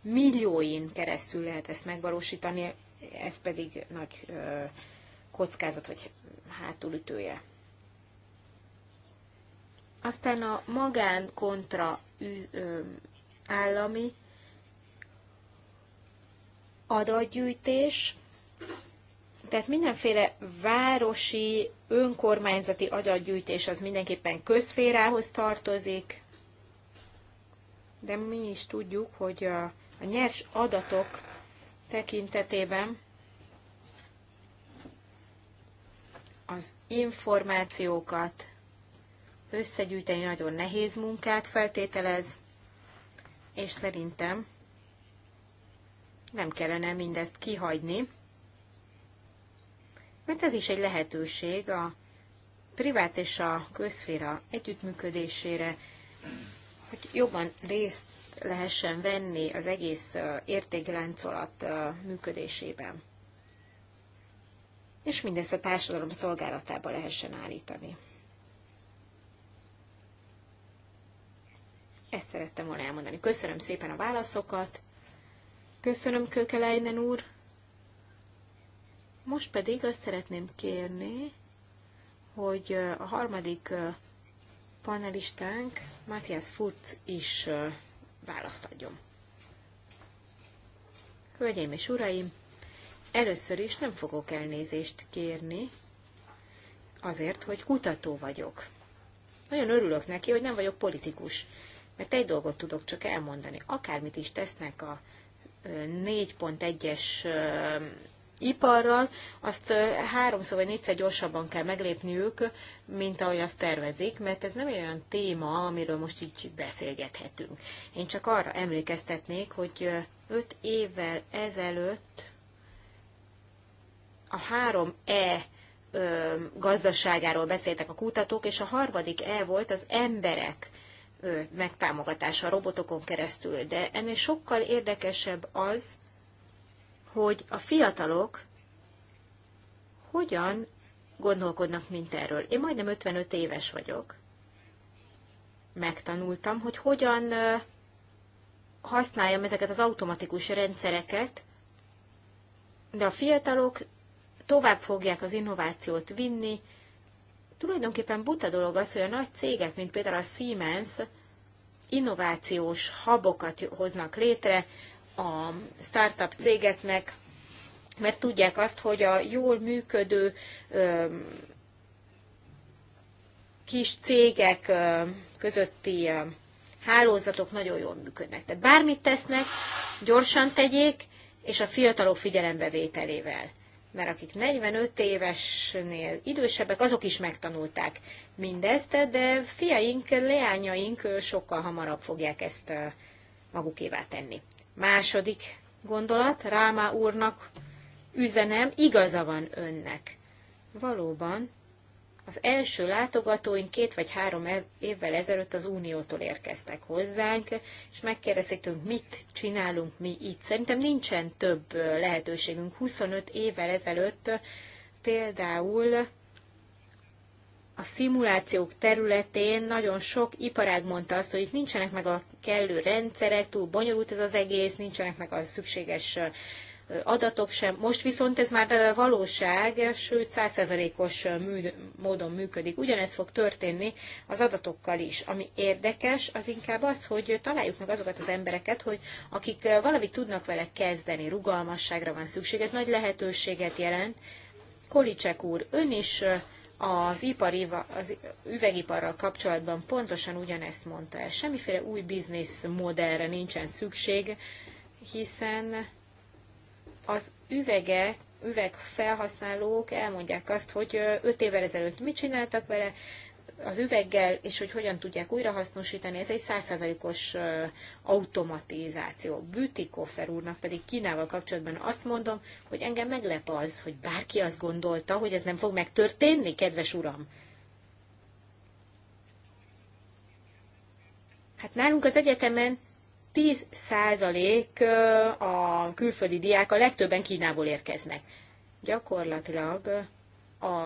millióin keresztül lehet ezt megvalósítani, ez pedig nagy kockázat vagy hátulütője. Aztán a magán kontra állami adatgyűjtés, tehát mindenféle városi, önkormányzati adatgyűjtés az mindenképpen közférához tartozik, de mi is tudjuk, hogy a, a nyers adatok tekintetében az információkat összegyűjteni nagyon nehéz munkát feltételez, és szerintem nem kellene mindezt kihagyni, mert ez is egy lehetőség a privát és a közféra együttműködésére, hogy jobban részt lehessen venni az egész értékláncolat működésében. És mindezt a társadalom szolgálatába lehessen állítani. Ezt szerettem volna elmondani. Köszönöm szépen a válaszokat. Köszönöm Leinen úr. Most pedig azt szeretném kérni, hogy a harmadik panelistánk, Matthias Furc is választ adjon. Hölgyeim és uraim, először is nem fogok elnézést kérni, azért, hogy kutató vagyok. Nagyon örülök neki, hogy nem vagyok politikus. Mert egy dolgot tudok csak elmondani. Akármit is tesznek a 4.1-es iparral, azt háromszor vagy négyszer gyorsabban kell meglépniük, mint ahogy azt tervezik, mert ez nem egy olyan téma, amiről most így beszélgethetünk. Én csak arra emlékeztetnék, hogy öt évvel ezelőtt a 3E gazdaságáról beszéltek a kutatók, és a harmadik E volt az emberek megtámogatása a robotokon keresztül, de ennél sokkal érdekesebb az, hogy a fiatalok hogyan gondolkodnak, mint erről. Én majdnem 55 éves vagyok. Megtanultam, hogy hogyan használjam ezeket az automatikus rendszereket, de a fiatalok tovább fogják az innovációt vinni, Tulajdonképpen buta dolog az, hogy a nagy cégek, mint például a Siemens, innovációs habokat hoznak létre a startup cégeknek, mert tudják azt, hogy a jól működő kis cégek közötti hálózatok nagyon jól működnek. Tehát bármit tesznek, gyorsan tegyék, és a fiatalok figyelembevételével mert akik 45 évesnél idősebbek, azok is megtanulták mindezt, de fiaink, leányaink sokkal hamarabb fogják ezt magukévá tenni. Második gondolat, Ráma úrnak üzenem, igaza van önnek. Valóban az első látogatóink két vagy három évvel ezelőtt az Uniótól érkeztek hozzánk, és megkérdezték tőlünk, mit csinálunk mi itt. Szerintem nincsen több lehetőségünk. 25 évvel ezelőtt például a szimulációk területén nagyon sok iparág mondta azt, hogy itt nincsenek meg a kellő rendszerek, túl bonyolult ez az egész, nincsenek meg a szükséges adatok sem. Most viszont ez már valóság, sőt százszerzalékos módon működik. Ugyanez fog történni az adatokkal is. Ami érdekes, az inkább az, hogy találjuk meg azokat az embereket, hogy akik valamit tudnak vele kezdeni, rugalmasságra van szükség, ez nagy lehetőséget jelent. Kolicek úr, ön is az, ipari, az üvegiparral kapcsolatban pontosan ugyanezt mondta el. Semmiféle új bizniszmodellre nincsen szükség, hiszen az üvegek, felhasználók elmondják azt, hogy 5 évvel ezelőtt mit csináltak vele, az üveggel, és hogy hogyan tudják újrahasznosítani, ez egy százszázalékos automatizáció. Koffer úrnak pedig Kínával kapcsolatban azt mondom, hogy engem meglep az, hogy bárki azt gondolta, hogy ez nem fog megtörténni, kedves uram. Hát nálunk az egyetemen 10% a külföldi diák a legtöbben Kínából érkeznek. Gyakorlatilag a,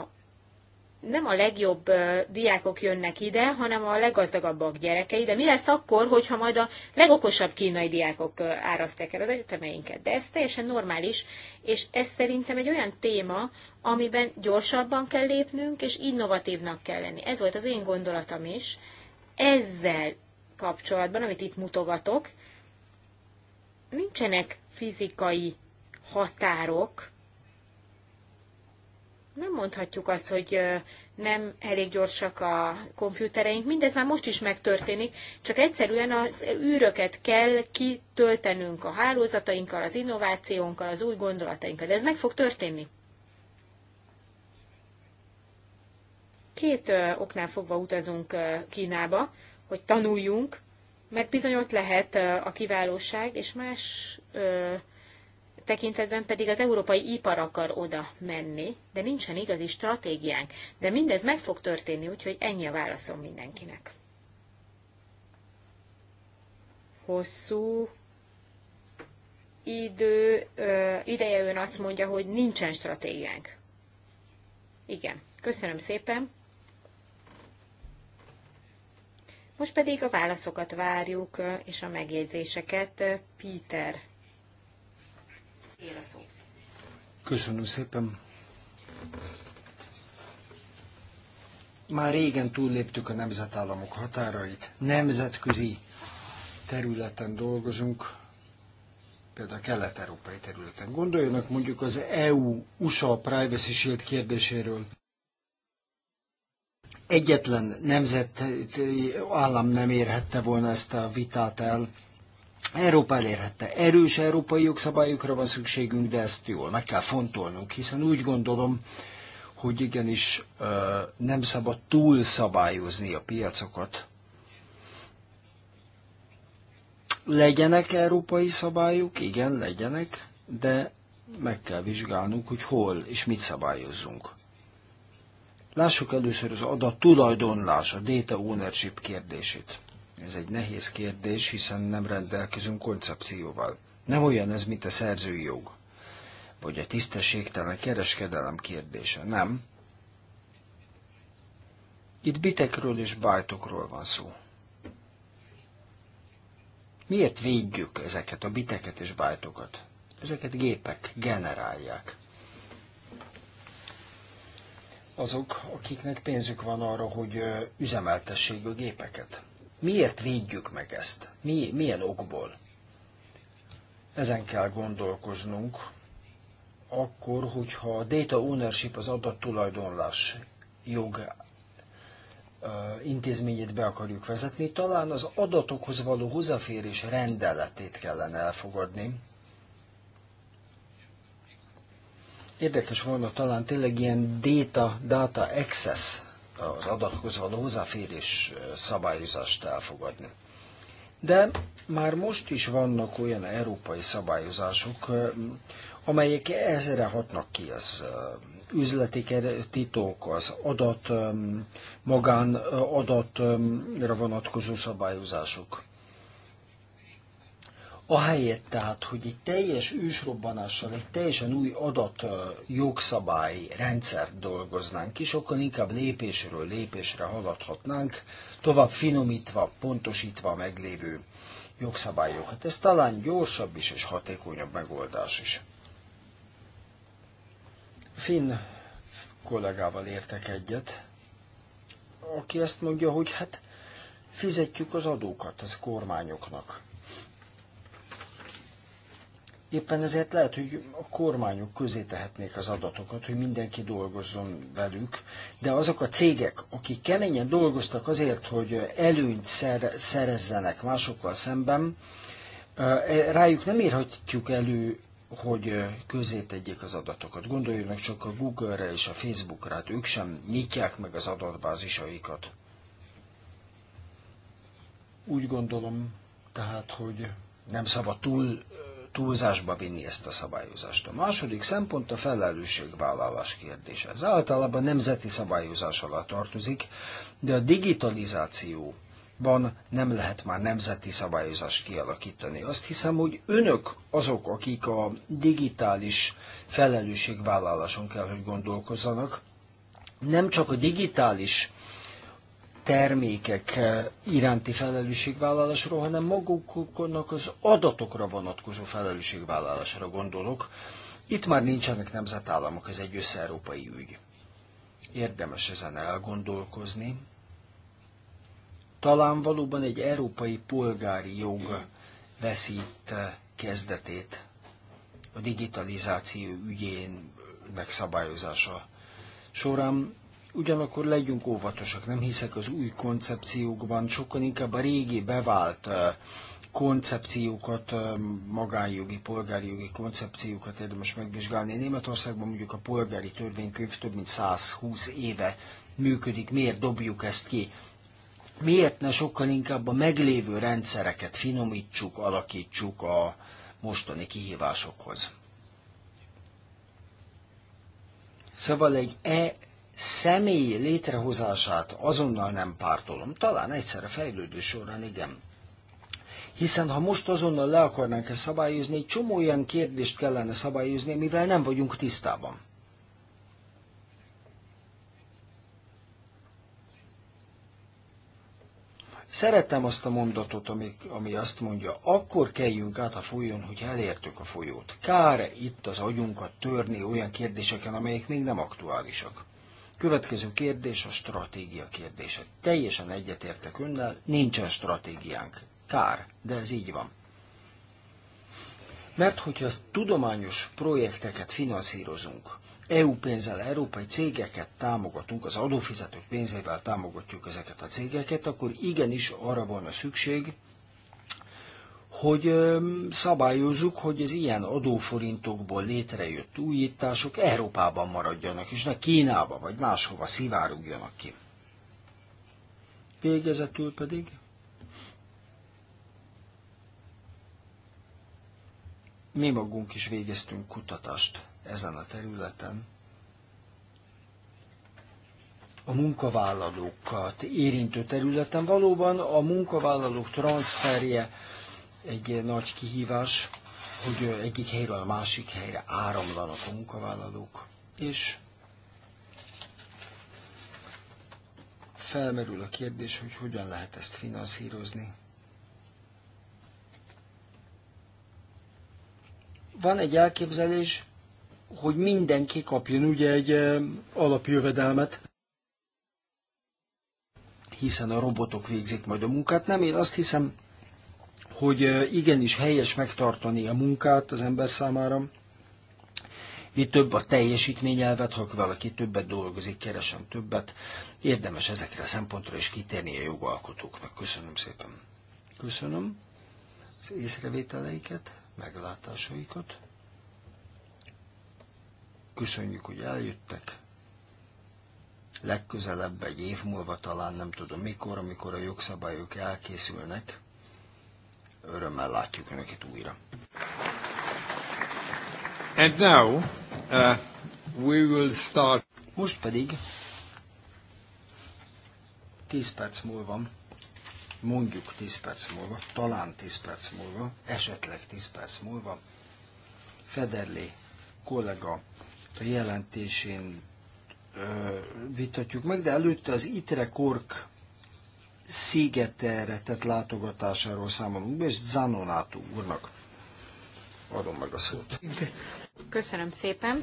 nem a legjobb diákok jönnek ide, hanem a leggazdagabbak gyerekei, de mi lesz akkor, hogyha majd a legokosabb kínai diákok árasztják el az egyetemeinket? De ez teljesen normális, és ez szerintem egy olyan téma, amiben gyorsabban kell lépnünk, és innovatívnak kell lenni. Ez volt az én gondolatom is. Ezzel kapcsolatban, amit itt mutogatok, nincsenek fizikai határok. Nem mondhatjuk azt, hogy nem elég gyorsak a kompjútereink. Mindez már most is megtörténik, csak egyszerűen az űröket kell kitöltenünk a hálózatainkkal, az innovációnkkal, az új gondolatainkkal. De ez meg fog történni. Két oknál fogva utazunk Kínába hogy tanuljunk, mert bizony ott lehet a kiválóság, és más ö, tekintetben pedig az európai ipar akar oda menni, de nincsen igazi stratégiánk. De mindez meg fog történni, úgyhogy ennyi a válaszom mindenkinek. Hosszú idő, ö, ideje ön azt mondja, hogy nincsen stratégiánk. Igen, köszönöm szépen. Most pedig a válaszokat várjuk, és a megjegyzéseket. Péter, él a szó. Köszönöm szépen. Már régen túlléptük a nemzetállamok határait, nemzetközi területen dolgozunk, például a kelet-európai területen. Gondoljanak mondjuk az EU-USA Privacy Shield kérdéséről egyetlen nemzeti állam nem érhette volna ezt a vitát el. Európa elérhette. Erős európai jogszabályokra van szükségünk, de ezt jól meg kell fontolnunk, hiszen úgy gondolom, hogy igenis nem szabad túl szabályozni a piacokat. Legyenek európai szabályok, igen, legyenek, de meg kell vizsgálnunk, hogy hol és mit szabályozzunk. Lássuk először az adat tulajdonlás, a data ownership kérdését. Ez egy nehéz kérdés, hiszen nem rendelkezünk koncepcióval. Nem olyan ez, mint a szerzői jog, vagy a tisztességtelen kereskedelem kérdése, nem. Itt bitekről és bajtokról van szó. Miért védjük ezeket a biteket és bajtokat? Ezeket gépek generálják azok, akiknek pénzük van arra, hogy üzemeltessék a gépeket. Miért védjük meg ezt? Mi, milyen okból? Ezen kell gondolkoznunk, akkor, hogyha a data ownership, az adattulajdonlás jog intézményét be akarjuk vezetni, talán az adatokhoz való hozzáférés rendeletét kellene elfogadni, Érdekes volna talán tényleg ilyen data, data access, az adathoz való hozzáférés szabályozást elfogadni. De már most is vannak olyan európai szabályozások, amelyek ezre hatnak ki az üzleti titok, az adat, magán adatra vonatkozó szabályozások. Ahelyett tehát, hogy egy teljes ősrobbanással, egy teljesen új adat jogszabályi rendszert dolgoznánk ki, sokkal inkább lépésről lépésre haladhatnánk, tovább finomítva, pontosítva a meglévő jogszabályokat. Ez talán gyorsabb is és hatékonyabb megoldás is. Finn kollégával értek egyet, aki ezt mondja, hogy hát fizetjük az adókat az kormányoknak Éppen ezért lehet, hogy a kormányok közé tehetnék az adatokat, hogy mindenki dolgozzon velük, de azok a cégek, akik keményen dolgoztak azért, hogy előnyt szerezzenek másokkal szemben, e, rájuk nem írhatjuk elő, hogy közé tegyék az adatokat. Gondoljanak csak a Google-re és a Facebook-ra, hát ők sem nyitják meg az adatbázisaikat. Úgy gondolom tehát, hogy nem szabad túl túlzásba vinni ezt a szabályozást. A második szempont a felelősségvállalás kérdése. Ez általában nemzeti szabályozás alatt tartozik, de a digitalizációban nem lehet már nemzeti szabályozást kialakítani. Azt hiszem, hogy önök azok, akik a digitális felelősségvállaláson kell, hogy gondolkozzanak. Nem csak a digitális termékek eh, iránti felelősségvállalásról, hanem magukonnak az adatokra vonatkozó felelősségvállalásra gondolok. Itt már nincsenek nemzetállamok, ez egy összeurópai ügy. Érdemes ezen elgondolkozni. Talán valóban egy európai polgári jog veszít eh, kezdetét a digitalizáció ügyén megszabályozása során Ugyanakkor legyünk óvatosak, nem hiszek az új koncepciókban, sokkal inkább a régi bevált koncepciókat, magánjogi, polgári jogi koncepciókat érdemes megvizsgálni. Németországban mondjuk a polgári törvénykönyv több mint 120 éve működik, miért dobjuk ezt ki? Miért ne sokkal inkább a meglévő rendszereket finomítsuk, alakítsuk a mostani kihívásokhoz? Szóval egy e személy létrehozását azonnal nem pártolom. Talán egyszer a fejlődés során igen. Hiszen ha most azonnal le akarnánk ezt szabályozni, egy csomó olyan kérdést kellene szabályozni, mivel nem vagyunk tisztában. Szeretem azt a mondatot, ami, ami azt mondja, akkor kelljünk át a folyón, hogy elértük a folyót. Kár itt az agyunkat törni olyan kérdéseken, amelyek még nem aktuálisak. Következő kérdés a stratégia kérdése. Teljesen egyetértek önnel, nincsen stratégiánk. Kár, de ez így van. Mert hogyha tudományos projekteket finanszírozunk, EU pénzzel európai cégeket támogatunk, az adófizetők pénzével támogatjuk ezeket a cégeket, akkor igenis arra van a szükség, hogy szabályozzuk, hogy az ilyen adóforintokból létrejött újítások Európában maradjanak, és ne Kínába vagy máshova szivárogjanak ki. Végezetül pedig mi magunk is végeztünk kutatást ezen a területen. A munkavállalókat érintő területen valóban a munkavállalók transferje egy nagy kihívás, hogy egyik helyről a másik helyre áramlanak a munkavállalók, és felmerül a kérdés, hogy hogyan lehet ezt finanszírozni. Van egy elképzelés, hogy mindenki kapjon ugye egy eh, alapjövedelmet, hiszen a robotok végzik majd a munkát. Nem, én azt hiszem, hogy igenis helyes megtartani a munkát az ember számára, mi több a teljesítményelvet, ha valaki többet dolgozik, keresem többet. Érdemes ezekre a szempontra is kitérni a jogalkotóknak. Köszönöm szépen. Köszönöm az észrevételeiket, meglátásaikat. Köszönjük, hogy eljöttek. Legközelebb egy év múlva, talán nem tudom mikor, amikor a jogszabályok elkészülnek, örömmel látjuk Önöket újra. And now, uh, we will start. Most pedig tíz perc múlva, mondjuk tíz perc múlva, talán tíz perc múlva, esetleg tíz perc múlva, Federli kollega a jelentésén ö, vitatjuk meg, de előtte az ITRE KORK szigetelre tett látogatásáról számolunk be, és Zanonátú úrnak adom meg a szót. Köszönöm szépen.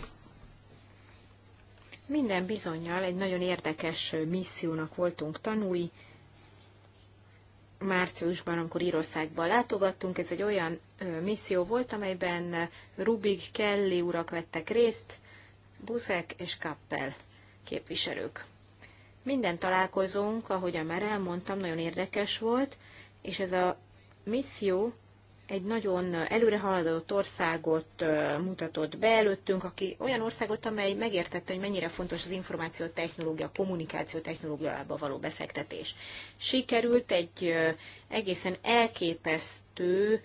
Minden bizonyal egy nagyon érdekes missziónak voltunk tanúi. Márciusban, amikor Írországba látogattunk, ez egy olyan misszió volt, amelyben Rubik, Kelly urak vettek részt, Buszek és Kappel képviselők. Minden találkozónk, a már elmondtam, nagyon érdekes volt, és ez a misszió egy nagyon előre haladott országot mutatott be előttünk, aki olyan országot, amely megértette, hogy mennyire fontos az információ technológia, kommunikáció technológiába való befektetés. Sikerült egy egészen elképesztő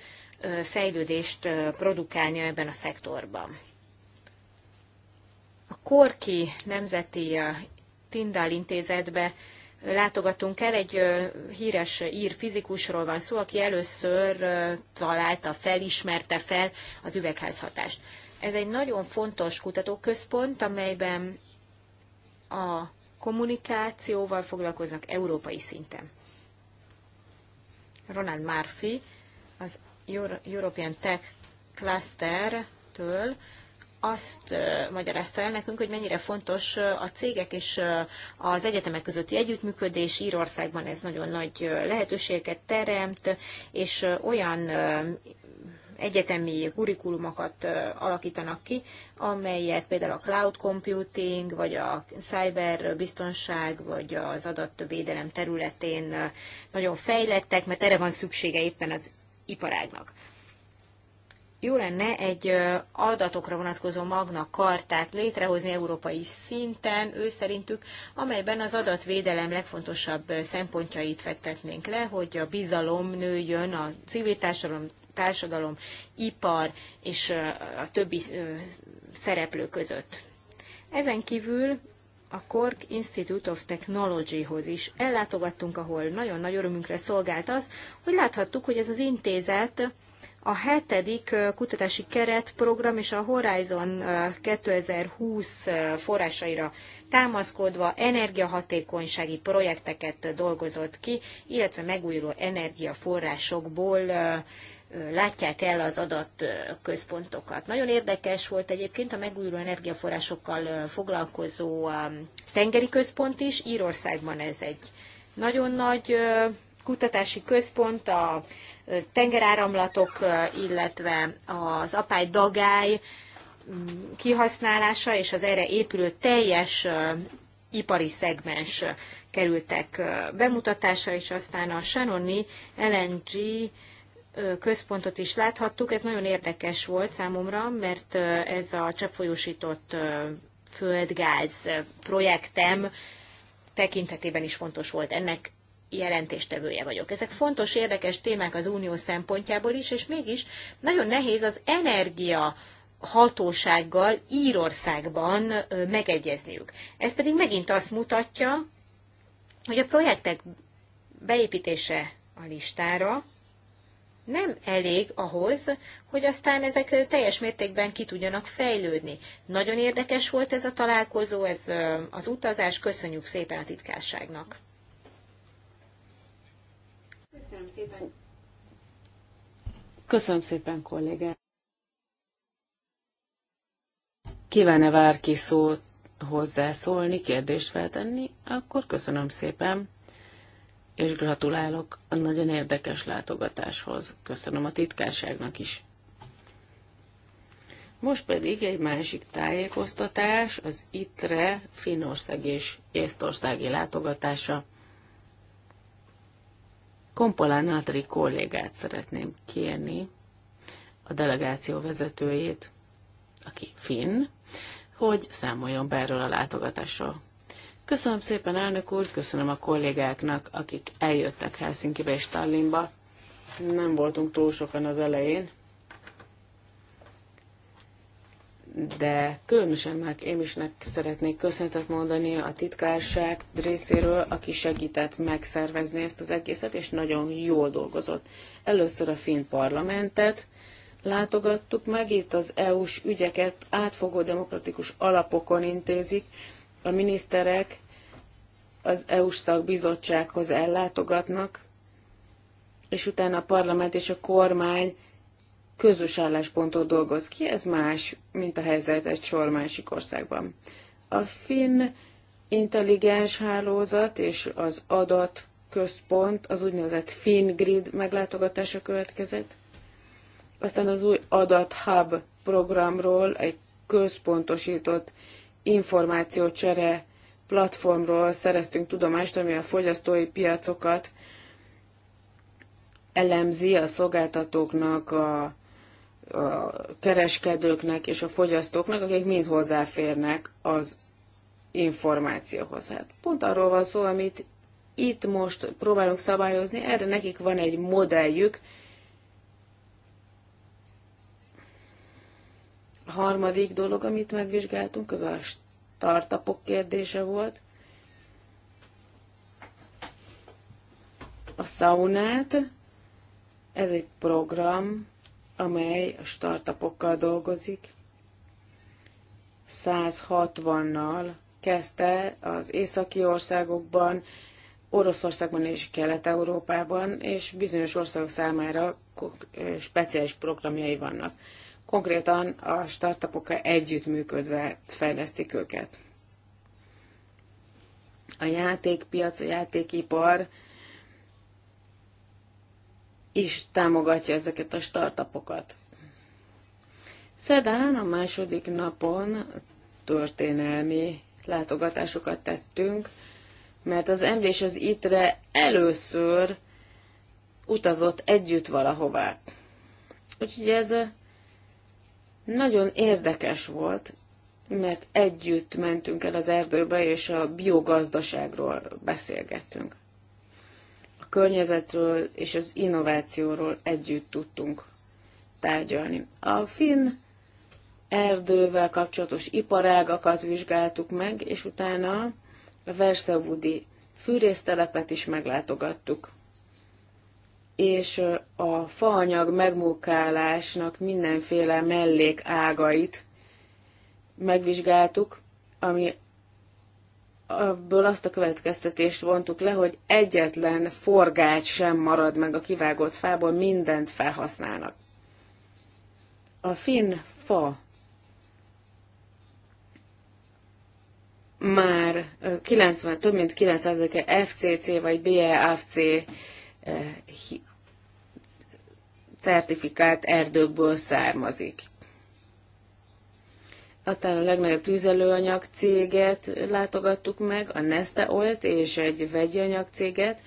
fejlődést produkálni ebben a szektorban. A Korki Nemzeti Tindal intézetbe látogatunk el, egy híres ír fizikusról van szó, aki először találta fel, ismerte fel az üvegházhatást. Ez egy nagyon fontos kutatóközpont, amelyben a kommunikációval foglalkoznak európai szinten. Ronald Murphy az European Tech Cluster-től azt magyarázta el nekünk, hogy mennyire fontos a cégek és az egyetemek közötti együttműködés. Írországban ez nagyon nagy lehetőségeket teremt, és olyan egyetemi kurikulumokat alakítanak ki, amelyek például a cloud computing, vagy a biztonság vagy az adatvédelem területén nagyon fejlettek, mert erre van szüksége éppen az iparágnak jó lenne egy adatokra vonatkozó magna kartát létrehozni európai szinten, ő szerintük, amelyben az adatvédelem legfontosabb szempontjait fektetnénk le, hogy a bizalom nőjön a civil társadalom, társadalom ipar és a többi szereplő között. Ezen kívül a Cork Institute of Technology-hoz is ellátogattunk, ahol nagyon nagy örömünkre szolgált az, hogy láthattuk, hogy ez az intézet a hetedik kutatási keretprogram és a Horizon 2020 forrásaira támaszkodva energiahatékonysági projekteket dolgozott ki, illetve megújuló energiaforrásokból látják el az adatközpontokat. Nagyon érdekes volt egyébként a megújuló energiaforrásokkal foglalkozó tengeri központ is. Írországban ez egy nagyon nagy kutatási központ, a tengeráramlatok, illetve az apály dagály mm, kihasználása és az erre épülő teljes ipari szegmens kerültek bemutatásra, és aztán a Shannoni LNG központot is láthattuk. Ez nagyon érdekes volt számomra, mert ez a cseppfolyósított földgáz projektem tekintetében is fontos volt. Ennek jelentéstevője vagyok. Ezek fontos, érdekes témák az unió szempontjából is, és mégis nagyon nehéz az energia hatósággal Írországban megegyezniük. Ez pedig megint azt mutatja, hogy a projektek beépítése a listára nem elég ahhoz, hogy aztán ezek teljes mértékben ki tudjanak fejlődni. Nagyon érdekes volt ez a találkozó, ez az utazás, köszönjük szépen a titkárságnak. Köszönöm szépen. Köszönöm szépen, kollégák. Kívánne várki szót hozzászólni, kérdést feltenni, akkor köszönöm szépen, és gratulálok a nagyon érdekes látogatáshoz. Köszönöm a titkárságnak is. Most pedig egy másik tájékoztatás, az ITRE Finország és Észtországi látogatása. Kompolán Átri kollégát szeretném kérni, a delegáció vezetőjét, aki finn, hogy számoljon be erről a látogatásról. Köszönöm szépen, elnök úr, köszönöm a kollégáknak, akik eljöttek Helsinkibe és Tallinnba. Nem voltunk túl sokan az elején, de különösen már én is szeretnék köszönetet mondani a titkárság részéről, aki segített megszervezni ezt az egészet, és nagyon jól dolgozott. Először a finn parlamentet látogattuk meg, itt az EU-s ügyeket átfogó demokratikus alapokon intézik, a miniszterek az EU-s szakbizottsághoz ellátogatnak, és utána a parlament és a kormány közös álláspontot dolgoz ki, ez más, mint a helyzet egy sor másik országban. A finn intelligens hálózat és az adat központ, az úgynevezett Finn Grid meglátogatása következett. Aztán az új Adat Hub programról egy központosított információcsere platformról szereztünk tudomást, ami a fogyasztói piacokat elemzi a szolgáltatóknak a a kereskedőknek és a fogyasztóknak, akik mind hozzáférnek az információhoz. Hát pont arról van szó, amit itt most próbálunk szabályozni, erre nekik van egy modelljük. A harmadik dolog, amit megvizsgáltunk, az a startupok kérdése volt. A szaunát, ez egy program, amely a startupokkal dolgozik. 160-nal kezdte az északi országokban, Oroszországban és Kelet-Európában, és bizonyos országok számára speciális programjai vannak. Konkrétan a startupokkal együttműködve fejlesztik őket. A játékpiac, a játékipar is támogatja ezeket a startupokat. Szedán a második napon történelmi látogatásokat tettünk, mert az MV és az ITRE először utazott együtt valahová. Úgyhogy ez nagyon érdekes volt, mert együtt mentünk el az erdőbe, és a biogazdaságról beszélgettünk környezetről és az innovációról együtt tudtunk tárgyalni. A finn erdővel kapcsolatos iparágakat vizsgáltuk meg, és utána a Versevudi fűrésztelepet is meglátogattuk. És a faanyag megmunkálásnak mindenféle mellékágait megvizsgáltuk, ami abból azt a következtetést vontuk le, hogy egyetlen forgács sem marad meg a kivágott fából, mindent felhasználnak. A finn fa már 90, több mint 9%-e FCC vagy BEFC eh, certifikált erdőkből származik. Aztán a legnagyobb tűzelőanyag céget látogattuk meg, a Neste Olt és egy vegyi anyag céget,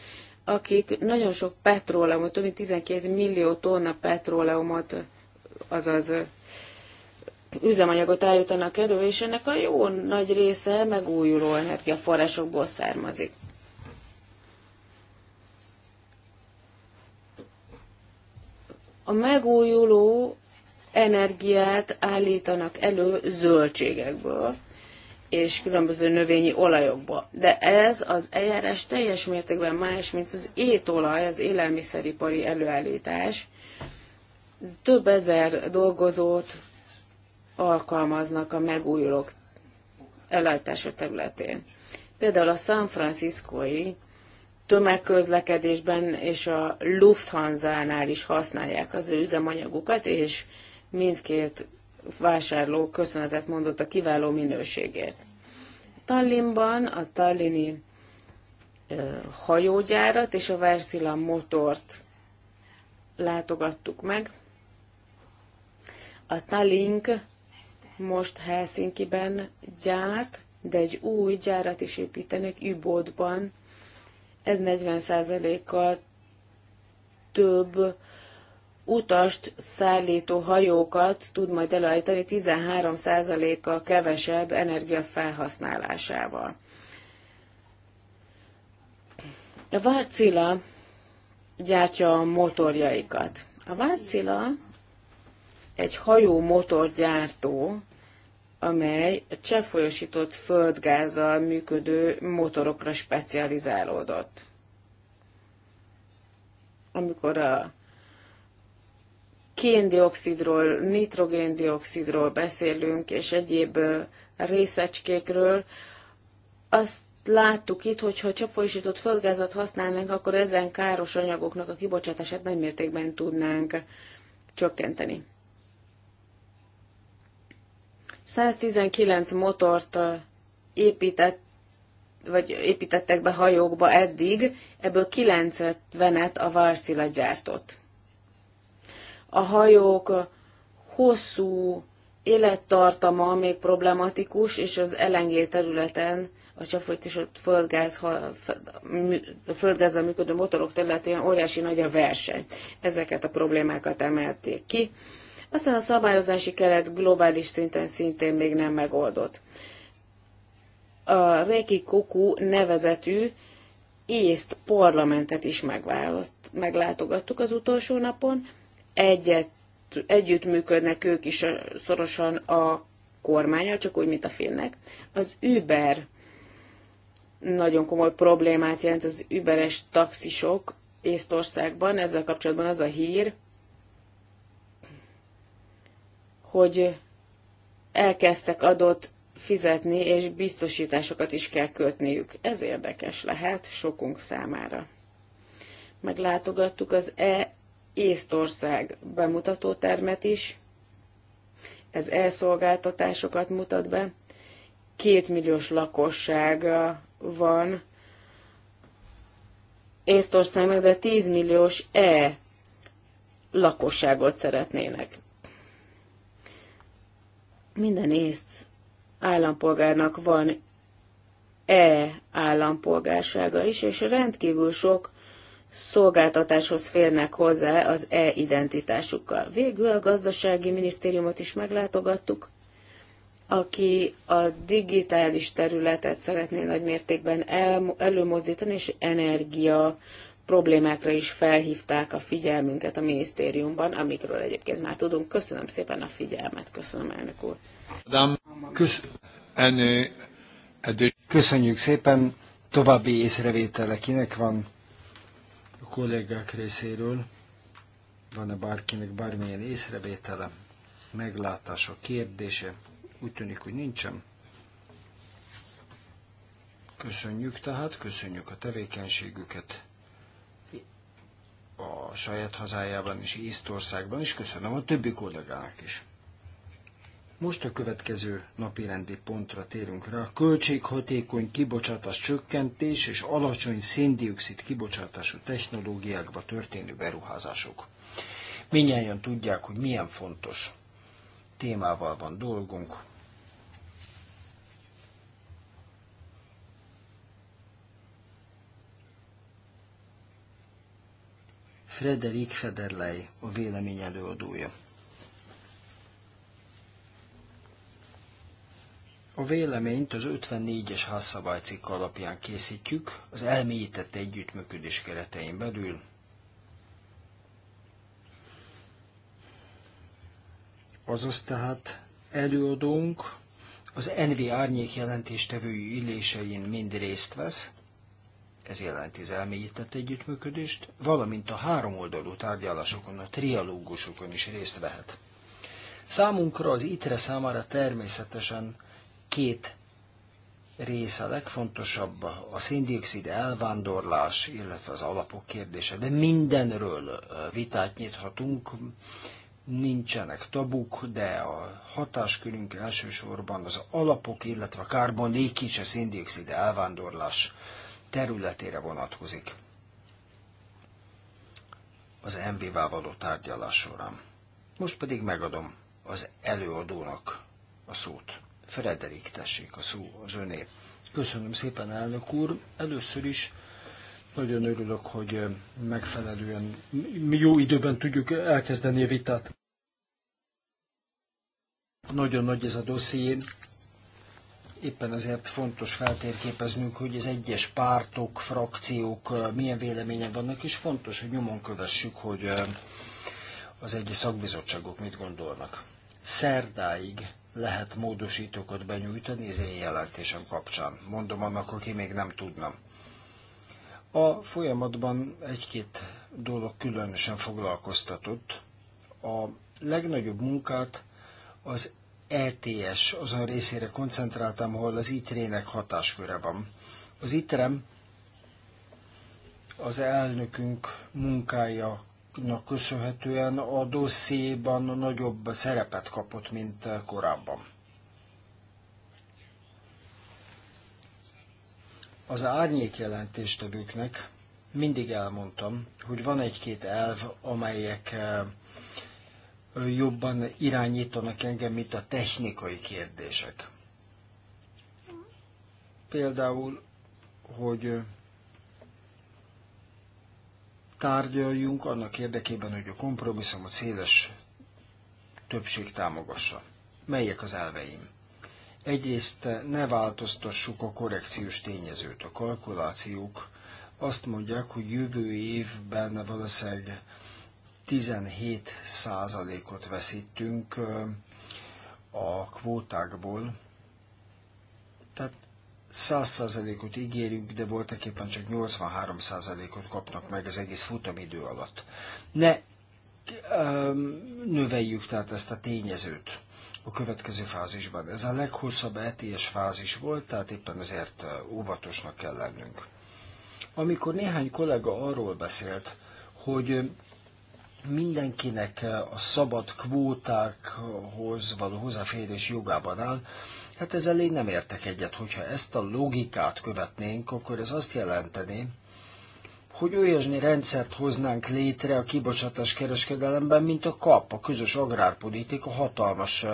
akik nagyon sok petróleumot, több mint 12 millió tonna petróleumot, azaz üzemanyagot állítanak elő, és ennek a jó nagy része megújuló energiaforrásokból származik. A megújuló energiát állítanak elő zöldségekből és különböző növényi olajokból. De ez az eljárás teljes mértékben más, mint az étolaj, az élelmiszeripari előállítás. Több ezer dolgozót alkalmaznak a megújulók ellátása területén. Például a San Franciscoi tömegközlekedésben és a Lufthansa-nál is használják az ő üzemanyagukat, és mindkét vásárló köszönetet mondott a kiváló minőségért. Tallinnban a tallini hajógyárat és a Versila motort látogattuk meg. A Tallink most Helsinki-ben gyárt, de egy új gyárat is építenek Übódban. Ez 40%-kal több utast szállító hajókat tud majd elajtani 13%-kal kevesebb energiafelhasználásával. A Várcila gyártja a motorjaikat. A Várcila egy hajó motorgyártó, amely cseppfolyósított földgázzal működő motorokra specializálódott. Amikor a kéndioxidról, nitrogéndioxidról beszélünk, és egyéb részecskékről, azt láttuk itt, hogy ha csapolyosított földgázat használnánk, akkor ezen káros anyagoknak a kibocsátását nagy mértékben tudnánk csökkenteni. 119 motort épített, vagy építettek be hajókba eddig, ebből 90-et a Varcila gyártott a hajók hosszú élettartama még problematikus, és az LNG területen, a csapfolytosott földgáz, földgázzal működő motorok területén óriási nagy a verseny. Ezeket a problémákat emelték ki. Aztán a szabályozási keret globális szinten szintén még nem megoldott. A Reiki Koku nevezetű észt parlamentet is meglátogattuk az utolsó napon, egyet, együttműködnek ők is szorosan a kormánya, csak úgy, mint a finnek. Az Uber nagyon komoly problémát jelent az Uberes taxisok Észtországban. Ezzel kapcsolatban az a hír, hogy elkezdtek adót fizetni, és biztosításokat is kell kötniük. Ez érdekes lehet sokunk számára. Meglátogattuk az e Észtország bemutató termet is, ez elszolgáltatásokat mutat be, kétmilliós lakossága van Észtországnak, de 10 milliós E lakosságot szeretnének. Minden észt állampolgárnak van E állampolgársága is, és rendkívül sok szolgáltatáshoz férnek hozzá az e-identitásukkal. Végül a gazdasági minisztériumot is meglátogattuk, aki a digitális területet szeretné nagy mértékben el, előmozdítani, és energia problémákra is felhívták a figyelmünket a minisztériumban, amikről egyébként már tudunk. Köszönöm szépen a figyelmet, köszönöm elnök úr. Köszönjük szépen, további észrevétele kinek van? a kollégák részéről van-e bárkinek bármilyen észrevétele, meglátása, kérdése. Úgy tűnik, hogy nincsen. Köszönjük tehát, köszönjük a tevékenységüket a saját hazájában és Észtországban, és köszönöm a többi kollégának is. Most a következő napi rendi pontra térünk rá. Költséghatékony kibocsátás csökkentés és alacsony széndiokszid kibocsátású technológiákba történő beruházások. Minnyáján tudják, hogy milyen fontos témával van dolgunk. Frederik Federley a vélemény előadója. A véleményt az 54-es házszabálycikk alapján készítjük, az elmélyített együttműködés keretein belül. Azaz tehát előadónk az NV árnyék jelentéstevői ülésein mind részt vesz, ez jelenti az elmélyített együttműködést, valamint a háromoldalú tárgyalásokon, a trialógusokon is részt vehet. Számunkra az ITRE számára természetesen két része a legfontosabb, a széndiokszid elvándorlás, illetve az alapok kérdése, de mindenről vitát nyithatunk, nincsenek tabuk, de a hatáskörünk elsősorban az alapok, illetve a carbon légkics a széndiokszid elvándorlás területére vonatkozik az MV-vel való tárgyalás során. Most pedig megadom az előadónak a szót. Frederik, tessék a szó az öné. Köszönöm szépen, elnök úr. Először is nagyon örülök, hogy eh, megfelelően mi jó időben tudjuk elkezdeni a vitát. Nagyon nagy ez a dosszié, éppen azért fontos feltérképeznünk, hogy az egyes pártok, frakciók eh, milyen véleménye vannak, és fontos, hogy nyomon kövessük, hogy eh, az egyes szakbizottságok mit gondolnak. Szerdáig lehet módosítókat benyújtani az én jelentésem kapcsán. Mondom annak, aki még nem tudna. A folyamatban egy-két dolog különösen foglalkoztatott. A legnagyobb munkát az ETS azon részére koncentráltam, ahol az ITRE-nek hatásköre van. Az ITREM az elnökünk munkája munkájának köszönhetően a dossziéban nagyobb szerepet kapott, mint korábban. Az árnyék jelentéstevőknek mindig elmondtam, hogy van egy-két elv, amelyek eh, jobban irányítanak engem, mint a technikai kérdések. Például, hogy tárgyaljunk annak érdekében, hogy a kompromisszumot széles többség támogassa. Melyek az elveim? Egyrészt ne változtassuk a korrekciós tényezőt, a kalkulációk azt mondják, hogy jövő évben valószínűleg 17 százalékot veszítünk a kvótákból. Tehát 100%-ot ígérünk, de voltak éppen csak 83%-ot kapnak meg az egész futamidő alatt. Ne növeljük tehát ezt a tényezőt a következő fázisban. Ez a leghosszabb ETS fázis volt, tehát éppen ezért óvatosnak kell lennünk. Amikor néhány kollega arról beszélt, hogy mindenkinek a szabad kvótákhoz való hozzáférés jogában áll, Hát ezzel én nem értek egyet, hogyha ezt a logikát követnénk, akkor ez azt jelenteni, hogy olyasmi rendszert hoznánk létre a kibocsátás kereskedelemben, mint a KAP, a közös agrárpolitika hatalmas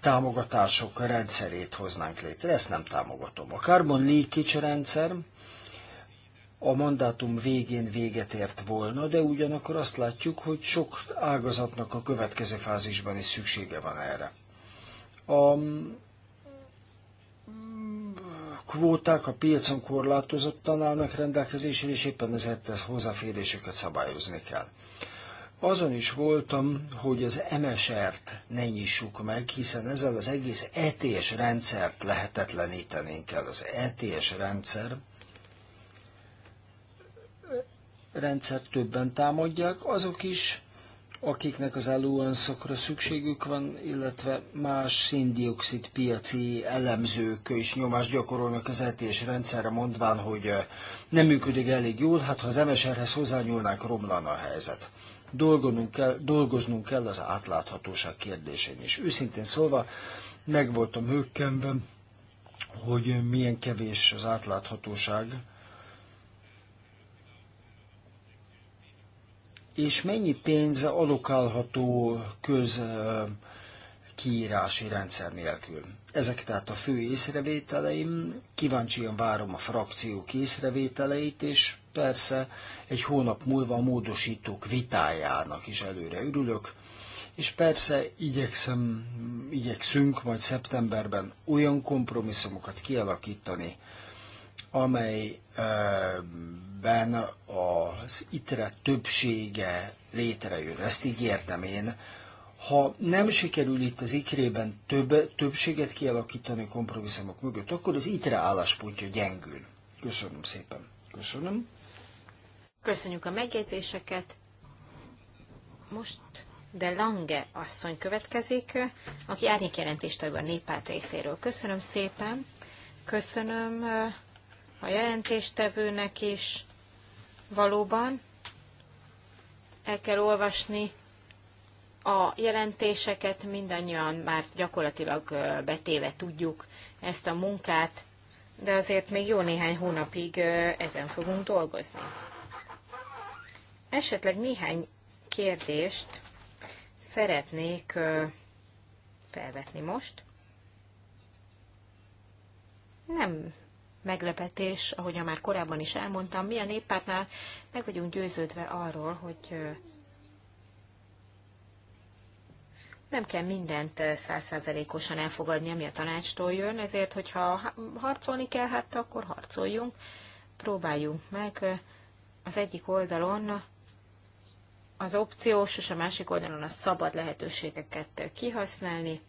támogatások rendszerét hoznánk létre. Ezt nem támogatom. A carbon leakage rendszer a mandátum végén véget ért volna, de ugyanakkor azt látjuk, hogy sok ágazatnak a következő fázisban is szüksége van erre. A kvóták a piacon korlátozottan állnak rendelkezésre, és éppen ezért ez hozzáférésüket szabályozni kell. Azon is voltam, hogy az MSR-t ne nyissuk meg, hiszen ezzel az egész ETS rendszert lehetetlenítenénk el. Az ETS rendszer rendszer többen támadják, azok is, akiknek az előanszakra szükségük van, illetve más széndiokszid piaci elemzők is nyomást gyakorolnak az etés rendszerre, mondván, hogy eh, nem működik elég jól, hát ha az MSR-hez hozzányúlnánk, romlana a helyzet. Dolgoznunk kell, dolgoznunk kell az átláthatóság kérdésén is. Őszintén szólva, meg voltam hogy milyen kevés az átláthatóság, és mennyi pénz alokálható köz kiírási rendszer nélkül. Ezek tehát a fő észrevételeim, kíváncsian várom a frakciók észrevételeit, és persze egy hónap múlva a módosítók vitájának is előre örülök, és persze igyekszem, igyekszünk majd szeptemberben olyan kompromisszumokat kialakítani, amely eh, ebben az ITRE többsége létrejön. Ezt ígértem én. Ha nem sikerül itt az ikrében több, többséget kialakítani kompromisszumok mögött, akkor az ITRE álláspontja gyengül. Köszönöm szépen. Köszönöm. Köszönjük a megjegyzéseket. Most de Lange asszony következik, aki árnyékjelentéstevő a néppárt részéről. Köszönöm szépen. Köszönöm eh, a jelentéstevőnek is valóban el kell olvasni a jelentéseket, mindannyian már gyakorlatilag betéve tudjuk ezt a munkát, de azért még jó néhány hónapig ezen fogunk dolgozni. Esetleg néhány kérdést szeretnék felvetni most. Nem meglepetés, ahogyan már korábban is elmondtam, mi a néppártnál meg vagyunk győződve arról, hogy nem kell mindent százszázalékosan elfogadni, ami a tanácstól jön, ezért, hogyha harcolni kell, hát akkor harcoljunk, próbáljunk meg az egyik oldalon az opciós, és a másik oldalon a szabad lehetőségeket kihasználni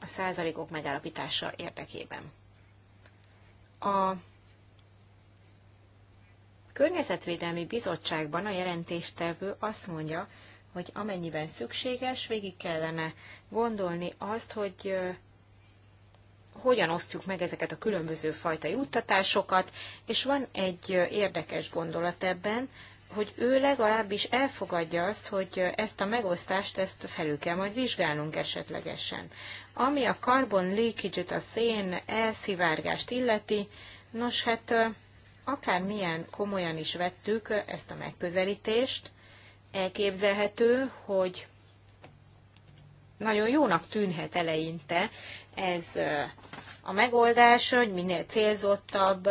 a százalékok megállapítása érdekében. A Környezetvédelmi Bizottságban a jelentéstevő azt mondja, hogy amennyiben szükséges, végig kellene gondolni azt, hogy hogyan osztjuk meg ezeket a különböző fajta juttatásokat, és van egy érdekes gondolat ebben, hogy ő legalábbis elfogadja azt, hogy ezt a megosztást, ezt felül kell majd vizsgálnunk esetlegesen. Ami a carbon leakage a szén elszivárgást illeti, nos hát akármilyen komolyan is vettük ezt a megközelítést, elképzelhető, hogy nagyon jónak tűnhet eleinte ez a megoldás, hogy minél célzottabb,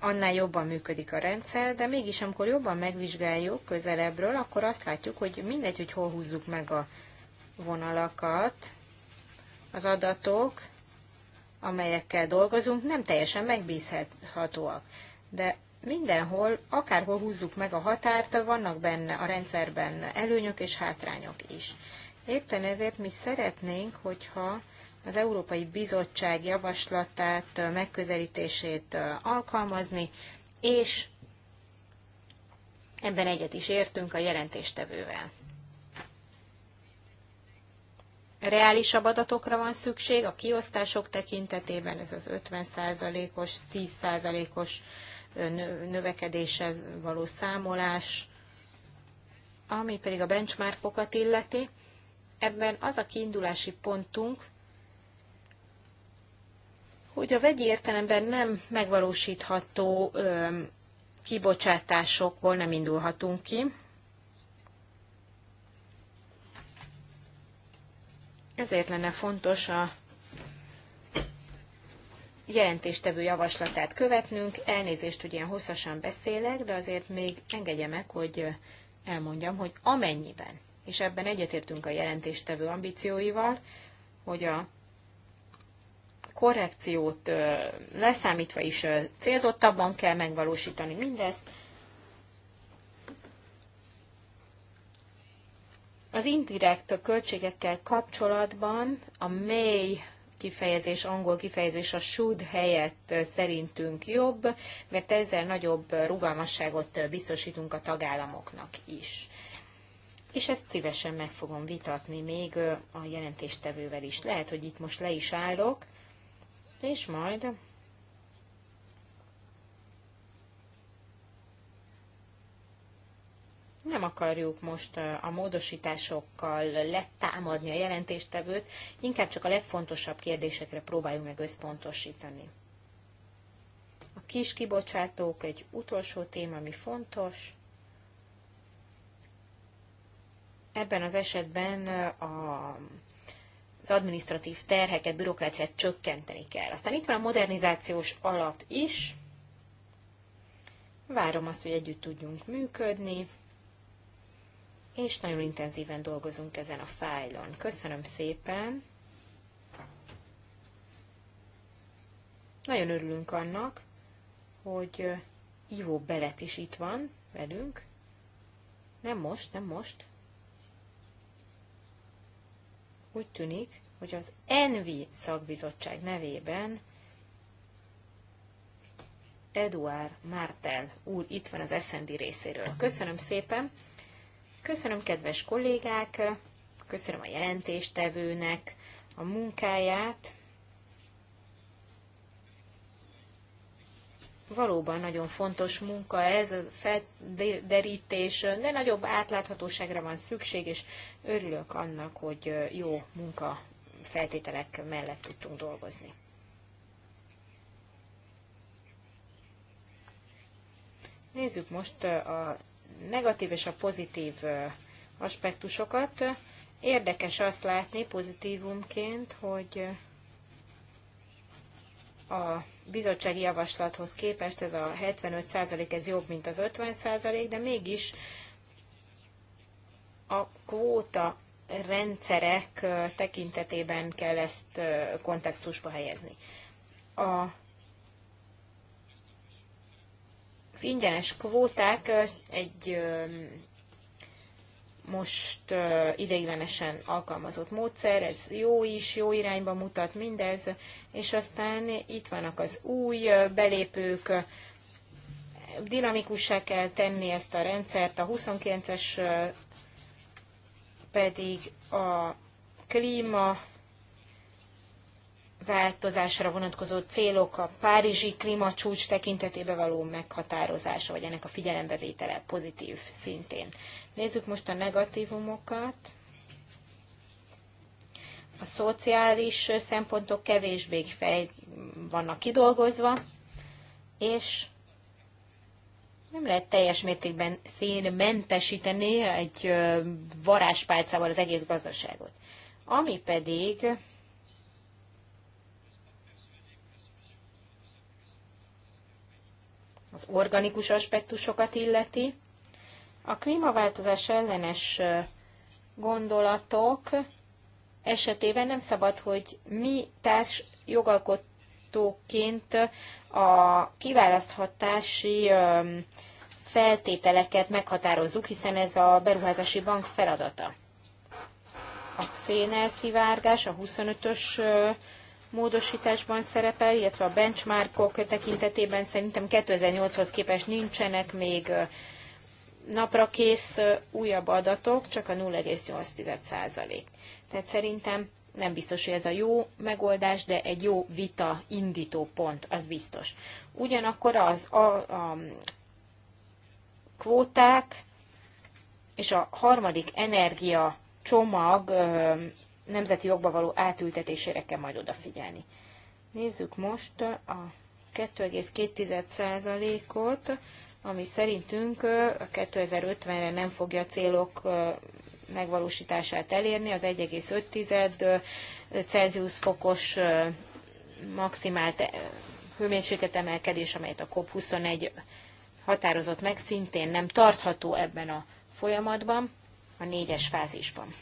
annál jobban működik a rendszer, de mégis amikor jobban megvizsgáljuk közelebbről, akkor azt látjuk, hogy mindegy, hogy hol húzzuk meg a vonalakat, az adatok, amelyekkel dolgozunk, nem teljesen megbízhatóak. De mindenhol, akárhol húzzuk meg a határt, vannak benne a rendszerben előnyök és hátrányok is. Éppen ezért mi szeretnénk, hogyha az Európai Bizottság javaslatát, megközelítését alkalmazni, és ebben egyet is értünk a jelentéstevővel. Reálisabb adatokra van szükség a kiosztások tekintetében, ez az 50%-os, 10%-os növekedéssel való számolás, ami pedig a benchmarkokat illeti. Ebben az a kiindulási pontunk, hogy a vegyi értelemben nem megvalósítható kibocsátásokból nem indulhatunk ki. Ezért lenne fontos a jelentéstevő javaslatát követnünk. Elnézést, hogy ilyen hosszasan beszélek, de azért még engedje meg, hogy elmondjam, hogy amennyiben, és ebben egyetértünk a jelentéstevő ambícióival, hogy a korrekciót leszámítva is célzottabban kell megvalósítani mindezt. Az indirekt költségekkel kapcsolatban a mély kifejezés, angol kifejezés a should helyett szerintünk jobb, mert ezzel nagyobb rugalmasságot biztosítunk a tagállamoknak is. És ezt szívesen meg fogom vitatni még a jelentéstevővel is. Lehet, hogy itt most le is állok, és majd nem akarjuk most a módosításokkal letámadni a jelentéstevőt, inkább csak a legfontosabb kérdésekre próbáljuk meg összpontosítani. A kis kibocsátók egy utolsó téma, ami fontos. Ebben az esetben a az administratív terheket, bürokráciát csökkenteni kell. Aztán itt van a modernizációs alap is. Várom azt, hogy együtt tudjunk működni, és nagyon intenzíven dolgozunk ezen a fájlon. Köszönöm szépen! Nagyon örülünk annak, hogy uh, Ivo Belet is itt van velünk. Nem most, nem most. Úgy tűnik, hogy az Envi szakbizottság nevében Eduard Martel úr itt van az SND részéről. Köszönöm szépen! Köszönöm kedves kollégák, köszönöm a jelentéstevőnek a munkáját, valóban nagyon fontos munka ez, a felderítés, de nagyobb átláthatóságra van szükség, és örülök annak, hogy jó munka feltételek mellett tudtunk dolgozni. Nézzük most a negatív és a pozitív aspektusokat. Érdekes azt látni pozitívumként, hogy a bizottsági javaslathoz képest ez a 75% ez jobb, mint az 50%, de mégis a kvóta rendszerek tekintetében kell ezt kontextusba helyezni. A, az ingyenes kvóták egy most ideiglenesen alkalmazott módszer, ez jó is, jó irányba mutat mindez, és aztán itt vannak az új belépők, dinamikussá kell tenni ezt a rendszert, a 29-es pedig a klíma változásra vonatkozó célok, a párizsi klímacsúcs tekintetében való meghatározása, vagy ennek a figyelembevétele pozitív szintén. Nézzük most a negatívumokat. A szociális szempontok kevésbé fej vannak kidolgozva, és nem lehet teljes mértékben szénmentesíteni egy varázspálcával az egész gazdaságot. Ami pedig az organikus aspektusokat illeti. A klímaváltozás ellenes gondolatok esetében nem szabad, hogy mi társ jogalkotóként a kiválaszthatási feltételeket meghatározzuk, hiszen ez a beruházási bank feladata. A szénelszivárgás a 25-ös módosításban szerepel, illetve a benchmarkok tekintetében szerintem 2008-hoz képest nincsenek még napra kész újabb adatok, csak a 0,8%. Tehát szerintem nem biztos, hogy ez a jó megoldás, de egy jó vita indító pont, az biztos. Ugyanakkor az a, a kvóták és a harmadik energia csomag nemzeti jogba való átültetésére kell majd odafigyelni. Nézzük most a 2,2%-ot, ami szerintünk a 2050-re nem fogja a célok megvalósítását elérni, az 1,5 Celsius fokos maximált hőmérséket emelkedés, amelyet a COP21 határozott meg, szintén nem tartható ebben a folyamatban, a négyes fázisban.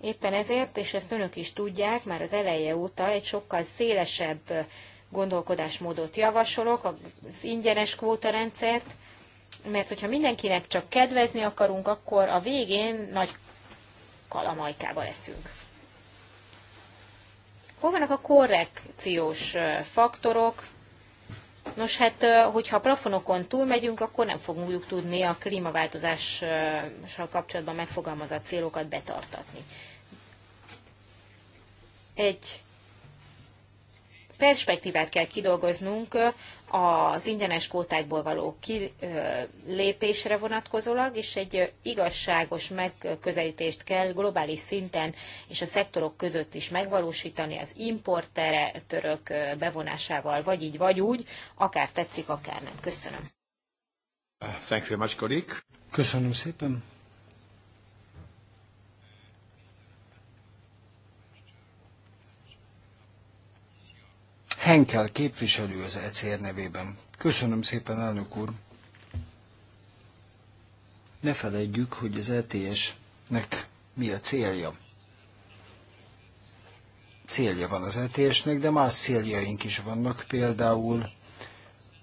Éppen ezért, és ezt önök is tudják, már az eleje óta egy sokkal szélesebb gondolkodásmódot javasolok, az ingyenes kvótarendszert, mert hogyha mindenkinek csak kedvezni akarunk, akkor a végén nagy kalamajkába leszünk. Hol vannak a korrekciós faktorok? Nos, hát, hogyha a plafonokon túlmegyünk, akkor nem fogunk tudni a klímaváltozással kapcsolatban megfogalmazott célokat betartatni egy perspektívát kell kidolgoznunk az ingyenes kótákból való kilépésre vonatkozólag, és egy igazságos megközelítést kell globális szinten és a szektorok között is megvalósítani az török bevonásával, vagy így, vagy úgy, akár tetszik, akár nem. Köszönöm. Thank you very much, Köszönöm szépen. Henkel képviselő az ECR nevében. Köszönöm szépen, elnök úr! Ne felejtjük, hogy az ETS-nek mi a célja. Célja van az ETS-nek, de más céljaink is vannak, például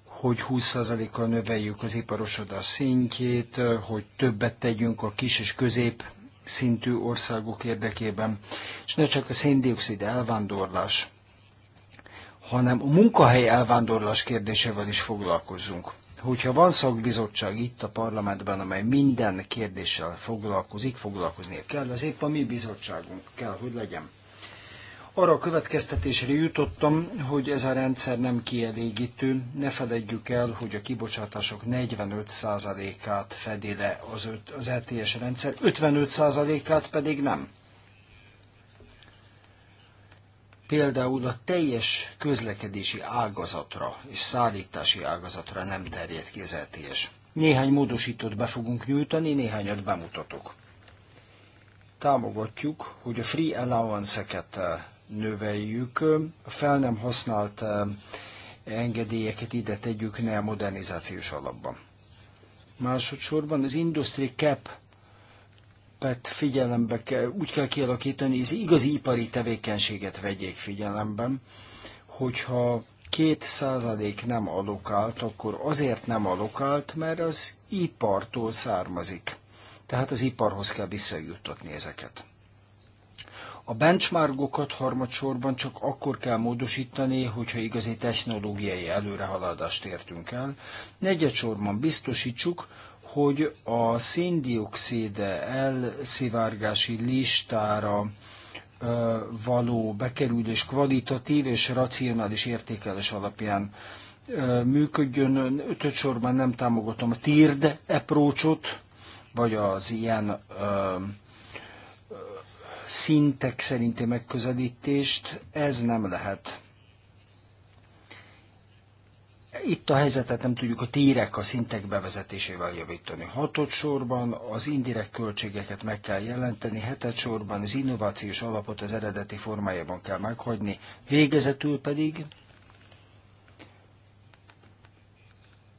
hogy 20%-kal növeljük az iparosodás szintjét, hogy többet tegyünk a kis és közép szintű országok érdekében, és ne csak a széndiokszid elvándorlás hanem a munkahely elvándorlás kérdésével is foglalkozzunk. Hogyha van szakbizottság itt a parlamentben, amely minden kérdéssel foglalkozik, foglalkoznia kell, az épp a mi bizottságunk kell, hogy legyen. Arra a következtetésre jutottam, hogy ez a rendszer nem kielégítő. Ne feledjük el, hogy a kibocsátások 45%-át fedi le az, az ETS rendszer, 55%-át pedig nem például a teljes közlekedési ágazatra és szállítási ágazatra nem terjed ki e Néhány módosítót be fogunk nyújtani, néhányat bemutatok. Támogatjuk, hogy a free allowance-eket eh, növeljük, a fel nem használt eh, engedélyeket ide tegyük ne a modernizációs alapban. Másodszorban az industry cap szerepet figyelembe kell, úgy kell kialakítani, hogy az igazi ipari tevékenységet vegyék figyelemben, hogyha két százalék nem alokált, akkor azért nem alokált, mert az ipartól származik. Tehát az iparhoz kell visszajuttatni ezeket. A benchmarkokat harmadsorban csak akkor kell módosítani, hogyha igazi technológiai előrehaladást értünk el. Negyedsorban biztosítsuk, hogy a széndiokszid elszivárgási listára való bekerülés kvalitatív és racionális értékelés alapján működjön. Ötöt sorban nem támogatom a TIRD approachot, vagy az ilyen ö, szintek szerinti megközelítést. Ez nem lehet itt a helyzetet nem tudjuk a térek a szintek bevezetésével javítani. Hatod sorban az indirekt költségeket meg kell jelenteni, hetet sorban az innovációs alapot az eredeti formájában kell meghagyni, végezetül pedig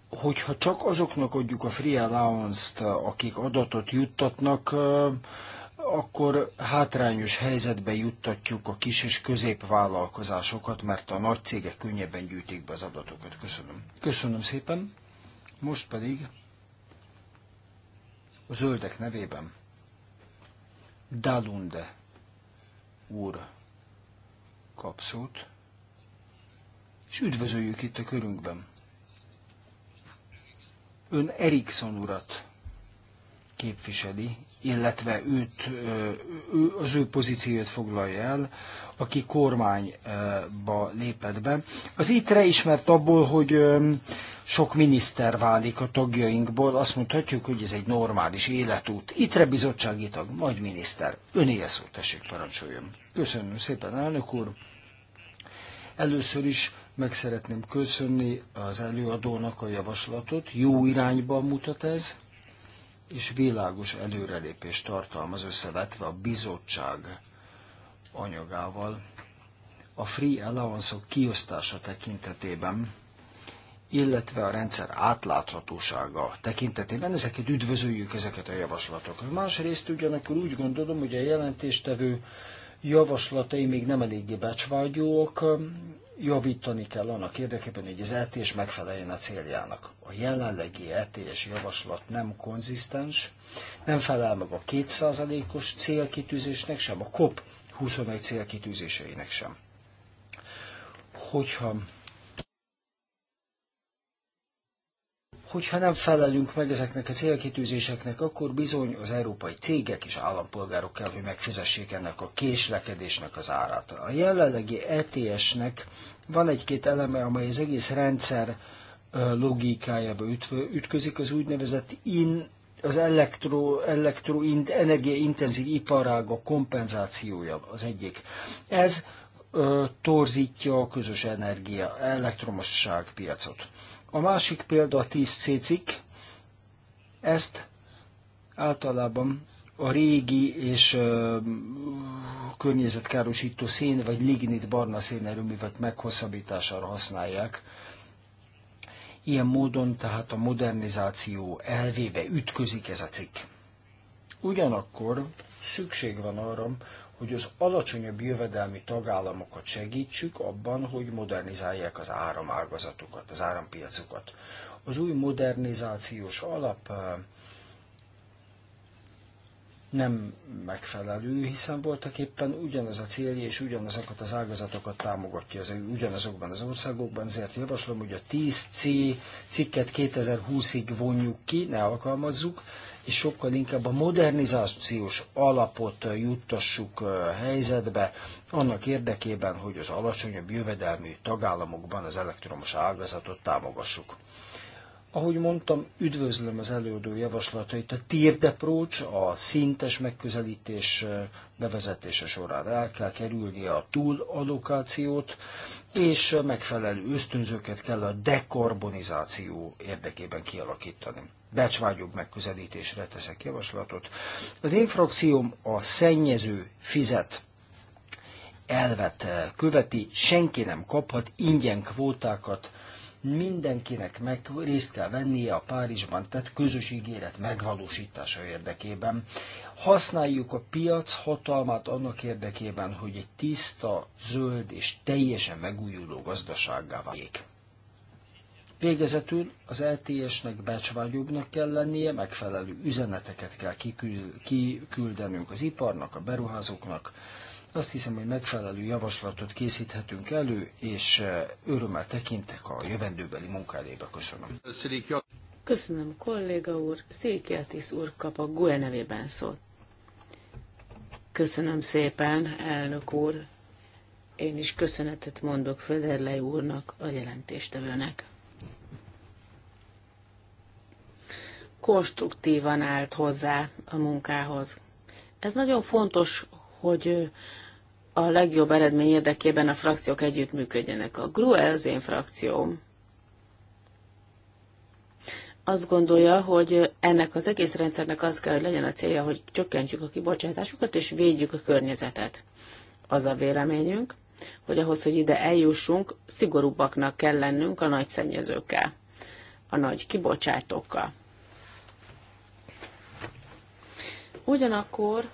hogyha csak azoknak adjuk a free allowance-t, akik adatot juttatnak, akkor hátrányos helyzetbe juttatjuk a kis és középvállalkozásokat, mert a nagy cégek könnyebben gyűjtik be az adatokat. Köszönöm. Köszönöm szépen. Most pedig a zöldek nevében Dalunde úr kap szót, és üdvözöljük itt a körünkben. Ön Erikson urat képviseli, illetve őt, az ő pozíciót foglalja el, aki kormányba lépett be. Az ITRE ismert abból, hogy sok miniszter válik a tagjainkból, azt mondhatjuk, hogy ez egy normális életút. ITRE bizottsági tag, majd miniszter. éjjel szó, tessék, parancsoljon. Köszönöm szépen, elnök úr. Először is meg szeretném köszönni az előadónak a javaslatot. Jó irányba mutat ez és világos előrelépést tartalmaz összevetve a bizottság anyagával a free allowance -ok kiosztása tekintetében, illetve a rendszer átláthatósága tekintetében. Ezeket üdvözöljük, ezeket a javaslatokat. Másrészt ugyanakkor úgy gondolom, hogy a jelentéstevő javaslatai még nem eléggé becsvágyóak, javítani kell annak érdekében, hogy az ETS megfeleljen a céljának. A jelenlegi ETS javaslat nem konzisztens, nem felel meg a 2%-os célkitűzésnek sem, a COP 21 célkitűzéseinek sem. Hogyha Hogyha nem felelünk meg ezeknek a célkitűzéseknek, akkor bizony az európai cégek és állampolgárok kell, hogy megfizessék ennek a késlekedésnek az árát. A jelenlegi ETS-nek van egy-két eleme, amely az egész rendszer logikájába ütközik, az úgynevezett in, az elektro, elektro energiaintenzív iparága kompenzációja az egyik. Ez ö, torzítja a közös energia, elektromosság piacot. A másik példa a 10C ezt általában a régi és ö, környezetkárosító szén vagy lignit barna szénerőművek meghosszabbítására használják. Ilyen módon tehát a modernizáció elvébe ütközik ez a cikk. Ugyanakkor szükség van arra, hogy az alacsonyabb jövedelmi tagállamokat segítsük abban, hogy modernizálják az áramágazatukat, az árampiacukat. Az új modernizációs alap nem megfelelő, hiszen voltak éppen ugyanaz a célja, és ugyanazokat az ágazatokat támogatja az, ugyanazokban az országokban, ezért javaslom, hogy a 10C cikket 2020-ig vonjuk ki, ne alkalmazzuk, és sokkal inkább a modernizációs alapot juttassuk helyzetbe, annak érdekében, hogy az alacsonyabb jövedelmű tagállamokban az elektromos ágazatot támogassuk. Ahogy mondtam, üdvözlöm az előadó javaslatait. A tiered approach, a szintes megközelítés bevezetése során el kell kerülni a túladokációt, és megfelelő ösztönzőket kell a dekarbonizáció érdekében kialakítani becsvágyóbb megközelítésre teszek javaslatot. Az infrakcióm a szennyező fizet elvet eh, követi, senki nem kaphat ingyen kvótákat, mindenkinek meg részt kell vennie a Párizsban tehát közös ígéret megvalósítása érdekében. Használjuk a piac hatalmát annak érdekében, hogy egy tiszta, zöld és teljesen megújuló gazdasággá váljék. Végezetül az LTS-nek becsvágyóbbnak kell lennie, megfelelő üzeneteket kell kiküldenünk az iparnak, a beruházóknak. Azt hiszem, hogy megfelelő javaslatot készíthetünk elő, és eh, örömmel tekintek a jövendőbeli munkálébe. Köszönöm. Köszönöm, kolléga úr. Székiátis úr kap a GUE nevében szót. Köszönöm szépen, elnök úr. Én is köszönetet mondok Federlei úrnak, a jelentéstevőnek. konstruktívan állt hozzá a munkához. Ez nagyon fontos, hogy a legjobb eredmény érdekében a frakciók együttműködjenek. A GRUE az én frakcióm. Azt gondolja, hogy ennek az egész rendszernek az kell, hogy legyen a célja, hogy csökkentjük a kibocsátásukat és védjük a környezetet. Az a véleményünk, hogy ahhoz, hogy ide eljussunk, szigorúbbaknak kell lennünk a nagy szennyezőkkel, a nagy kibocsátókkal. Ugyanakkor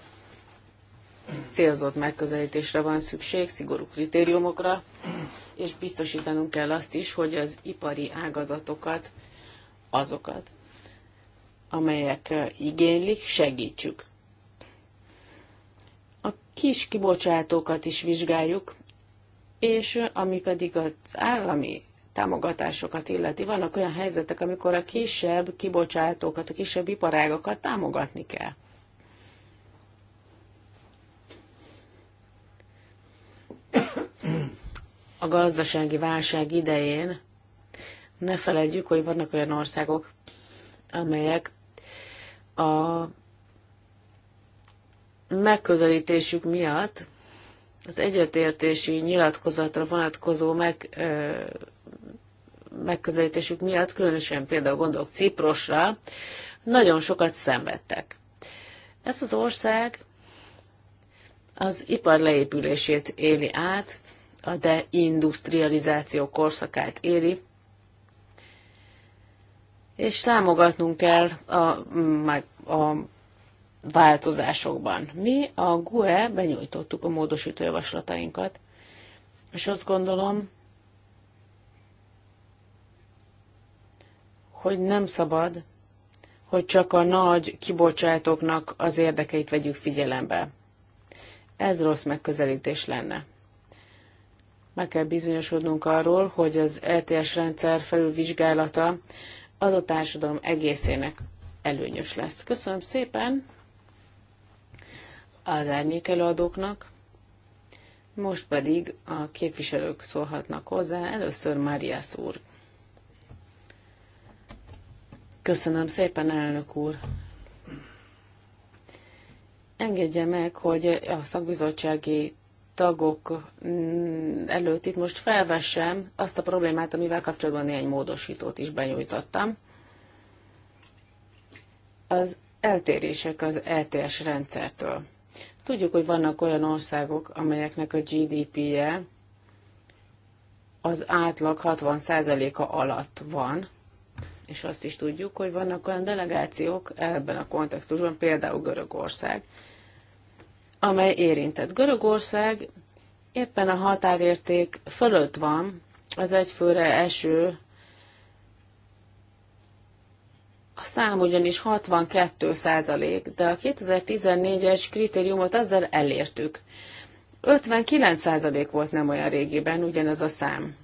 célzott megközelítésre van szükség, szigorú kritériumokra, és biztosítanunk kell azt is, hogy az ipari ágazatokat, azokat, amelyek igénylik, segítsük. A kis kibocsátókat is vizsgáljuk, és ami pedig az állami támogatásokat illeti, vannak olyan helyzetek, amikor a kisebb kibocsátókat, a kisebb iparágakat támogatni kell. a gazdasági válság idején ne felejtjük, hogy vannak olyan országok, amelyek a megközelítésük miatt az egyetértési nyilatkozatra vonatkozó meg, ö, megközelítésük miatt, különösen például gondolok Ciprosra, nagyon sokat szenvedtek. Ez az ország az ipar leépülését éli át, a deindustrializáció korszakát éli, és támogatnunk kell a, a változásokban. Mi a GUE benyújtottuk a módosító javaslatainkat, és azt gondolom, hogy nem szabad, hogy csak a nagy kibocsátóknak az érdekeit vegyük figyelembe. Ez rossz megközelítés lenne meg kell bizonyosodnunk arról, hogy az LTS e rendszer felülvizsgálata az a társadalom egészének előnyös lesz. Köszönöm szépen az árnyék előadóknak, most pedig a képviselők szólhatnak hozzá. Először Máriász úr. Köszönöm szépen, elnök úr. Engedje meg, hogy a szakbizottsági tagok mm, előtt itt most felvessem azt a problémát, amivel kapcsolatban néhány módosítót is benyújtottam. Az eltérések az ETS rendszertől. Tudjuk, hogy vannak olyan országok, amelyeknek a GDP-je az átlag 60%-a alatt van, és azt is tudjuk, hogy vannak olyan delegációk ebben a kontextusban, például Görögország, amely érintett. Görögország éppen a határérték fölött van, az egyfőre eső a szám ugyanis 62 százalék, de a 2014-es kritériumot ezzel elértük. 59 százalék volt nem olyan régiben ugyanez a szám.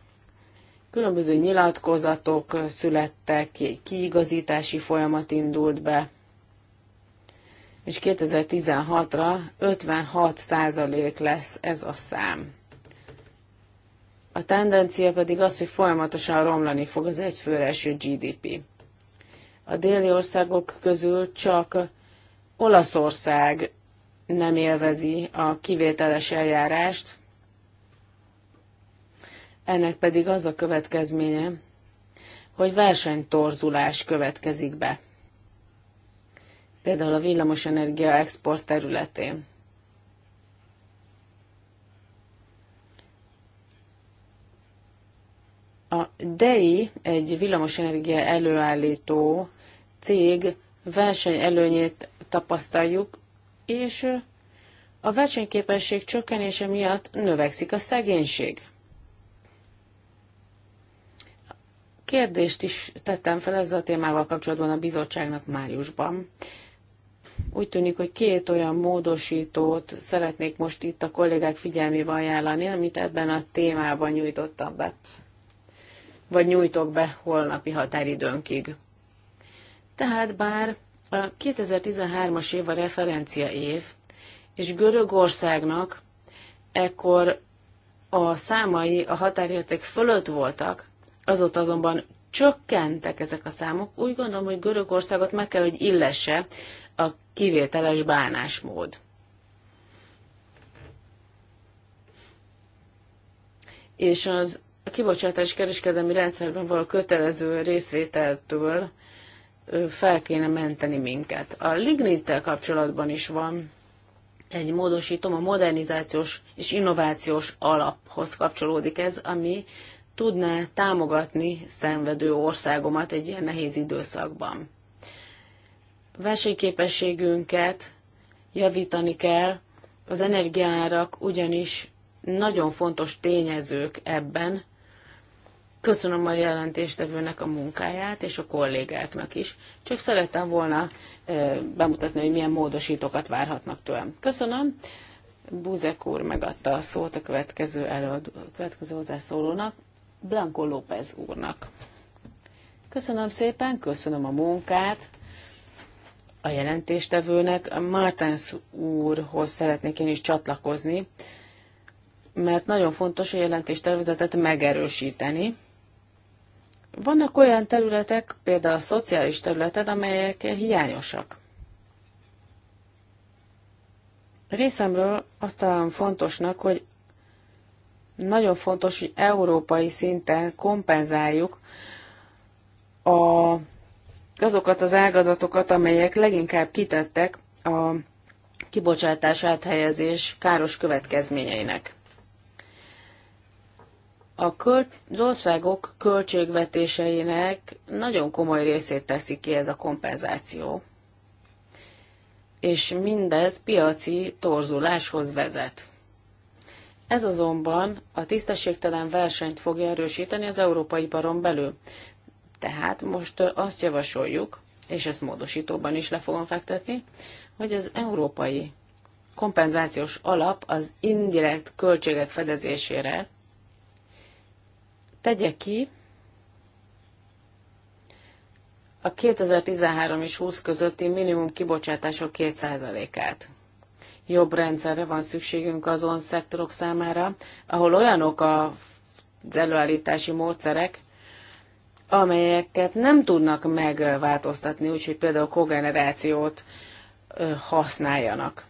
Különböző nyilatkozatok születtek, egy kiigazítási folyamat indult be és 2016-ra 56 százalék lesz ez a szám. A tendencia pedig az, hogy folyamatosan romlani fog az egyfőre eső GDP. A déli országok közül csak Olaszország nem élvezi a kivételes eljárást, ennek pedig az a következménye, hogy versenytorzulás következik be például a villamosenergia export területén. A DEI, egy villamosenergia előállító cég versenyelőnyét tapasztaljuk, és a versenyképesség csökkenése miatt növekszik a szegénység. Kérdést is tettem fel ezzel a témával kapcsolatban a bizottságnak májusban. Úgy tűnik, hogy két olyan módosítót szeretnék most itt a kollégák figyelmébe ajánlani, amit ebben a témában nyújtottam be, vagy nyújtok be holnapi határidőnkig. Tehát bár a 2013-as év a referencia év, és Görögországnak ekkor a számai a határérték fölött voltak, azóta azonban csökkentek ezek a számok. Úgy gondolom, hogy Görögországot meg kell, hogy illesse kivételes bánásmód. És az a kibocsátás kereskedelmi rendszerben való kötelező részvételtől fel kéne menteni minket. A lignittel kapcsolatban is van egy módosítom, a modernizációs és innovációs alaphoz kapcsolódik ez, ami tudná támogatni szenvedő országomat egy ilyen nehéz időszakban. Versenyképességünket javítani kell, az energiárak ugyanis nagyon fontos tényezők ebben. Köszönöm a jelentéstevőnek a munkáját, és a kollégáknak is. Csak szerettem volna bemutatni, hogy milyen módosítókat várhatnak tőlem. Köszönöm. Buzek úr megadta a szót a következő, előadó, a következő hozzászólónak, Blanco López úrnak. Köszönöm szépen, köszönöm a munkát, a jelentéstevőnek. Martens úrhoz szeretnék én is csatlakozni, mert nagyon fontos a jelentéstervezetet megerősíteni. Vannak olyan területek, például a szociális területed, amelyek hiányosak. Részemről azt találom fontosnak, hogy nagyon fontos, hogy európai szinten kompenzáljuk a azokat az ágazatokat, amelyek leginkább kitettek a kibocsátás áthelyezés káros következményeinek. A költ, az országok költségvetéseinek nagyon komoly részét teszi ki ez a kompenzáció, és mindez piaci torzuláshoz vezet. Ez azonban a tisztességtelen versenyt fogja erősíteni az európai paron belül. Tehát most azt javasoljuk, és ezt módosítóban is le fogom fektetni, hogy az európai kompenzációs alap az indirekt költségek fedezésére tegye ki a 2013 és 20 közötti minimum kibocsátások 2%-át. Jobb rendszerre van szükségünk azon szektorok számára, ahol olyanok az előállítási módszerek, amelyeket nem tudnak megváltoztatni, úgyhogy például kogenerációt használjanak.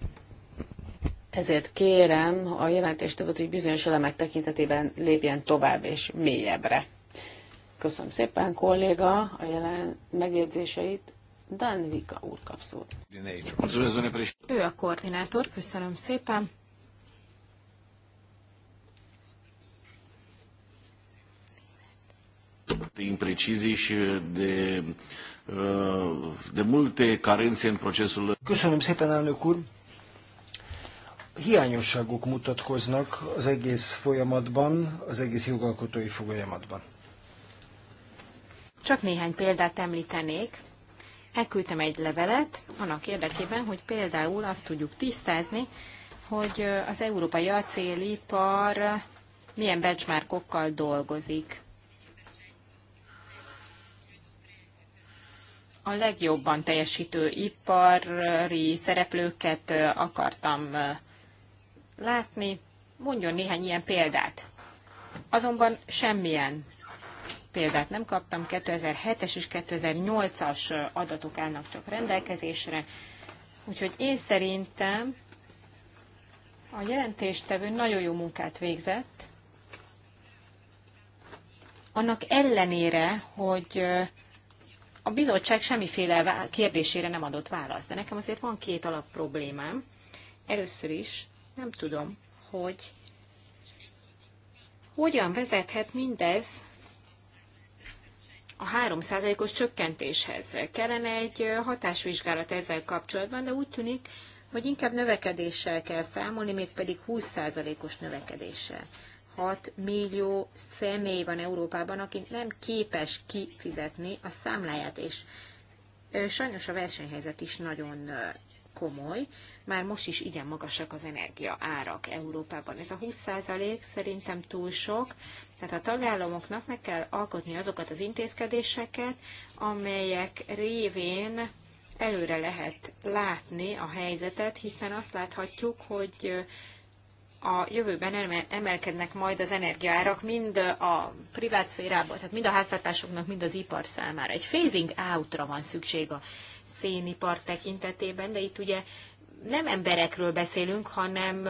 Ezért kérem a jelentéstevőt, hogy bizonyos elemek tekintetében lépjen tovább és mélyebbre. Köszönöm szépen, kolléga, a jelen megjegyzéseit. Dan Vika úr kap szót. Ő a koordinátor, köszönöm szépen. imprecizii și de, de multe carențe în procesul. Köszönöm szépen, elnök úr! Hiányosságok mutatkoznak az egész folyamatban, az egész jogalkotói folyamatban. Csak néhány példát említenék. Elküldtem egy levelet annak érdekében, hogy például azt tudjuk tisztázni, hogy az európai acélipar milyen benchmarkokkal dolgozik. a legjobban teljesítő ipari szereplőket akartam látni. Mondjon néhány ilyen példát. Azonban semmilyen példát nem kaptam, 2007-es és 2008-as adatok állnak csak rendelkezésre, úgyhogy én szerintem a jelentéstevő nagyon jó munkát végzett, annak ellenére, hogy a bizottság semmiféle kérdésére nem adott választ. De nekem azért van két alap problémám. Először is nem tudom, hogy hogyan vezethet mindez a 3%-os csökkentéshez. Kellene egy hatásvizsgálat ezzel kapcsolatban, de úgy tűnik, hogy inkább növekedéssel kell számolni, mégpedig 20%-os növekedéssel. 6 millió személy van Európában, aki nem képes kifizetni a számláját, és sajnos a versenyhelyzet is nagyon komoly, már most is igen magasak az energia árak Európában. Ez a 20% szerintem túl sok, tehát a tagállamoknak meg kell alkotni azokat az intézkedéseket, amelyek révén előre lehet látni a helyzetet, hiszen azt láthatjuk, hogy a jövőben emelkednek majd az energiaárak mind a privát szférából, tehát mind a háztartásoknak, mind az ipar számára. Egy phasing outra van szükség a szénipar tekintetében, de itt ugye nem emberekről beszélünk, hanem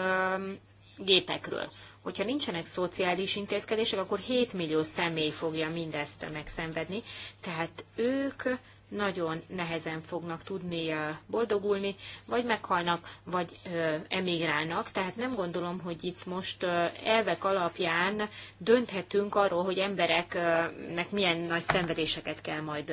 gépekről. Hogyha nincsenek szociális intézkedések, akkor 7 millió személy fogja mindezt megszenvedni, tehát ők nagyon nehezen fognak tudni boldogulni, vagy meghalnak, vagy emigrálnak. Tehát nem gondolom, hogy itt most elvek alapján dönthetünk arról, hogy embereknek milyen nagy szenvedéseket kell majd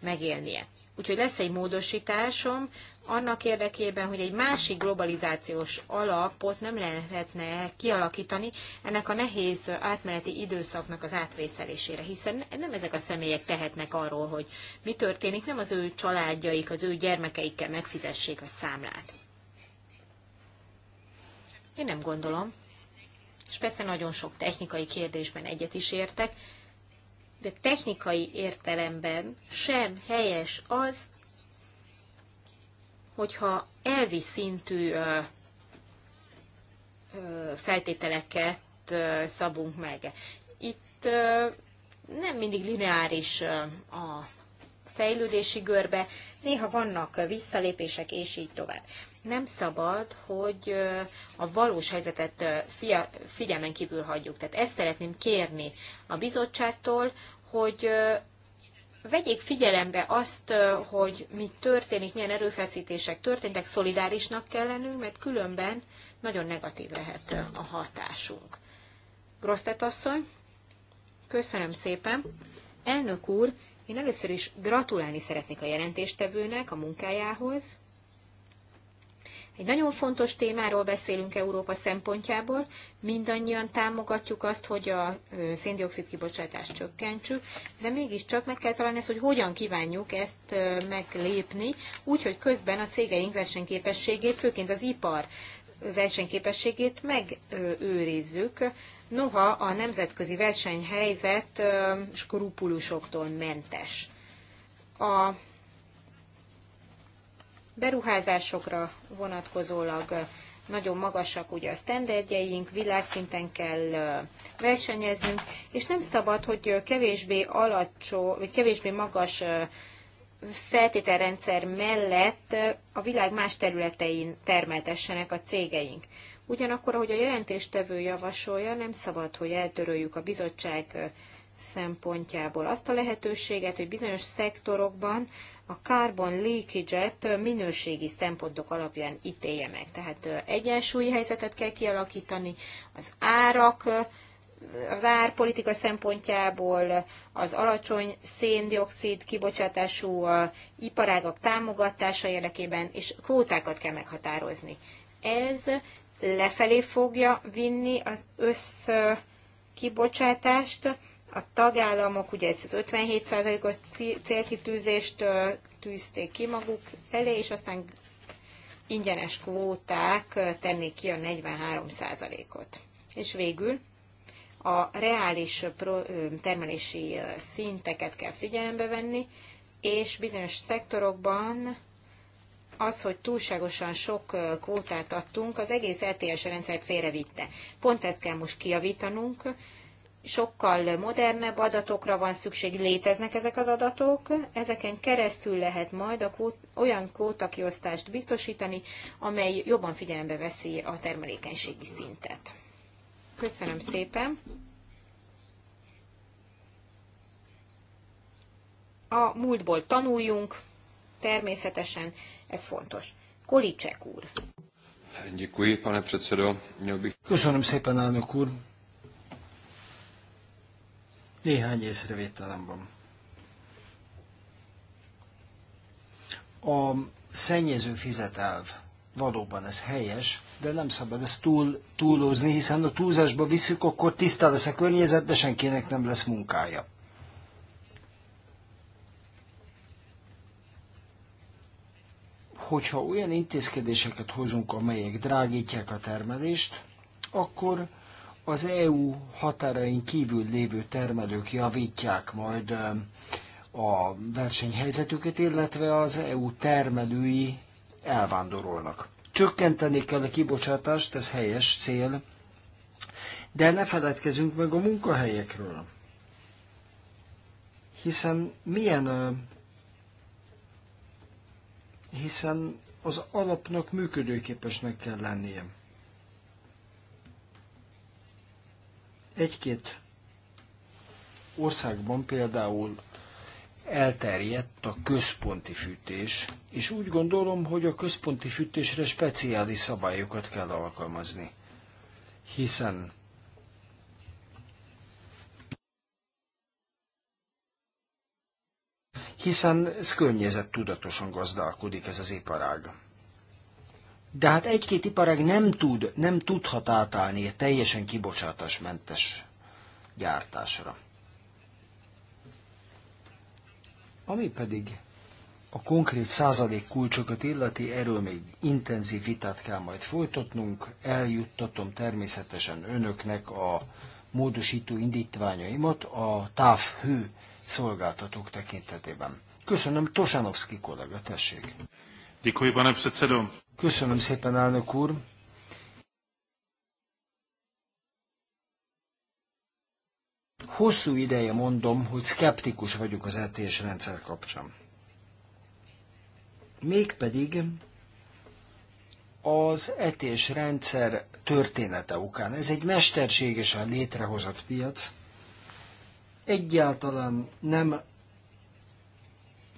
megélnie. Úgyhogy lesz egy módosításom annak érdekében, hogy egy másik globalizációs alapot nem lehetne kialakítani ennek a nehéz átmeneti időszaknak az átvészelésére, hiszen nem ezek a személyek tehetnek arról, hogy mi történik, nem az ő családjaik, az ő gyermekeikkel megfizessék a számlát. Én nem gondolom. És persze nagyon sok technikai kérdésben egyet is értek, de technikai értelemben sem helyes az, hogyha elvi szintű feltételeket szabunk meg. Itt nem mindig lineáris a fejlődési görbe, néha vannak visszalépések, és így tovább. Nem szabad, hogy a valós helyzetet figyelmen kívül hagyjuk. Tehát ezt szeretném kérni a bizottságtól, hogy vegyék figyelembe azt, hogy mi történik, milyen erőfeszítések történtek, szolidárisnak kell lennünk, mert különben nagyon negatív lehet a hatásunk. Grosztet asszony, köszönöm szépen. Elnök úr, én először is gratulálni szeretnék a jelentéstevőnek a munkájához, egy nagyon fontos témáról beszélünk Európa szempontjából. Mindannyian támogatjuk azt, hogy a széndiokszid kibocsátást csökkentsük, de mégiscsak meg kell találni ezt, hogy hogyan kívánjuk ezt meglépni, úgyhogy közben a cégeink versenyképességét, főként az ipar versenyképességét megőrizzük, noha a nemzetközi versenyhelyzet skrupulusoktól mentes. A beruházásokra vonatkozólag nagyon magasak ugye a sztenderdjeink, világszinten kell versenyeznünk, és nem szabad, hogy kevésbé alacsony, vagy kevésbé magas feltételrendszer mellett a világ más területein termeltessenek a cégeink. Ugyanakkor, ahogy a jelentéstevő javasolja, nem szabad, hogy eltöröljük a bizottság szempontjából azt a lehetőséget, hogy bizonyos szektorokban a carbon leakage-et minőségi szempontok alapján ítélje meg. Tehát egyensúlyi helyzetet kell kialakítani az árak, az árpolitika szempontjából az alacsony széndiokszid kibocsátású iparágak támogatása érdekében, és kvótákat kell meghatározni. Ez lefelé fogja vinni az össz kibocsátást, a tagállamok, ugye ezt az 57%-os célkitűzést tűzték ki maguk elé, és aztán ingyenes kvóták tennék ki a 43%-ot. És végül a reális termelési szinteket kell figyelembe venni, és bizonyos szektorokban az, hogy túlságosan sok kvótát adtunk, az egész LTS e rendszert félrevitte. Pont ezt kell most kiavítanunk, sokkal modernebb adatokra van szükség, léteznek ezek az adatok, ezeken keresztül lehet majd a kót, olyan kótakiosztást biztosítani, amely jobban figyelembe veszi a termelékenységi szintet. Köszönöm szépen! A múltból tanuljunk, természetesen ez fontos. Kolicek úr. Děkuji, pane předsedo. Köszönöm szépen, elnök úr. Néhány észrevételem van. A szennyező fizetelv valóban ez helyes, de nem szabad ezt túl, túlózni, hiszen a túlzásba viszük, akkor tiszta lesz a környezet, de senkinek nem lesz munkája. Hogyha olyan intézkedéseket hozunk, amelyek drágítják a termelést, akkor az EU határain kívül lévő termelők javítják majd a versenyhelyzetüket, illetve az EU termelői elvándorolnak. Csökkenteni kell a kibocsátást, ez helyes cél, de ne feledkezünk meg a munkahelyekről. Hiszen milyen hiszen az alapnak működőképesnek kell lennie. Egy-két országban például elterjedt a központi fűtés, és úgy gondolom, hogy a központi fűtésre speciális szabályokat kell alkalmazni, hiszen hiszen ez tudatosan gazdálkodik ez az iparág de hát egy-két iparág nem tud, nem tudhat átállni egy teljesen kibocsátásmentes gyártásra. Ami pedig a konkrét százalék kulcsokat illeti, erről még intenzív vitát kell majd folytatnunk. Eljuttatom természetesen önöknek a módosító indítványaimat a távhő szolgáltatók tekintetében. Köszönöm, Tosanovszki kollega, tessék. Děkuji, pane předsedo. Köszönöm szépen, elnök úr! Hosszú ideje mondom, hogy szkeptikus vagyok az ETS rendszer kapcsán. Mégpedig az ETS rendszer története okán. Ez egy mesterségesen létrehozott piac. Egyáltalán nem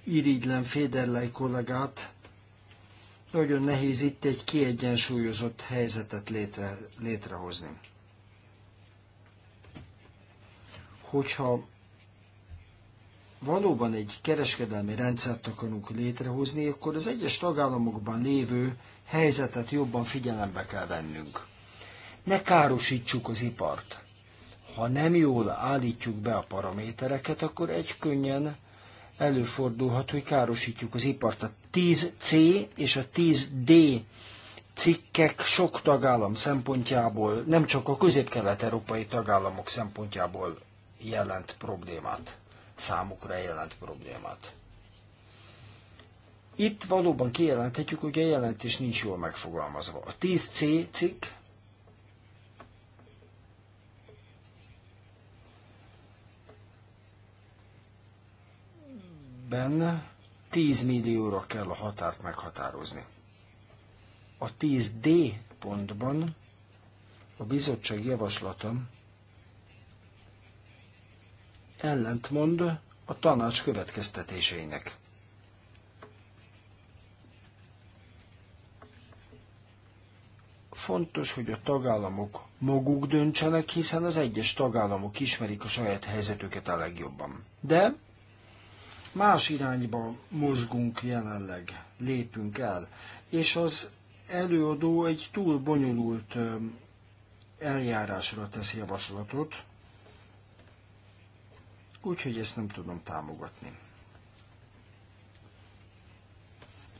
irigylem Féderlei kollégát, nagyon nehéz itt egy kiegyensúlyozott helyzetet létre, létrehozni. Hogyha valóban egy kereskedelmi rendszert akarunk létrehozni, akkor az egyes tagállamokban lévő helyzetet jobban figyelembe kell vennünk. Ne károsítsuk az ipart. Ha nem jól állítjuk be a paramétereket, akkor egy könnyen előfordulhat, hogy károsítjuk az ipart. Tehát 10C és a 10D cikkek sok tagállam szempontjából, nem csak a közép-kelet-európai tagállamok szempontjából jelent problémát, számukra jelent problémát. Itt valóban kijelenthetjük, hogy a jelentés nincs jól megfogalmazva. A 10C cikk ben 10 millióra kell a határt meghatározni. A 10D pontban a bizottság javaslata ellentmond a tanács következtetéseinek. Fontos, hogy a tagállamok maguk döntsenek, hiszen az egyes tagállamok ismerik a saját helyzetüket a legjobban. De Más irányba mozgunk jelenleg, lépünk el, és az előadó egy túl bonyolult eljárásra tesz javaslatot, úgyhogy ezt nem tudom támogatni.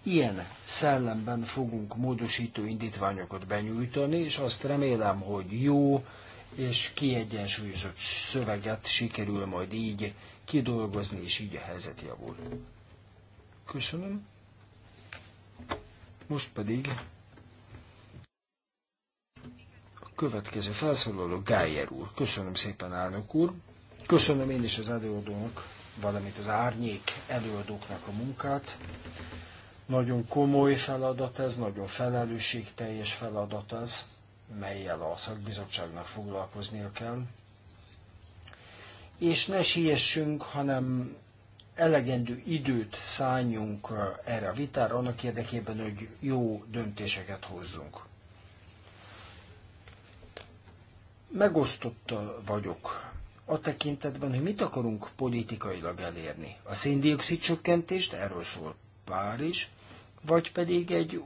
Ilyen szellemben fogunk módosító indítványokat benyújtani, és azt remélem, hogy jó, és kiegyensúlyozott szöveget sikerül majd így kidolgozni, és így a helyzet javul. Köszönöm. Most pedig a következő felszólaló Gájer úr. Köszönöm szépen, elnök úr. Köszönöm én is az előadónak, valamint az árnyék előadóknak a munkát. Nagyon komoly feladat ez, nagyon felelősségteljes feladat ez melyel a szakbizottságnak foglalkoznia kell. És ne siessünk, hanem elegendő időt szálljunk uh, erre a vitára, annak érdekében, hogy jó döntéseket hozzunk. Megosztott vagyok a tekintetben, hogy mit akarunk politikailag elérni. A széndiokszid csökkentést, erről szól Párizs, vagy pedig egy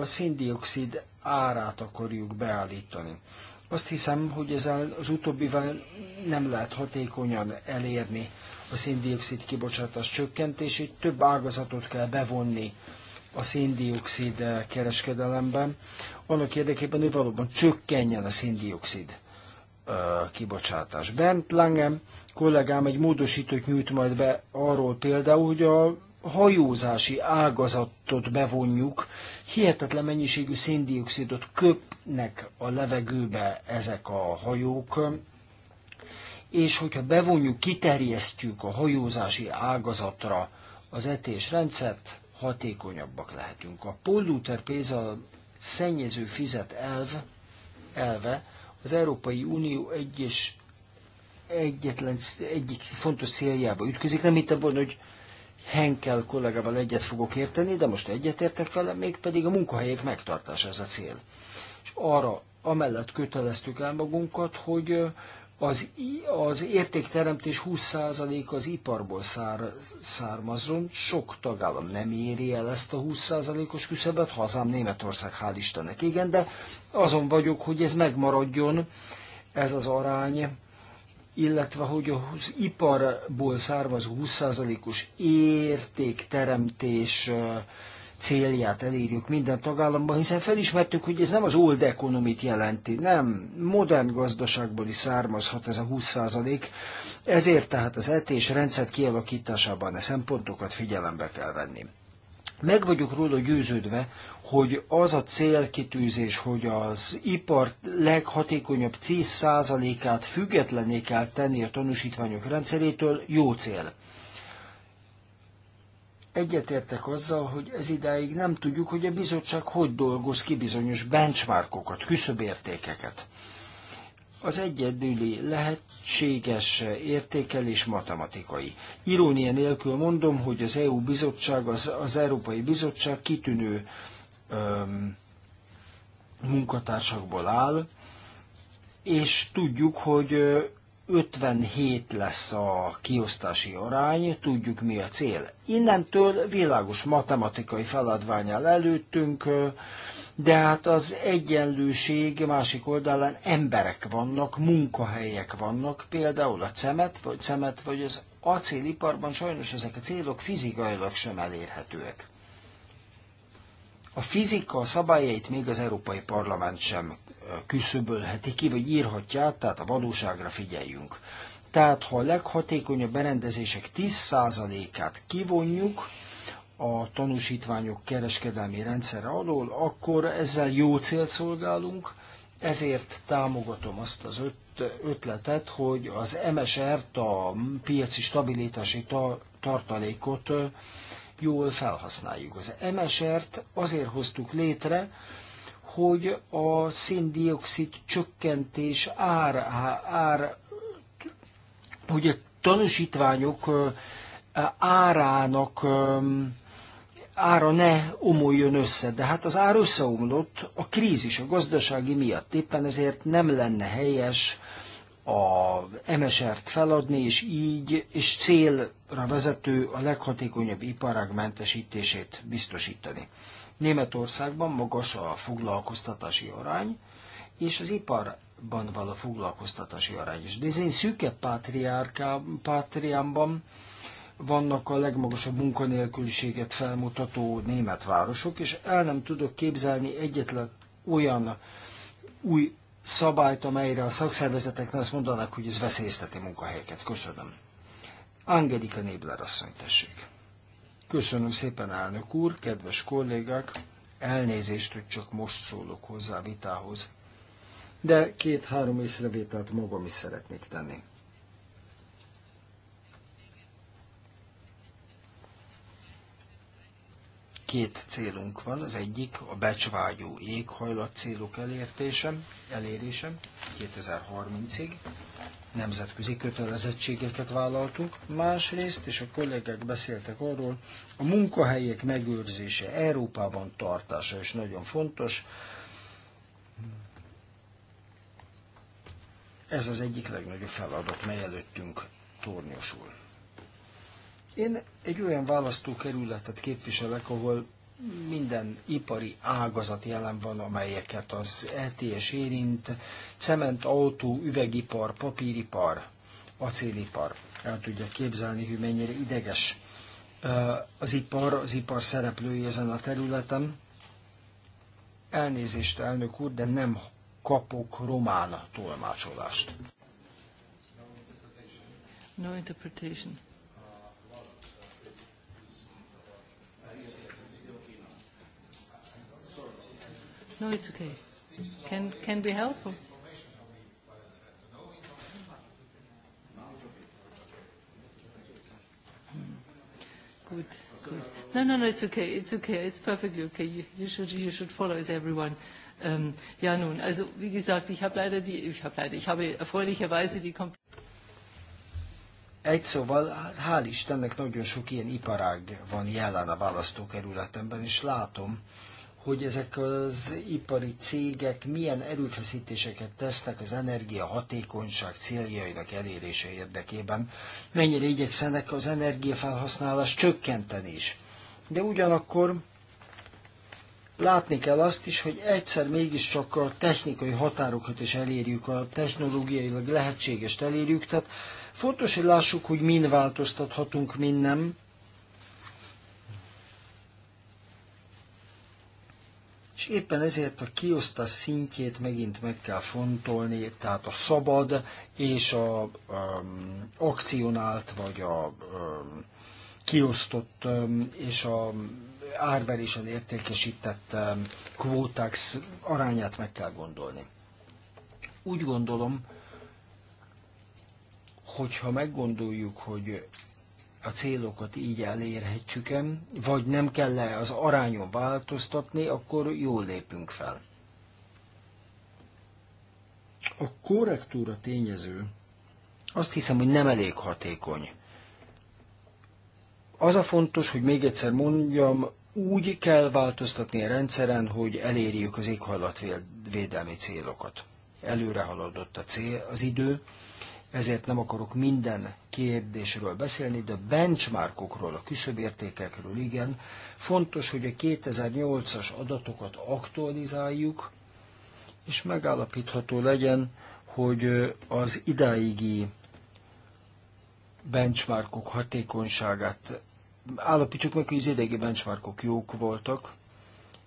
a széndiokszid árát akarjuk beállítani. Azt hiszem, hogy ezzel az utóbbival nem lehet hatékonyan elérni a széndiokszid kibocsátás csökkentését, több ágazatot kell bevonni a széndiokszid kereskedelemben, annak érdekében, hogy valóban csökkenjen a széndiokszid kibocsátás. Bent Langem kollégám egy módosítót nyújt majd be arról például, hogy a hajózási ágazatot bevonjuk, hihetetlen mennyiségű széndiokszidot köpnek a levegőbe ezek a hajók, és hogyha bevonjuk, kiterjesztjük a hajózási ágazatra az etésrendszert, hatékonyabbak lehetünk. A polluter pénz a szennyező fizet elv, elve az Európai Unió egyes egyetlen, egyik fontos céljába ütközik, nem itt abban, hogy Henkel kollégával egyet fogok érteni, de most egyetértek vele, mégpedig a munkahelyek megtartása ez a cél. És arra amellett köteleztük el magunkat, hogy az, az értékteremtés 20% az iparból szár, származzon, sok tagállam nem éri el ezt a 20%-os küszöbet, hazám Németország, hál' Istennek, igen, de azon vagyok, hogy ez megmaradjon, ez az arány, illetve hogy az iparból származó 20%-os értékteremtés célját elérjük minden tagállamban, hiszen felismertük, hogy ez nem az old economy-t jelenti, nem modern gazdaságból is származhat ez a 20%, ezért tehát az etés rendszer kialakításában a e szempontokat figyelembe kell venni. Meg vagyok róla győződve, hogy az a célkitűzés, hogy az ipar leghatékonyabb 10%-át függetlené kell tenni a tanúsítványok rendszerétől, jó cél. Egyetértek azzal, hogy ez idáig nem tudjuk, hogy a bizottság hogy dolgoz ki bizonyos benchmarkokat, küszöbértékeket. Az egyedüli lehetséges értékelés matematikai. Irónia nélkül mondom, hogy az EU bizottság, az, az Európai Bizottság kitűnő munkatársakból áll, és tudjuk, hogy 57 lesz a kiosztási arány, tudjuk mi a cél. Innentől világos matematikai feladvány előttünk, de hát az egyenlőség másik oldalán emberek vannak, munkahelyek vannak, például a cemet, vagy cemet, vagy az acéliparban sajnos ezek a célok fizikailag sem elérhetőek. A fizika szabályait még az Európai Parlament sem küszöbölheti ki, vagy írhatja át, tehát a valóságra figyeljünk. Tehát ha a leghatékonyabb berendezések 10%-át kivonjuk a tanúsítványok kereskedelmi rendszere alól, akkor ezzel jó célt szolgálunk, ezért támogatom azt az öt, ötletet, hogy az MSR-t, a piaci stabilitási ta, tartalékot jól felhasználjuk. Az MSR-t azért hoztuk létre, hogy a széndiokszid csökkentés ár, ár hogy a tanúsítványok árának ára ne omoljon össze. De hát az ár összeomlott a krízis, a gazdasági miatt. Éppen ezért nem lenne helyes a MSR-t feladni, és így, és célra vezető a leghatékonyabb iparág mentesítését biztosítani. Németországban magas a foglalkoztatási arány, és az iparban való foglalkoztatási arány is. De ez én szűke pátriámban vannak a legmagasabb munkanélküliséget felmutató német városok, és el nem tudok képzelni egyetlen olyan új szabályt, amelyre a szakszervezeteknek azt mondanak, hogy ez veszélyezteti munkahelyeket. Köszönöm. Angelika Nébler asszony, tessék. Köszönöm szépen, elnök úr, kedves kollégák, elnézést, hogy csak most szólok hozzá a vitához, de két-három észrevételt magam is szeretnék tenni. két célunk van, az egyik a becsvágyó éghajlat célok elértése, elérése 2030-ig, nemzetközi kötelezettségeket vállaltunk, másrészt, és a kollégák beszéltek arról, a munkahelyek megőrzése Európában tartása is nagyon fontos. Ez az egyik legnagyobb feladat, mely előttünk tornyosul. Én egy olyan választókerületet képviselek, ahol minden ipari ágazat jelen van, amelyeket az ETS érint, cement, autó, üvegipar, papíripar, acélipar. El tudja képzelni, hogy mennyire ideges az ipar, az ipar szereplői ezen a területen. Elnézést, elnök úr, de nem kapok román tolmácsolást. No interpretation. No, it's okay. Can, can we help? Good, good. No, no, no, it's okay, it's okay, it's perfectly okay. You, you, should, you should follow as everyone. Ähm, ja, nun, also wie gesagt, ich habe leider die, ich habe leider, ich habe erfreulicherweise die Kom egy szóval, hál' Istennek nagyon sok ilyen iparág van jelen a választókerületemben, és látom, hogy ezek az ipari cégek milyen erőfeszítéseket tesznek az energiahatékonyság céljainak elérése érdekében, mennyire igyekszenek az energiafelhasználás csökkenteni is. De ugyanakkor látni kell azt is, hogy egyszer mégiscsak a technikai határokat is elérjük, a technológiailag lehetséges elérjük, tehát fontos, hogy lássuk, hogy mind változtathatunk, mind nem, és éppen ezért a kiosztás szintjét megint meg kell fontolni, tehát a szabad és a um, akcionált, vagy a um, kiosztott um, és a árverésen értékesített um, kvóták arányát meg kell gondolni. Úgy gondolom, hogyha meggondoljuk, hogy a célokat így elérhetjük -e, vagy nem kell-e az arányon változtatni, akkor jól lépünk fel. A korrektúra tényező azt hiszem, hogy nem elég hatékony. Az a fontos, hogy még egyszer mondjam, úgy kell változtatni a rendszeren, hogy elérjük az éghajlatvédelmi célokat. Előre haladott a cél, az idő, ezért nem akarok minden kérdésről beszélni, de a benchmarkokról, a küszöbértékekről igen. Fontos, hogy a 2008-as adatokat aktualizáljuk, és megállapítható legyen, hogy az idáigi benchmarkok hatékonyságát állapítsuk meg, hogy az idegi benchmarkok jók voltak,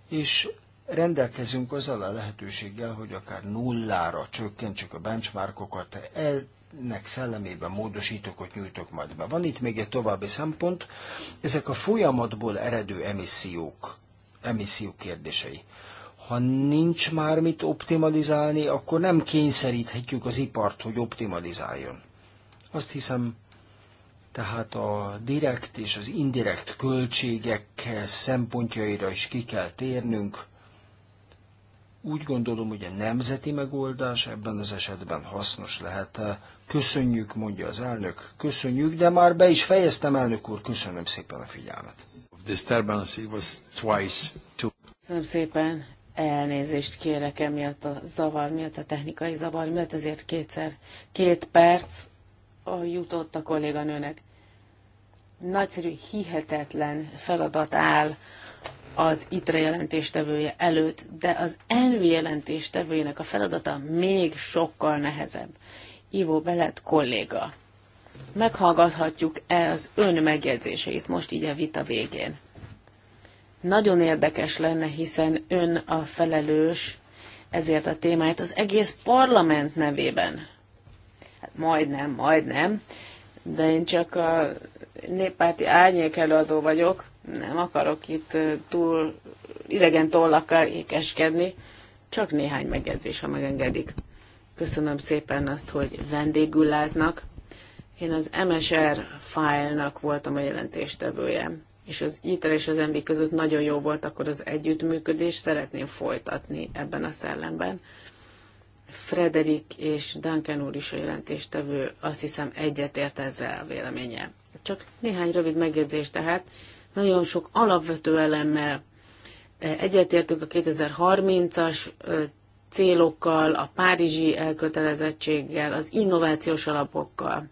és rendelkezünk azzal a lehetőséggel, hogy akár nullára csökkentsük a benchmarkokat. E ennek szellemében hogy nyújtok majd be. Van itt még egy további szempont, ezek a folyamatból eredő emissziók, emissziók kérdései. Ha nincs már mit optimalizálni, akkor nem kényszeríthetjük az ipart, hogy optimalizáljon. Azt hiszem, tehát a direkt és az indirekt költségek szempontjaira is ki kell térnünk, úgy gondolom, hogy a nemzeti megoldás ebben az esetben hasznos lehet. Köszönjük, mondja az elnök. Köszönjük, de már be is fejeztem, elnök úr. Köszönöm szépen a figyelmet. Köszönöm szépen. Elnézést kérek emiatt a zavar miatt, a technikai zavar miatt, ezért kétszer, két perc jutott a kolléganőnek. Nagyszerű, hihetetlen feladat áll az ITRE jelentéstevője előtt, de az ENVI jelentéstevőjének a feladata még sokkal nehezebb. Ivo Belet kolléga. Meghallgathatjuk-e az ön megjegyzéseit most így a vita végén? Nagyon érdekes lenne, hiszen ön a felelős ezért a témáért az egész parlament nevében. Hát majdnem, majdnem, de én csak a néppárti árnyék előadó vagyok, nem akarok itt túl idegen tollakkal ékeskedni, csak néhány megjegyzés, ha megengedik. Köszönöm szépen azt, hogy vendégül látnak. Én az MSR fájlnak voltam a jelentéstevője, és az ITER és az MB között nagyon jó volt akkor az együttműködés, szeretném folytatni ebben a szellemben. Frederik és Duncan úr is a jelentéstevő, azt hiszem egyetért ezzel a véleménye. Csak néhány rövid megjegyzés tehát nagyon sok alapvető elemmel e, egyetértünk a 2030-as e, célokkal, a párizsi elkötelezettséggel, az innovációs alapokkal.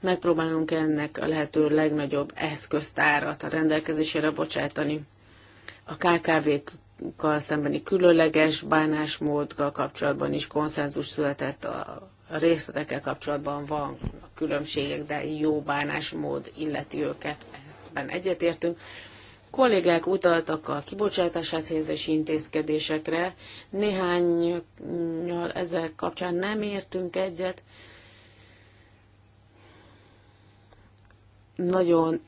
Megpróbálunk ennek a lehető legnagyobb eszköztárat a rendelkezésére bocsátani. A KKV-kkal szembeni különleges bánásmóddal kapcsolatban is konszenzus született, a részletekkel kapcsolatban van a különbségek, de jó bánásmód illeti őket ebben egyetértünk. Kollégák utaltak a kibocsátását helyezési intézkedésekre, néhányal mm, ezzel kapcsán nem értünk egyet. Nagyon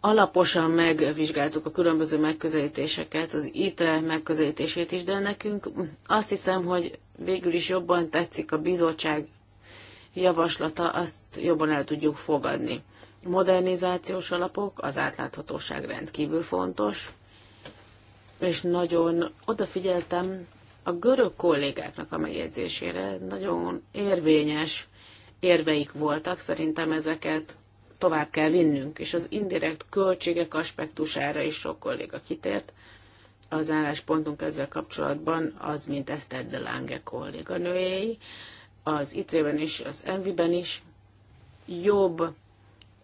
alaposan megvizsgáltuk a különböző megközelítéseket, az ITRE megközelítését is, de nekünk azt hiszem, hogy végül is jobban tetszik a bizottság javaslata, azt jobban el tudjuk fogadni modernizációs alapok, az átláthatóság rendkívül fontos, és nagyon odafigyeltem a görög kollégáknak a megjegyzésére, nagyon érvényes érveik voltak, szerintem ezeket tovább kell vinnünk, és az indirekt költségek aspektusára is sok kolléga kitért. Az álláspontunk ezzel kapcsolatban az, mint Eszter de Lange kolléganőjei, az ITRE-ben is, az Envi-ben is jobb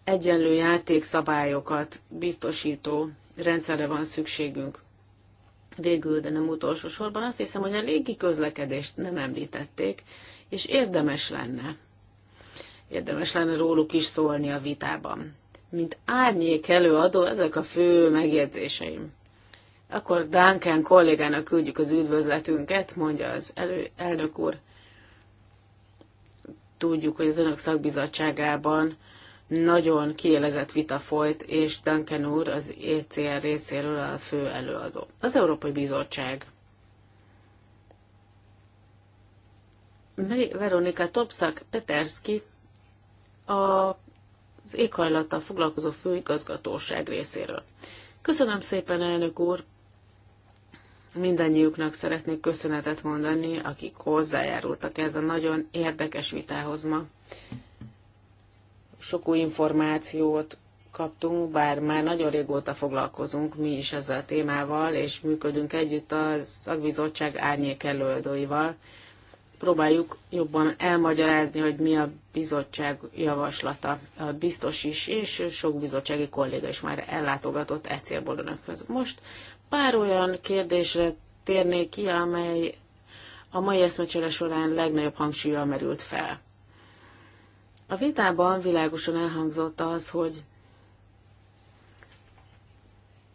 egyenlő játékszabályokat biztosító rendszerre van szükségünk. Végül, de nem utolsó sorban azt hiszem, hogy a légi közlekedést nem említették, és érdemes lenne. Érdemes lenne róluk is szólni a vitában. Mint árnyék előadó, ezek a fő megjegyzéseim. Akkor Duncan kollégának küldjük az üdvözletünket, mondja az elő, elnök úr. Tudjuk, hogy az önök szakbizottságában nagyon kielezett vita folyt, és Duncan úr az ECR részéről a fő előadó. Az Európai Bizottság. Veronika Topszak Peterski az éghajlattal foglalkozó főigazgatóság részéről. Köszönöm szépen, elnök úr! Mindennyiuknak szeretnék köszönetet mondani, akik hozzájárultak ez a nagyon érdekes vitához ma. Sok új információt kaptunk, bár már nagyon régóta foglalkozunk mi is ezzel a témával, és működünk együtt a szakbizottság árnyék előadóival. Próbáljuk jobban elmagyarázni, hogy mi a bizottság javaslata. A biztos is, és sok bizottsági kolléga is már ellátogatott e célból önökhöz. Most pár olyan kérdésre térnék ki, amely a mai eszmecsere során legnagyobb hangsúlyjal merült fel. A vitában világosan elhangzott az, hogy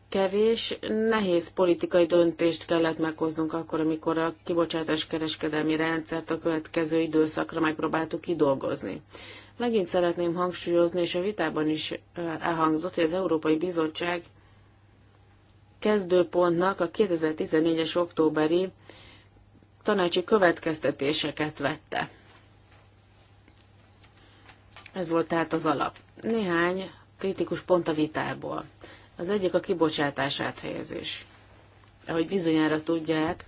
kevés, nehéz politikai döntést kellett meghoznunk akkor, amikor a kibocsátás kereskedelmi rendszert a következő időszakra megpróbáltuk kidolgozni. Megint szeretném hangsúlyozni, és a vitában is elhangzott, hogy az Európai Bizottság kezdőpontnak a 2014-es októberi tanácsi következtetéseket vette. Ez volt tehát az alap. Néhány kritikus pont a vitából. Az egyik a kibocsátás áthelyezés. Ahogy bizonyára tudják,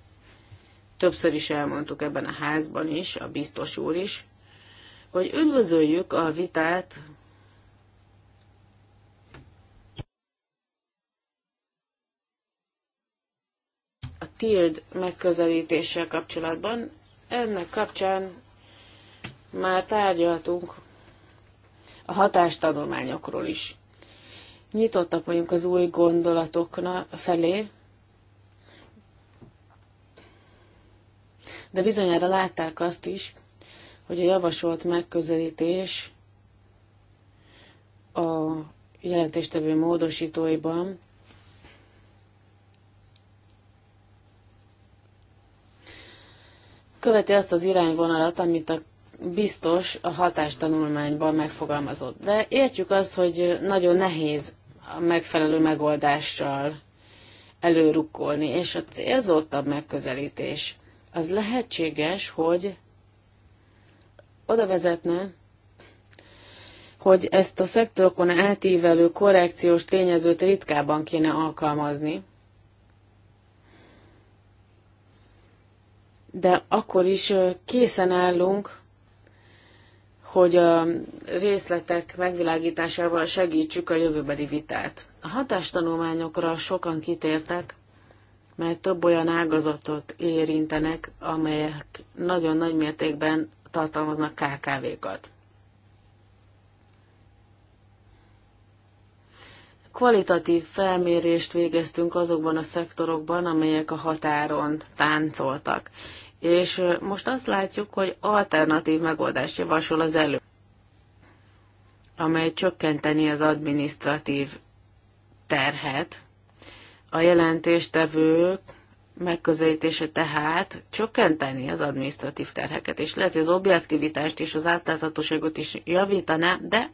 többször is elmondtuk ebben a házban is, a biztos úr is, hogy üdvözöljük a vitát a TILD megközelítéssel kapcsolatban. Ennek kapcsán már tárgyaltunk a hatástanulmányokról is. Nyitottak vagyunk az új gondolatokna felé, de bizonyára látták azt is, hogy a javasolt megközelítés a jelentéstevő módosítóiban követi azt az irányvonalat, amit a biztos a hatástanulmányban megfogalmazott. De értjük azt, hogy nagyon nehéz a megfelelő megoldással előrukkolni, és a célzottabb megközelítés az lehetséges, hogy oda vezetne, hogy ezt a szektorokon átívelő korrekciós tényezőt ritkában kéne alkalmazni, de akkor is készen állunk hogy a részletek megvilágításával segítsük a jövőbeli vitát. A hatástanulmányokra sokan kitértek, mert több olyan ágazatot érintenek, amelyek nagyon nagy mértékben tartalmaznak KKV-kat. Kvalitatív felmérést végeztünk azokban a szektorokban, amelyek a határon táncoltak és most azt látjuk, hogy alternatív megoldást javasol az elő, amely csökkenteni az administratív terhet. A jelentéstevők megközelítése tehát csökkenteni az administratív terheket, és lehet, hogy az objektivitást és az átláthatóságot is javítaná, de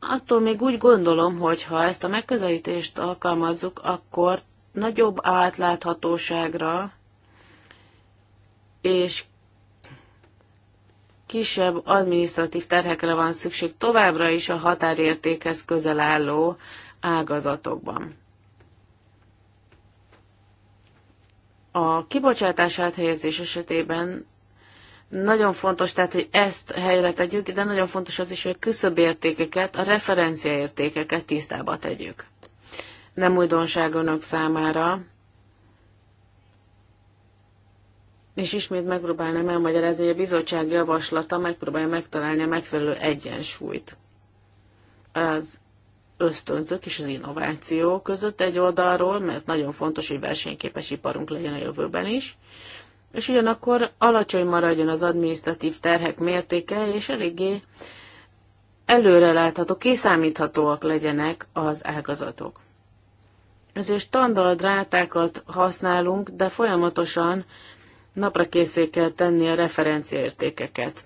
attól még úgy gondolom, hogy ha ezt a megközelítést alkalmazzuk, akkor nagyobb átláthatóságra és kisebb adminisztratív terhekre van szükség továbbra is a határértékhez közel álló ágazatokban. A kibocsátás áthelyezés esetében nagyon fontos, tehát, hogy ezt helyre tegyük, de nagyon fontos az is, hogy a küszöbértékeket, a referenciaértékeket tisztába tegyük. Nem újdonság önök számára, És ismét megpróbálnám elmagyarázni, hogy a bizottság javaslata megpróbálja megtalálni a megfelelő egyensúlyt az ösztönzők és az innováció között egy oldalról, mert nagyon fontos, hogy versenyképes iparunk legyen a jövőben is, és ugyanakkor alacsony maradjon az adminisztratív terhek mértéke, és eléggé előrelátható, kiszámíthatóak legyenek az ágazatok. Ezért standard rátákat használunk, de folyamatosan napra készé kell tenni a referenciaértékeket.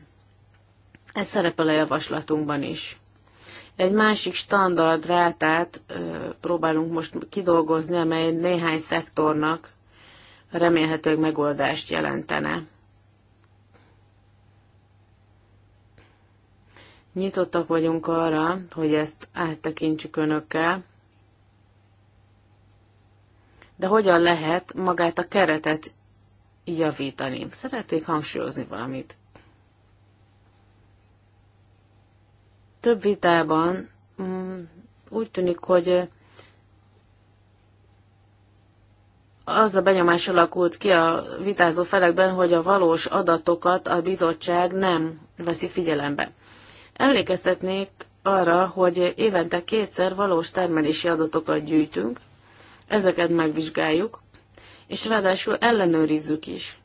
Ez szerepel a javaslatunkban is. Egy másik standard rátát próbálunk most kidolgozni, amely néhány szektornak remélhetőleg megoldást jelentene. Nyitottak vagyunk arra, hogy ezt áttekintsük önökkel, de hogyan lehet magát a keretet javítani. Szeretnék hangsúlyozni valamit. Több vitában mm, úgy tűnik, hogy az a benyomás alakult ki a vitázó felekben, hogy a valós adatokat a bizottság nem veszi figyelembe. Emlékeztetnék arra, hogy évente kétszer valós termelési adatokat gyűjtünk, ezeket megvizsgáljuk, és ráadásul ellenőrizzük is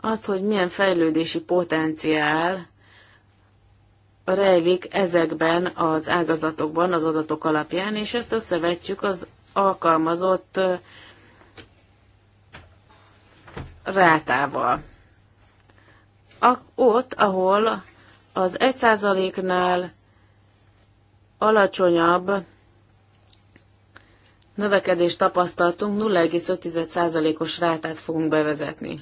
azt, hogy milyen fejlődési potenciál rejlik ezekben az ágazatokban az adatok alapján, és ezt összevetjük az alkalmazott rátával. Ott, ahol az 1%-nál alacsonyabb növekedést tapasztaltunk, 0,5%-os rátát fogunk bevezetni.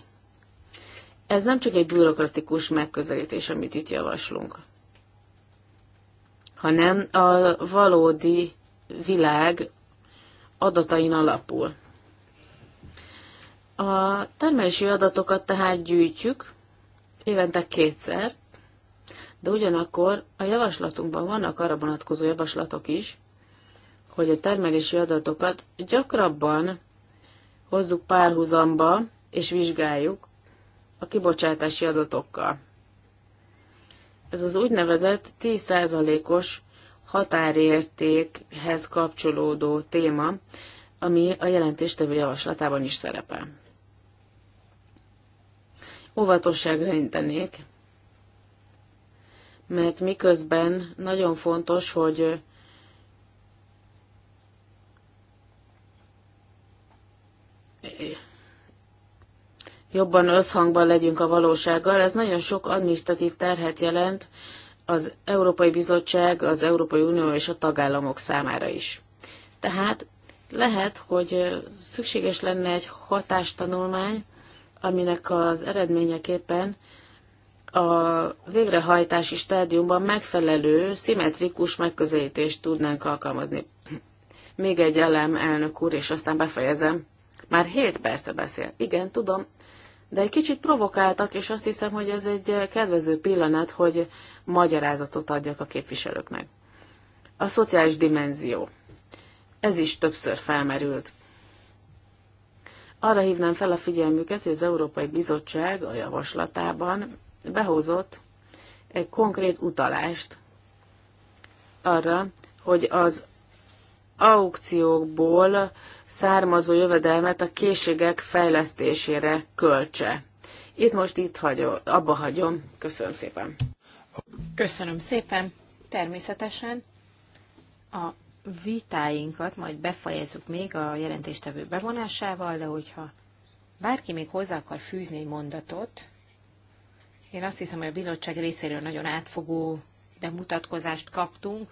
Ez nem csak egy bürokratikus megközelítés, amit itt javaslunk, hanem a valódi világ adatain alapul. A termelési adatokat tehát gyűjtjük évente kétszer, de ugyanakkor a javaslatunkban vannak arra vonatkozó javaslatok is, hogy a termelési adatokat gyakrabban hozzuk párhuzamba és vizsgáljuk a kibocsátási adatokkal. Ez az úgynevezett 10%-os határértékhez kapcsolódó téma, ami a jelentéstevő javaslatában is szerepel. Óvatosságra intenék, mert miközben nagyon fontos, hogy jobban összhangban legyünk a valósággal. Ez nagyon sok administratív terhet jelent az Európai Bizottság, az Európai Unió és a tagállamok számára is. Tehát lehet, hogy szükséges lenne egy hatástanulmány, aminek az eredményeképpen a végrehajtási stádiumban megfelelő, szimmetrikus megközelítést tudnánk alkalmazni. Még egy elem, elnök úr, és aztán befejezem. Már 7 perce beszél. Igen, tudom, de egy kicsit provokáltak, és azt hiszem, hogy ez egy kedvező pillanat, hogy magyarázatot adjak a képviselőknek. A szociális dimenzió. Ez is többször felmerült. Arra hívnám fel a figyelmüket, hogy az Európai Bizottság a javaslatában behozott egy konkrét utalást arra, hogy az aukciókból származó jövedelmet a készségek fejlesztésére költse. Itt most itt hagyom, abba hagyom. Köszönöm szépen. Köszönöm szépen. Természetesen a vitáinkat majd befejezzük még a jelentéstevő bevonásával, de hogyha bárki még hozzá akar fűzni egy mondatot, én azt hiszem, hogy a bizottság részéről nagyon átfogó bemutatkozást kaptunk,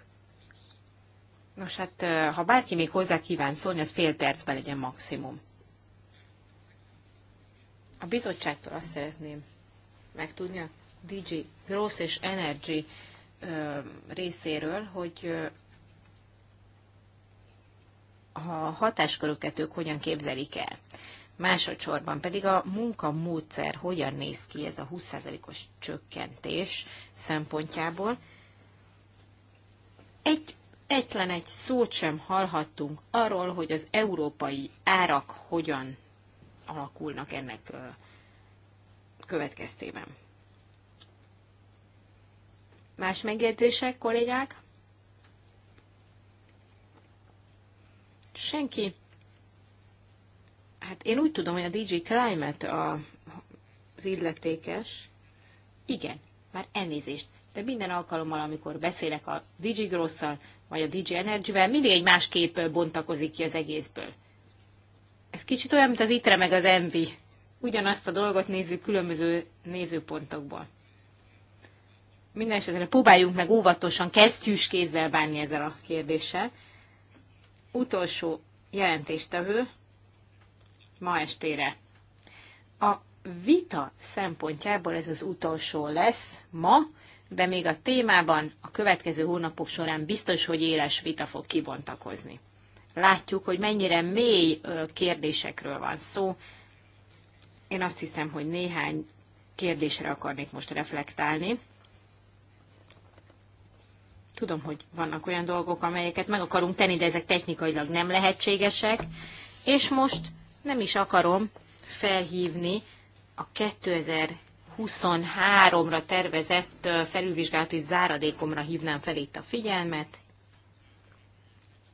Nos hát, ha bárki még hozzá kíván szólni, az fél percben legyen maximum. A bizottságtól azt szeretném megtudni a DJ Gross és Energy ö, részéről, hogy ö, a hatásköröket ők hogyan képzelik el. Másodszorban pedig a munkamódszer hogyan néz ki ez a 20%-os csökkentés szempontjából. Egy egytlen egy szót sem hallhattunk arról, hogy az európai árak hogyan alakulnak ennek következtében. Más megjegyzések, kollégák? Senki? Hát én úgy tudom, hogy a DJ Climate a, az illetékes. Igen, már elnézést. De minden alkalommal, amikor beszélek a Grosszal, vagy a DJ Energy-vel, mindig egy másképp bontakozik ki az egészből. Ez kicsit olyan, mint az ITRE meg az ENVI. Ugyanazt a dolgot nézzük különböző nézőpontokból. Minden próbáljunk meg óvatosan, kesztyűs kézzel bánni ezzel a kérdéssel. Utolsó jelentéstevő ma estére. A vita szempontjából ez az utolsó lesz ma, de még a témában a következő hónapok során biztos, hogy éles vita fog kibontakozni. Látjuk, hogy mennyire mély kérdésekről van szó. Én azt hiszem, hogy néhány kérdésre akarnék most reflektálni. Tudom, hogy vannak olyan dolgok, amelyeket meg akarunk tenni, de ezek technikailag nem lehetségesek, és most nem is akarom felhívni a 2000 23-ra tervezett felülvizsgálati záradékomra hívnám fel itt a figyelmet,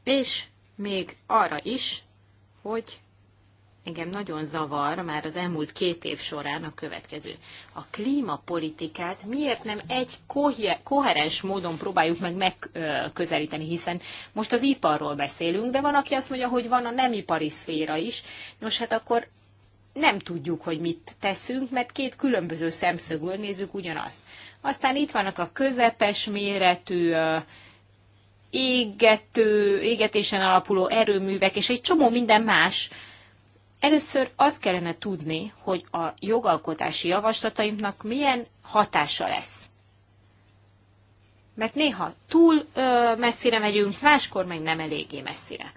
és még arra is, hogy engem nagyon zavar már az elmúlt két év során a következő. A klímapolitikát miért nem egy koherens módon próbáljuk meg megközelíteni, hiszen most az iparról beszélünk, de van, aki azt mondja, hogy van a nem ipari szféra is. Nos, hát akkor nem tudjuk, hogy mit teszünk, mert két különböző szemszögből nézzük ugyanazt. Aztán itt vannak a közepes méretű, égető, égetésen alapuló erőművek, és egy csomó minden más. Először azt kellene tudni, hogy a jogalkotási javaslatainknak milyen hatása lesz. Mert néha túl ö, messzire megyünk, máskor meg nem eléggé messzire.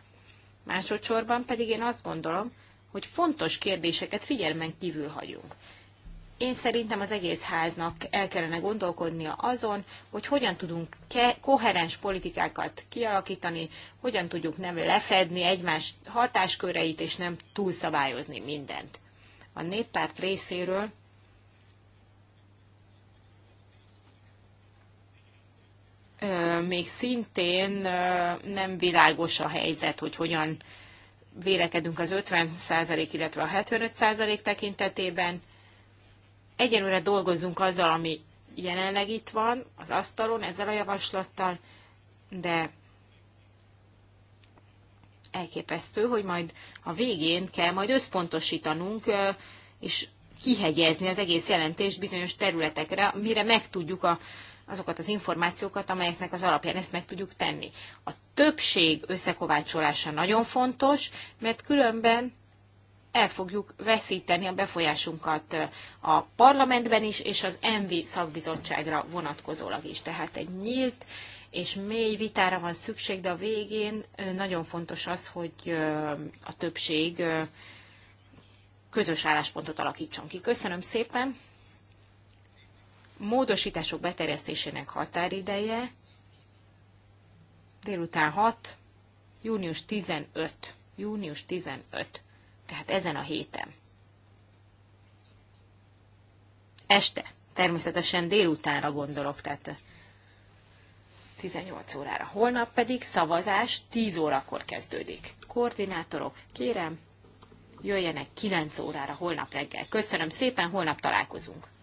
Másodszorban pedig én azt gondolom, hogy fontos kérdéseket figyelmen kívül hagyunk. Én szerintem az egész háznak el kellene gondolkodnia azon, hogy hogyan tudunk koherens politikákat kialakítani, hogyan tudjuk nem lefedni egymás hatásköreit, és nem túlszabályozni mindent. A néppárt részéről még szintén nem világos a helyzet, hogy hogyan vélekedünk az 50% illetve a 75% tekintetében. Egyelőre dolgozzunk azzal, ami jelenleg itt van, az asztalon, ezzel a javaslattal, de elképesztő, hogy majd a végén kell majd összpontosítanunk, és kihegyezni az egész jelentést bizonyos területekre, mire megtudjuk a azokat az információkat, amelyeknek az alapján ezt meg tudjuk tenni. A többség összekovácsolása nagyon fontos, mert különben el fogjuk veszíteni a befolyásunkat a parlamentben is, és az ENVI szakbizottságra vonatkozólag is. Tehát egy nyílt és mély vitára van szükség, de a végén nagyon fontos az, hogy a többség közös álláspontot alakítson ki. Köszönöm szépen! módosítások beterjesztésének határideje délután 6, június 15. Június 15. Tehát ezen a héten. Este. Természetesen délutánra gondolok, tehát 18 órára. Holnap pedig szavazás 10 órakor kezdődik. Koordinátorok, kérem, jöjjenek 9 órára holnap reggel. Köszönöm szépen, holnap találkozunk.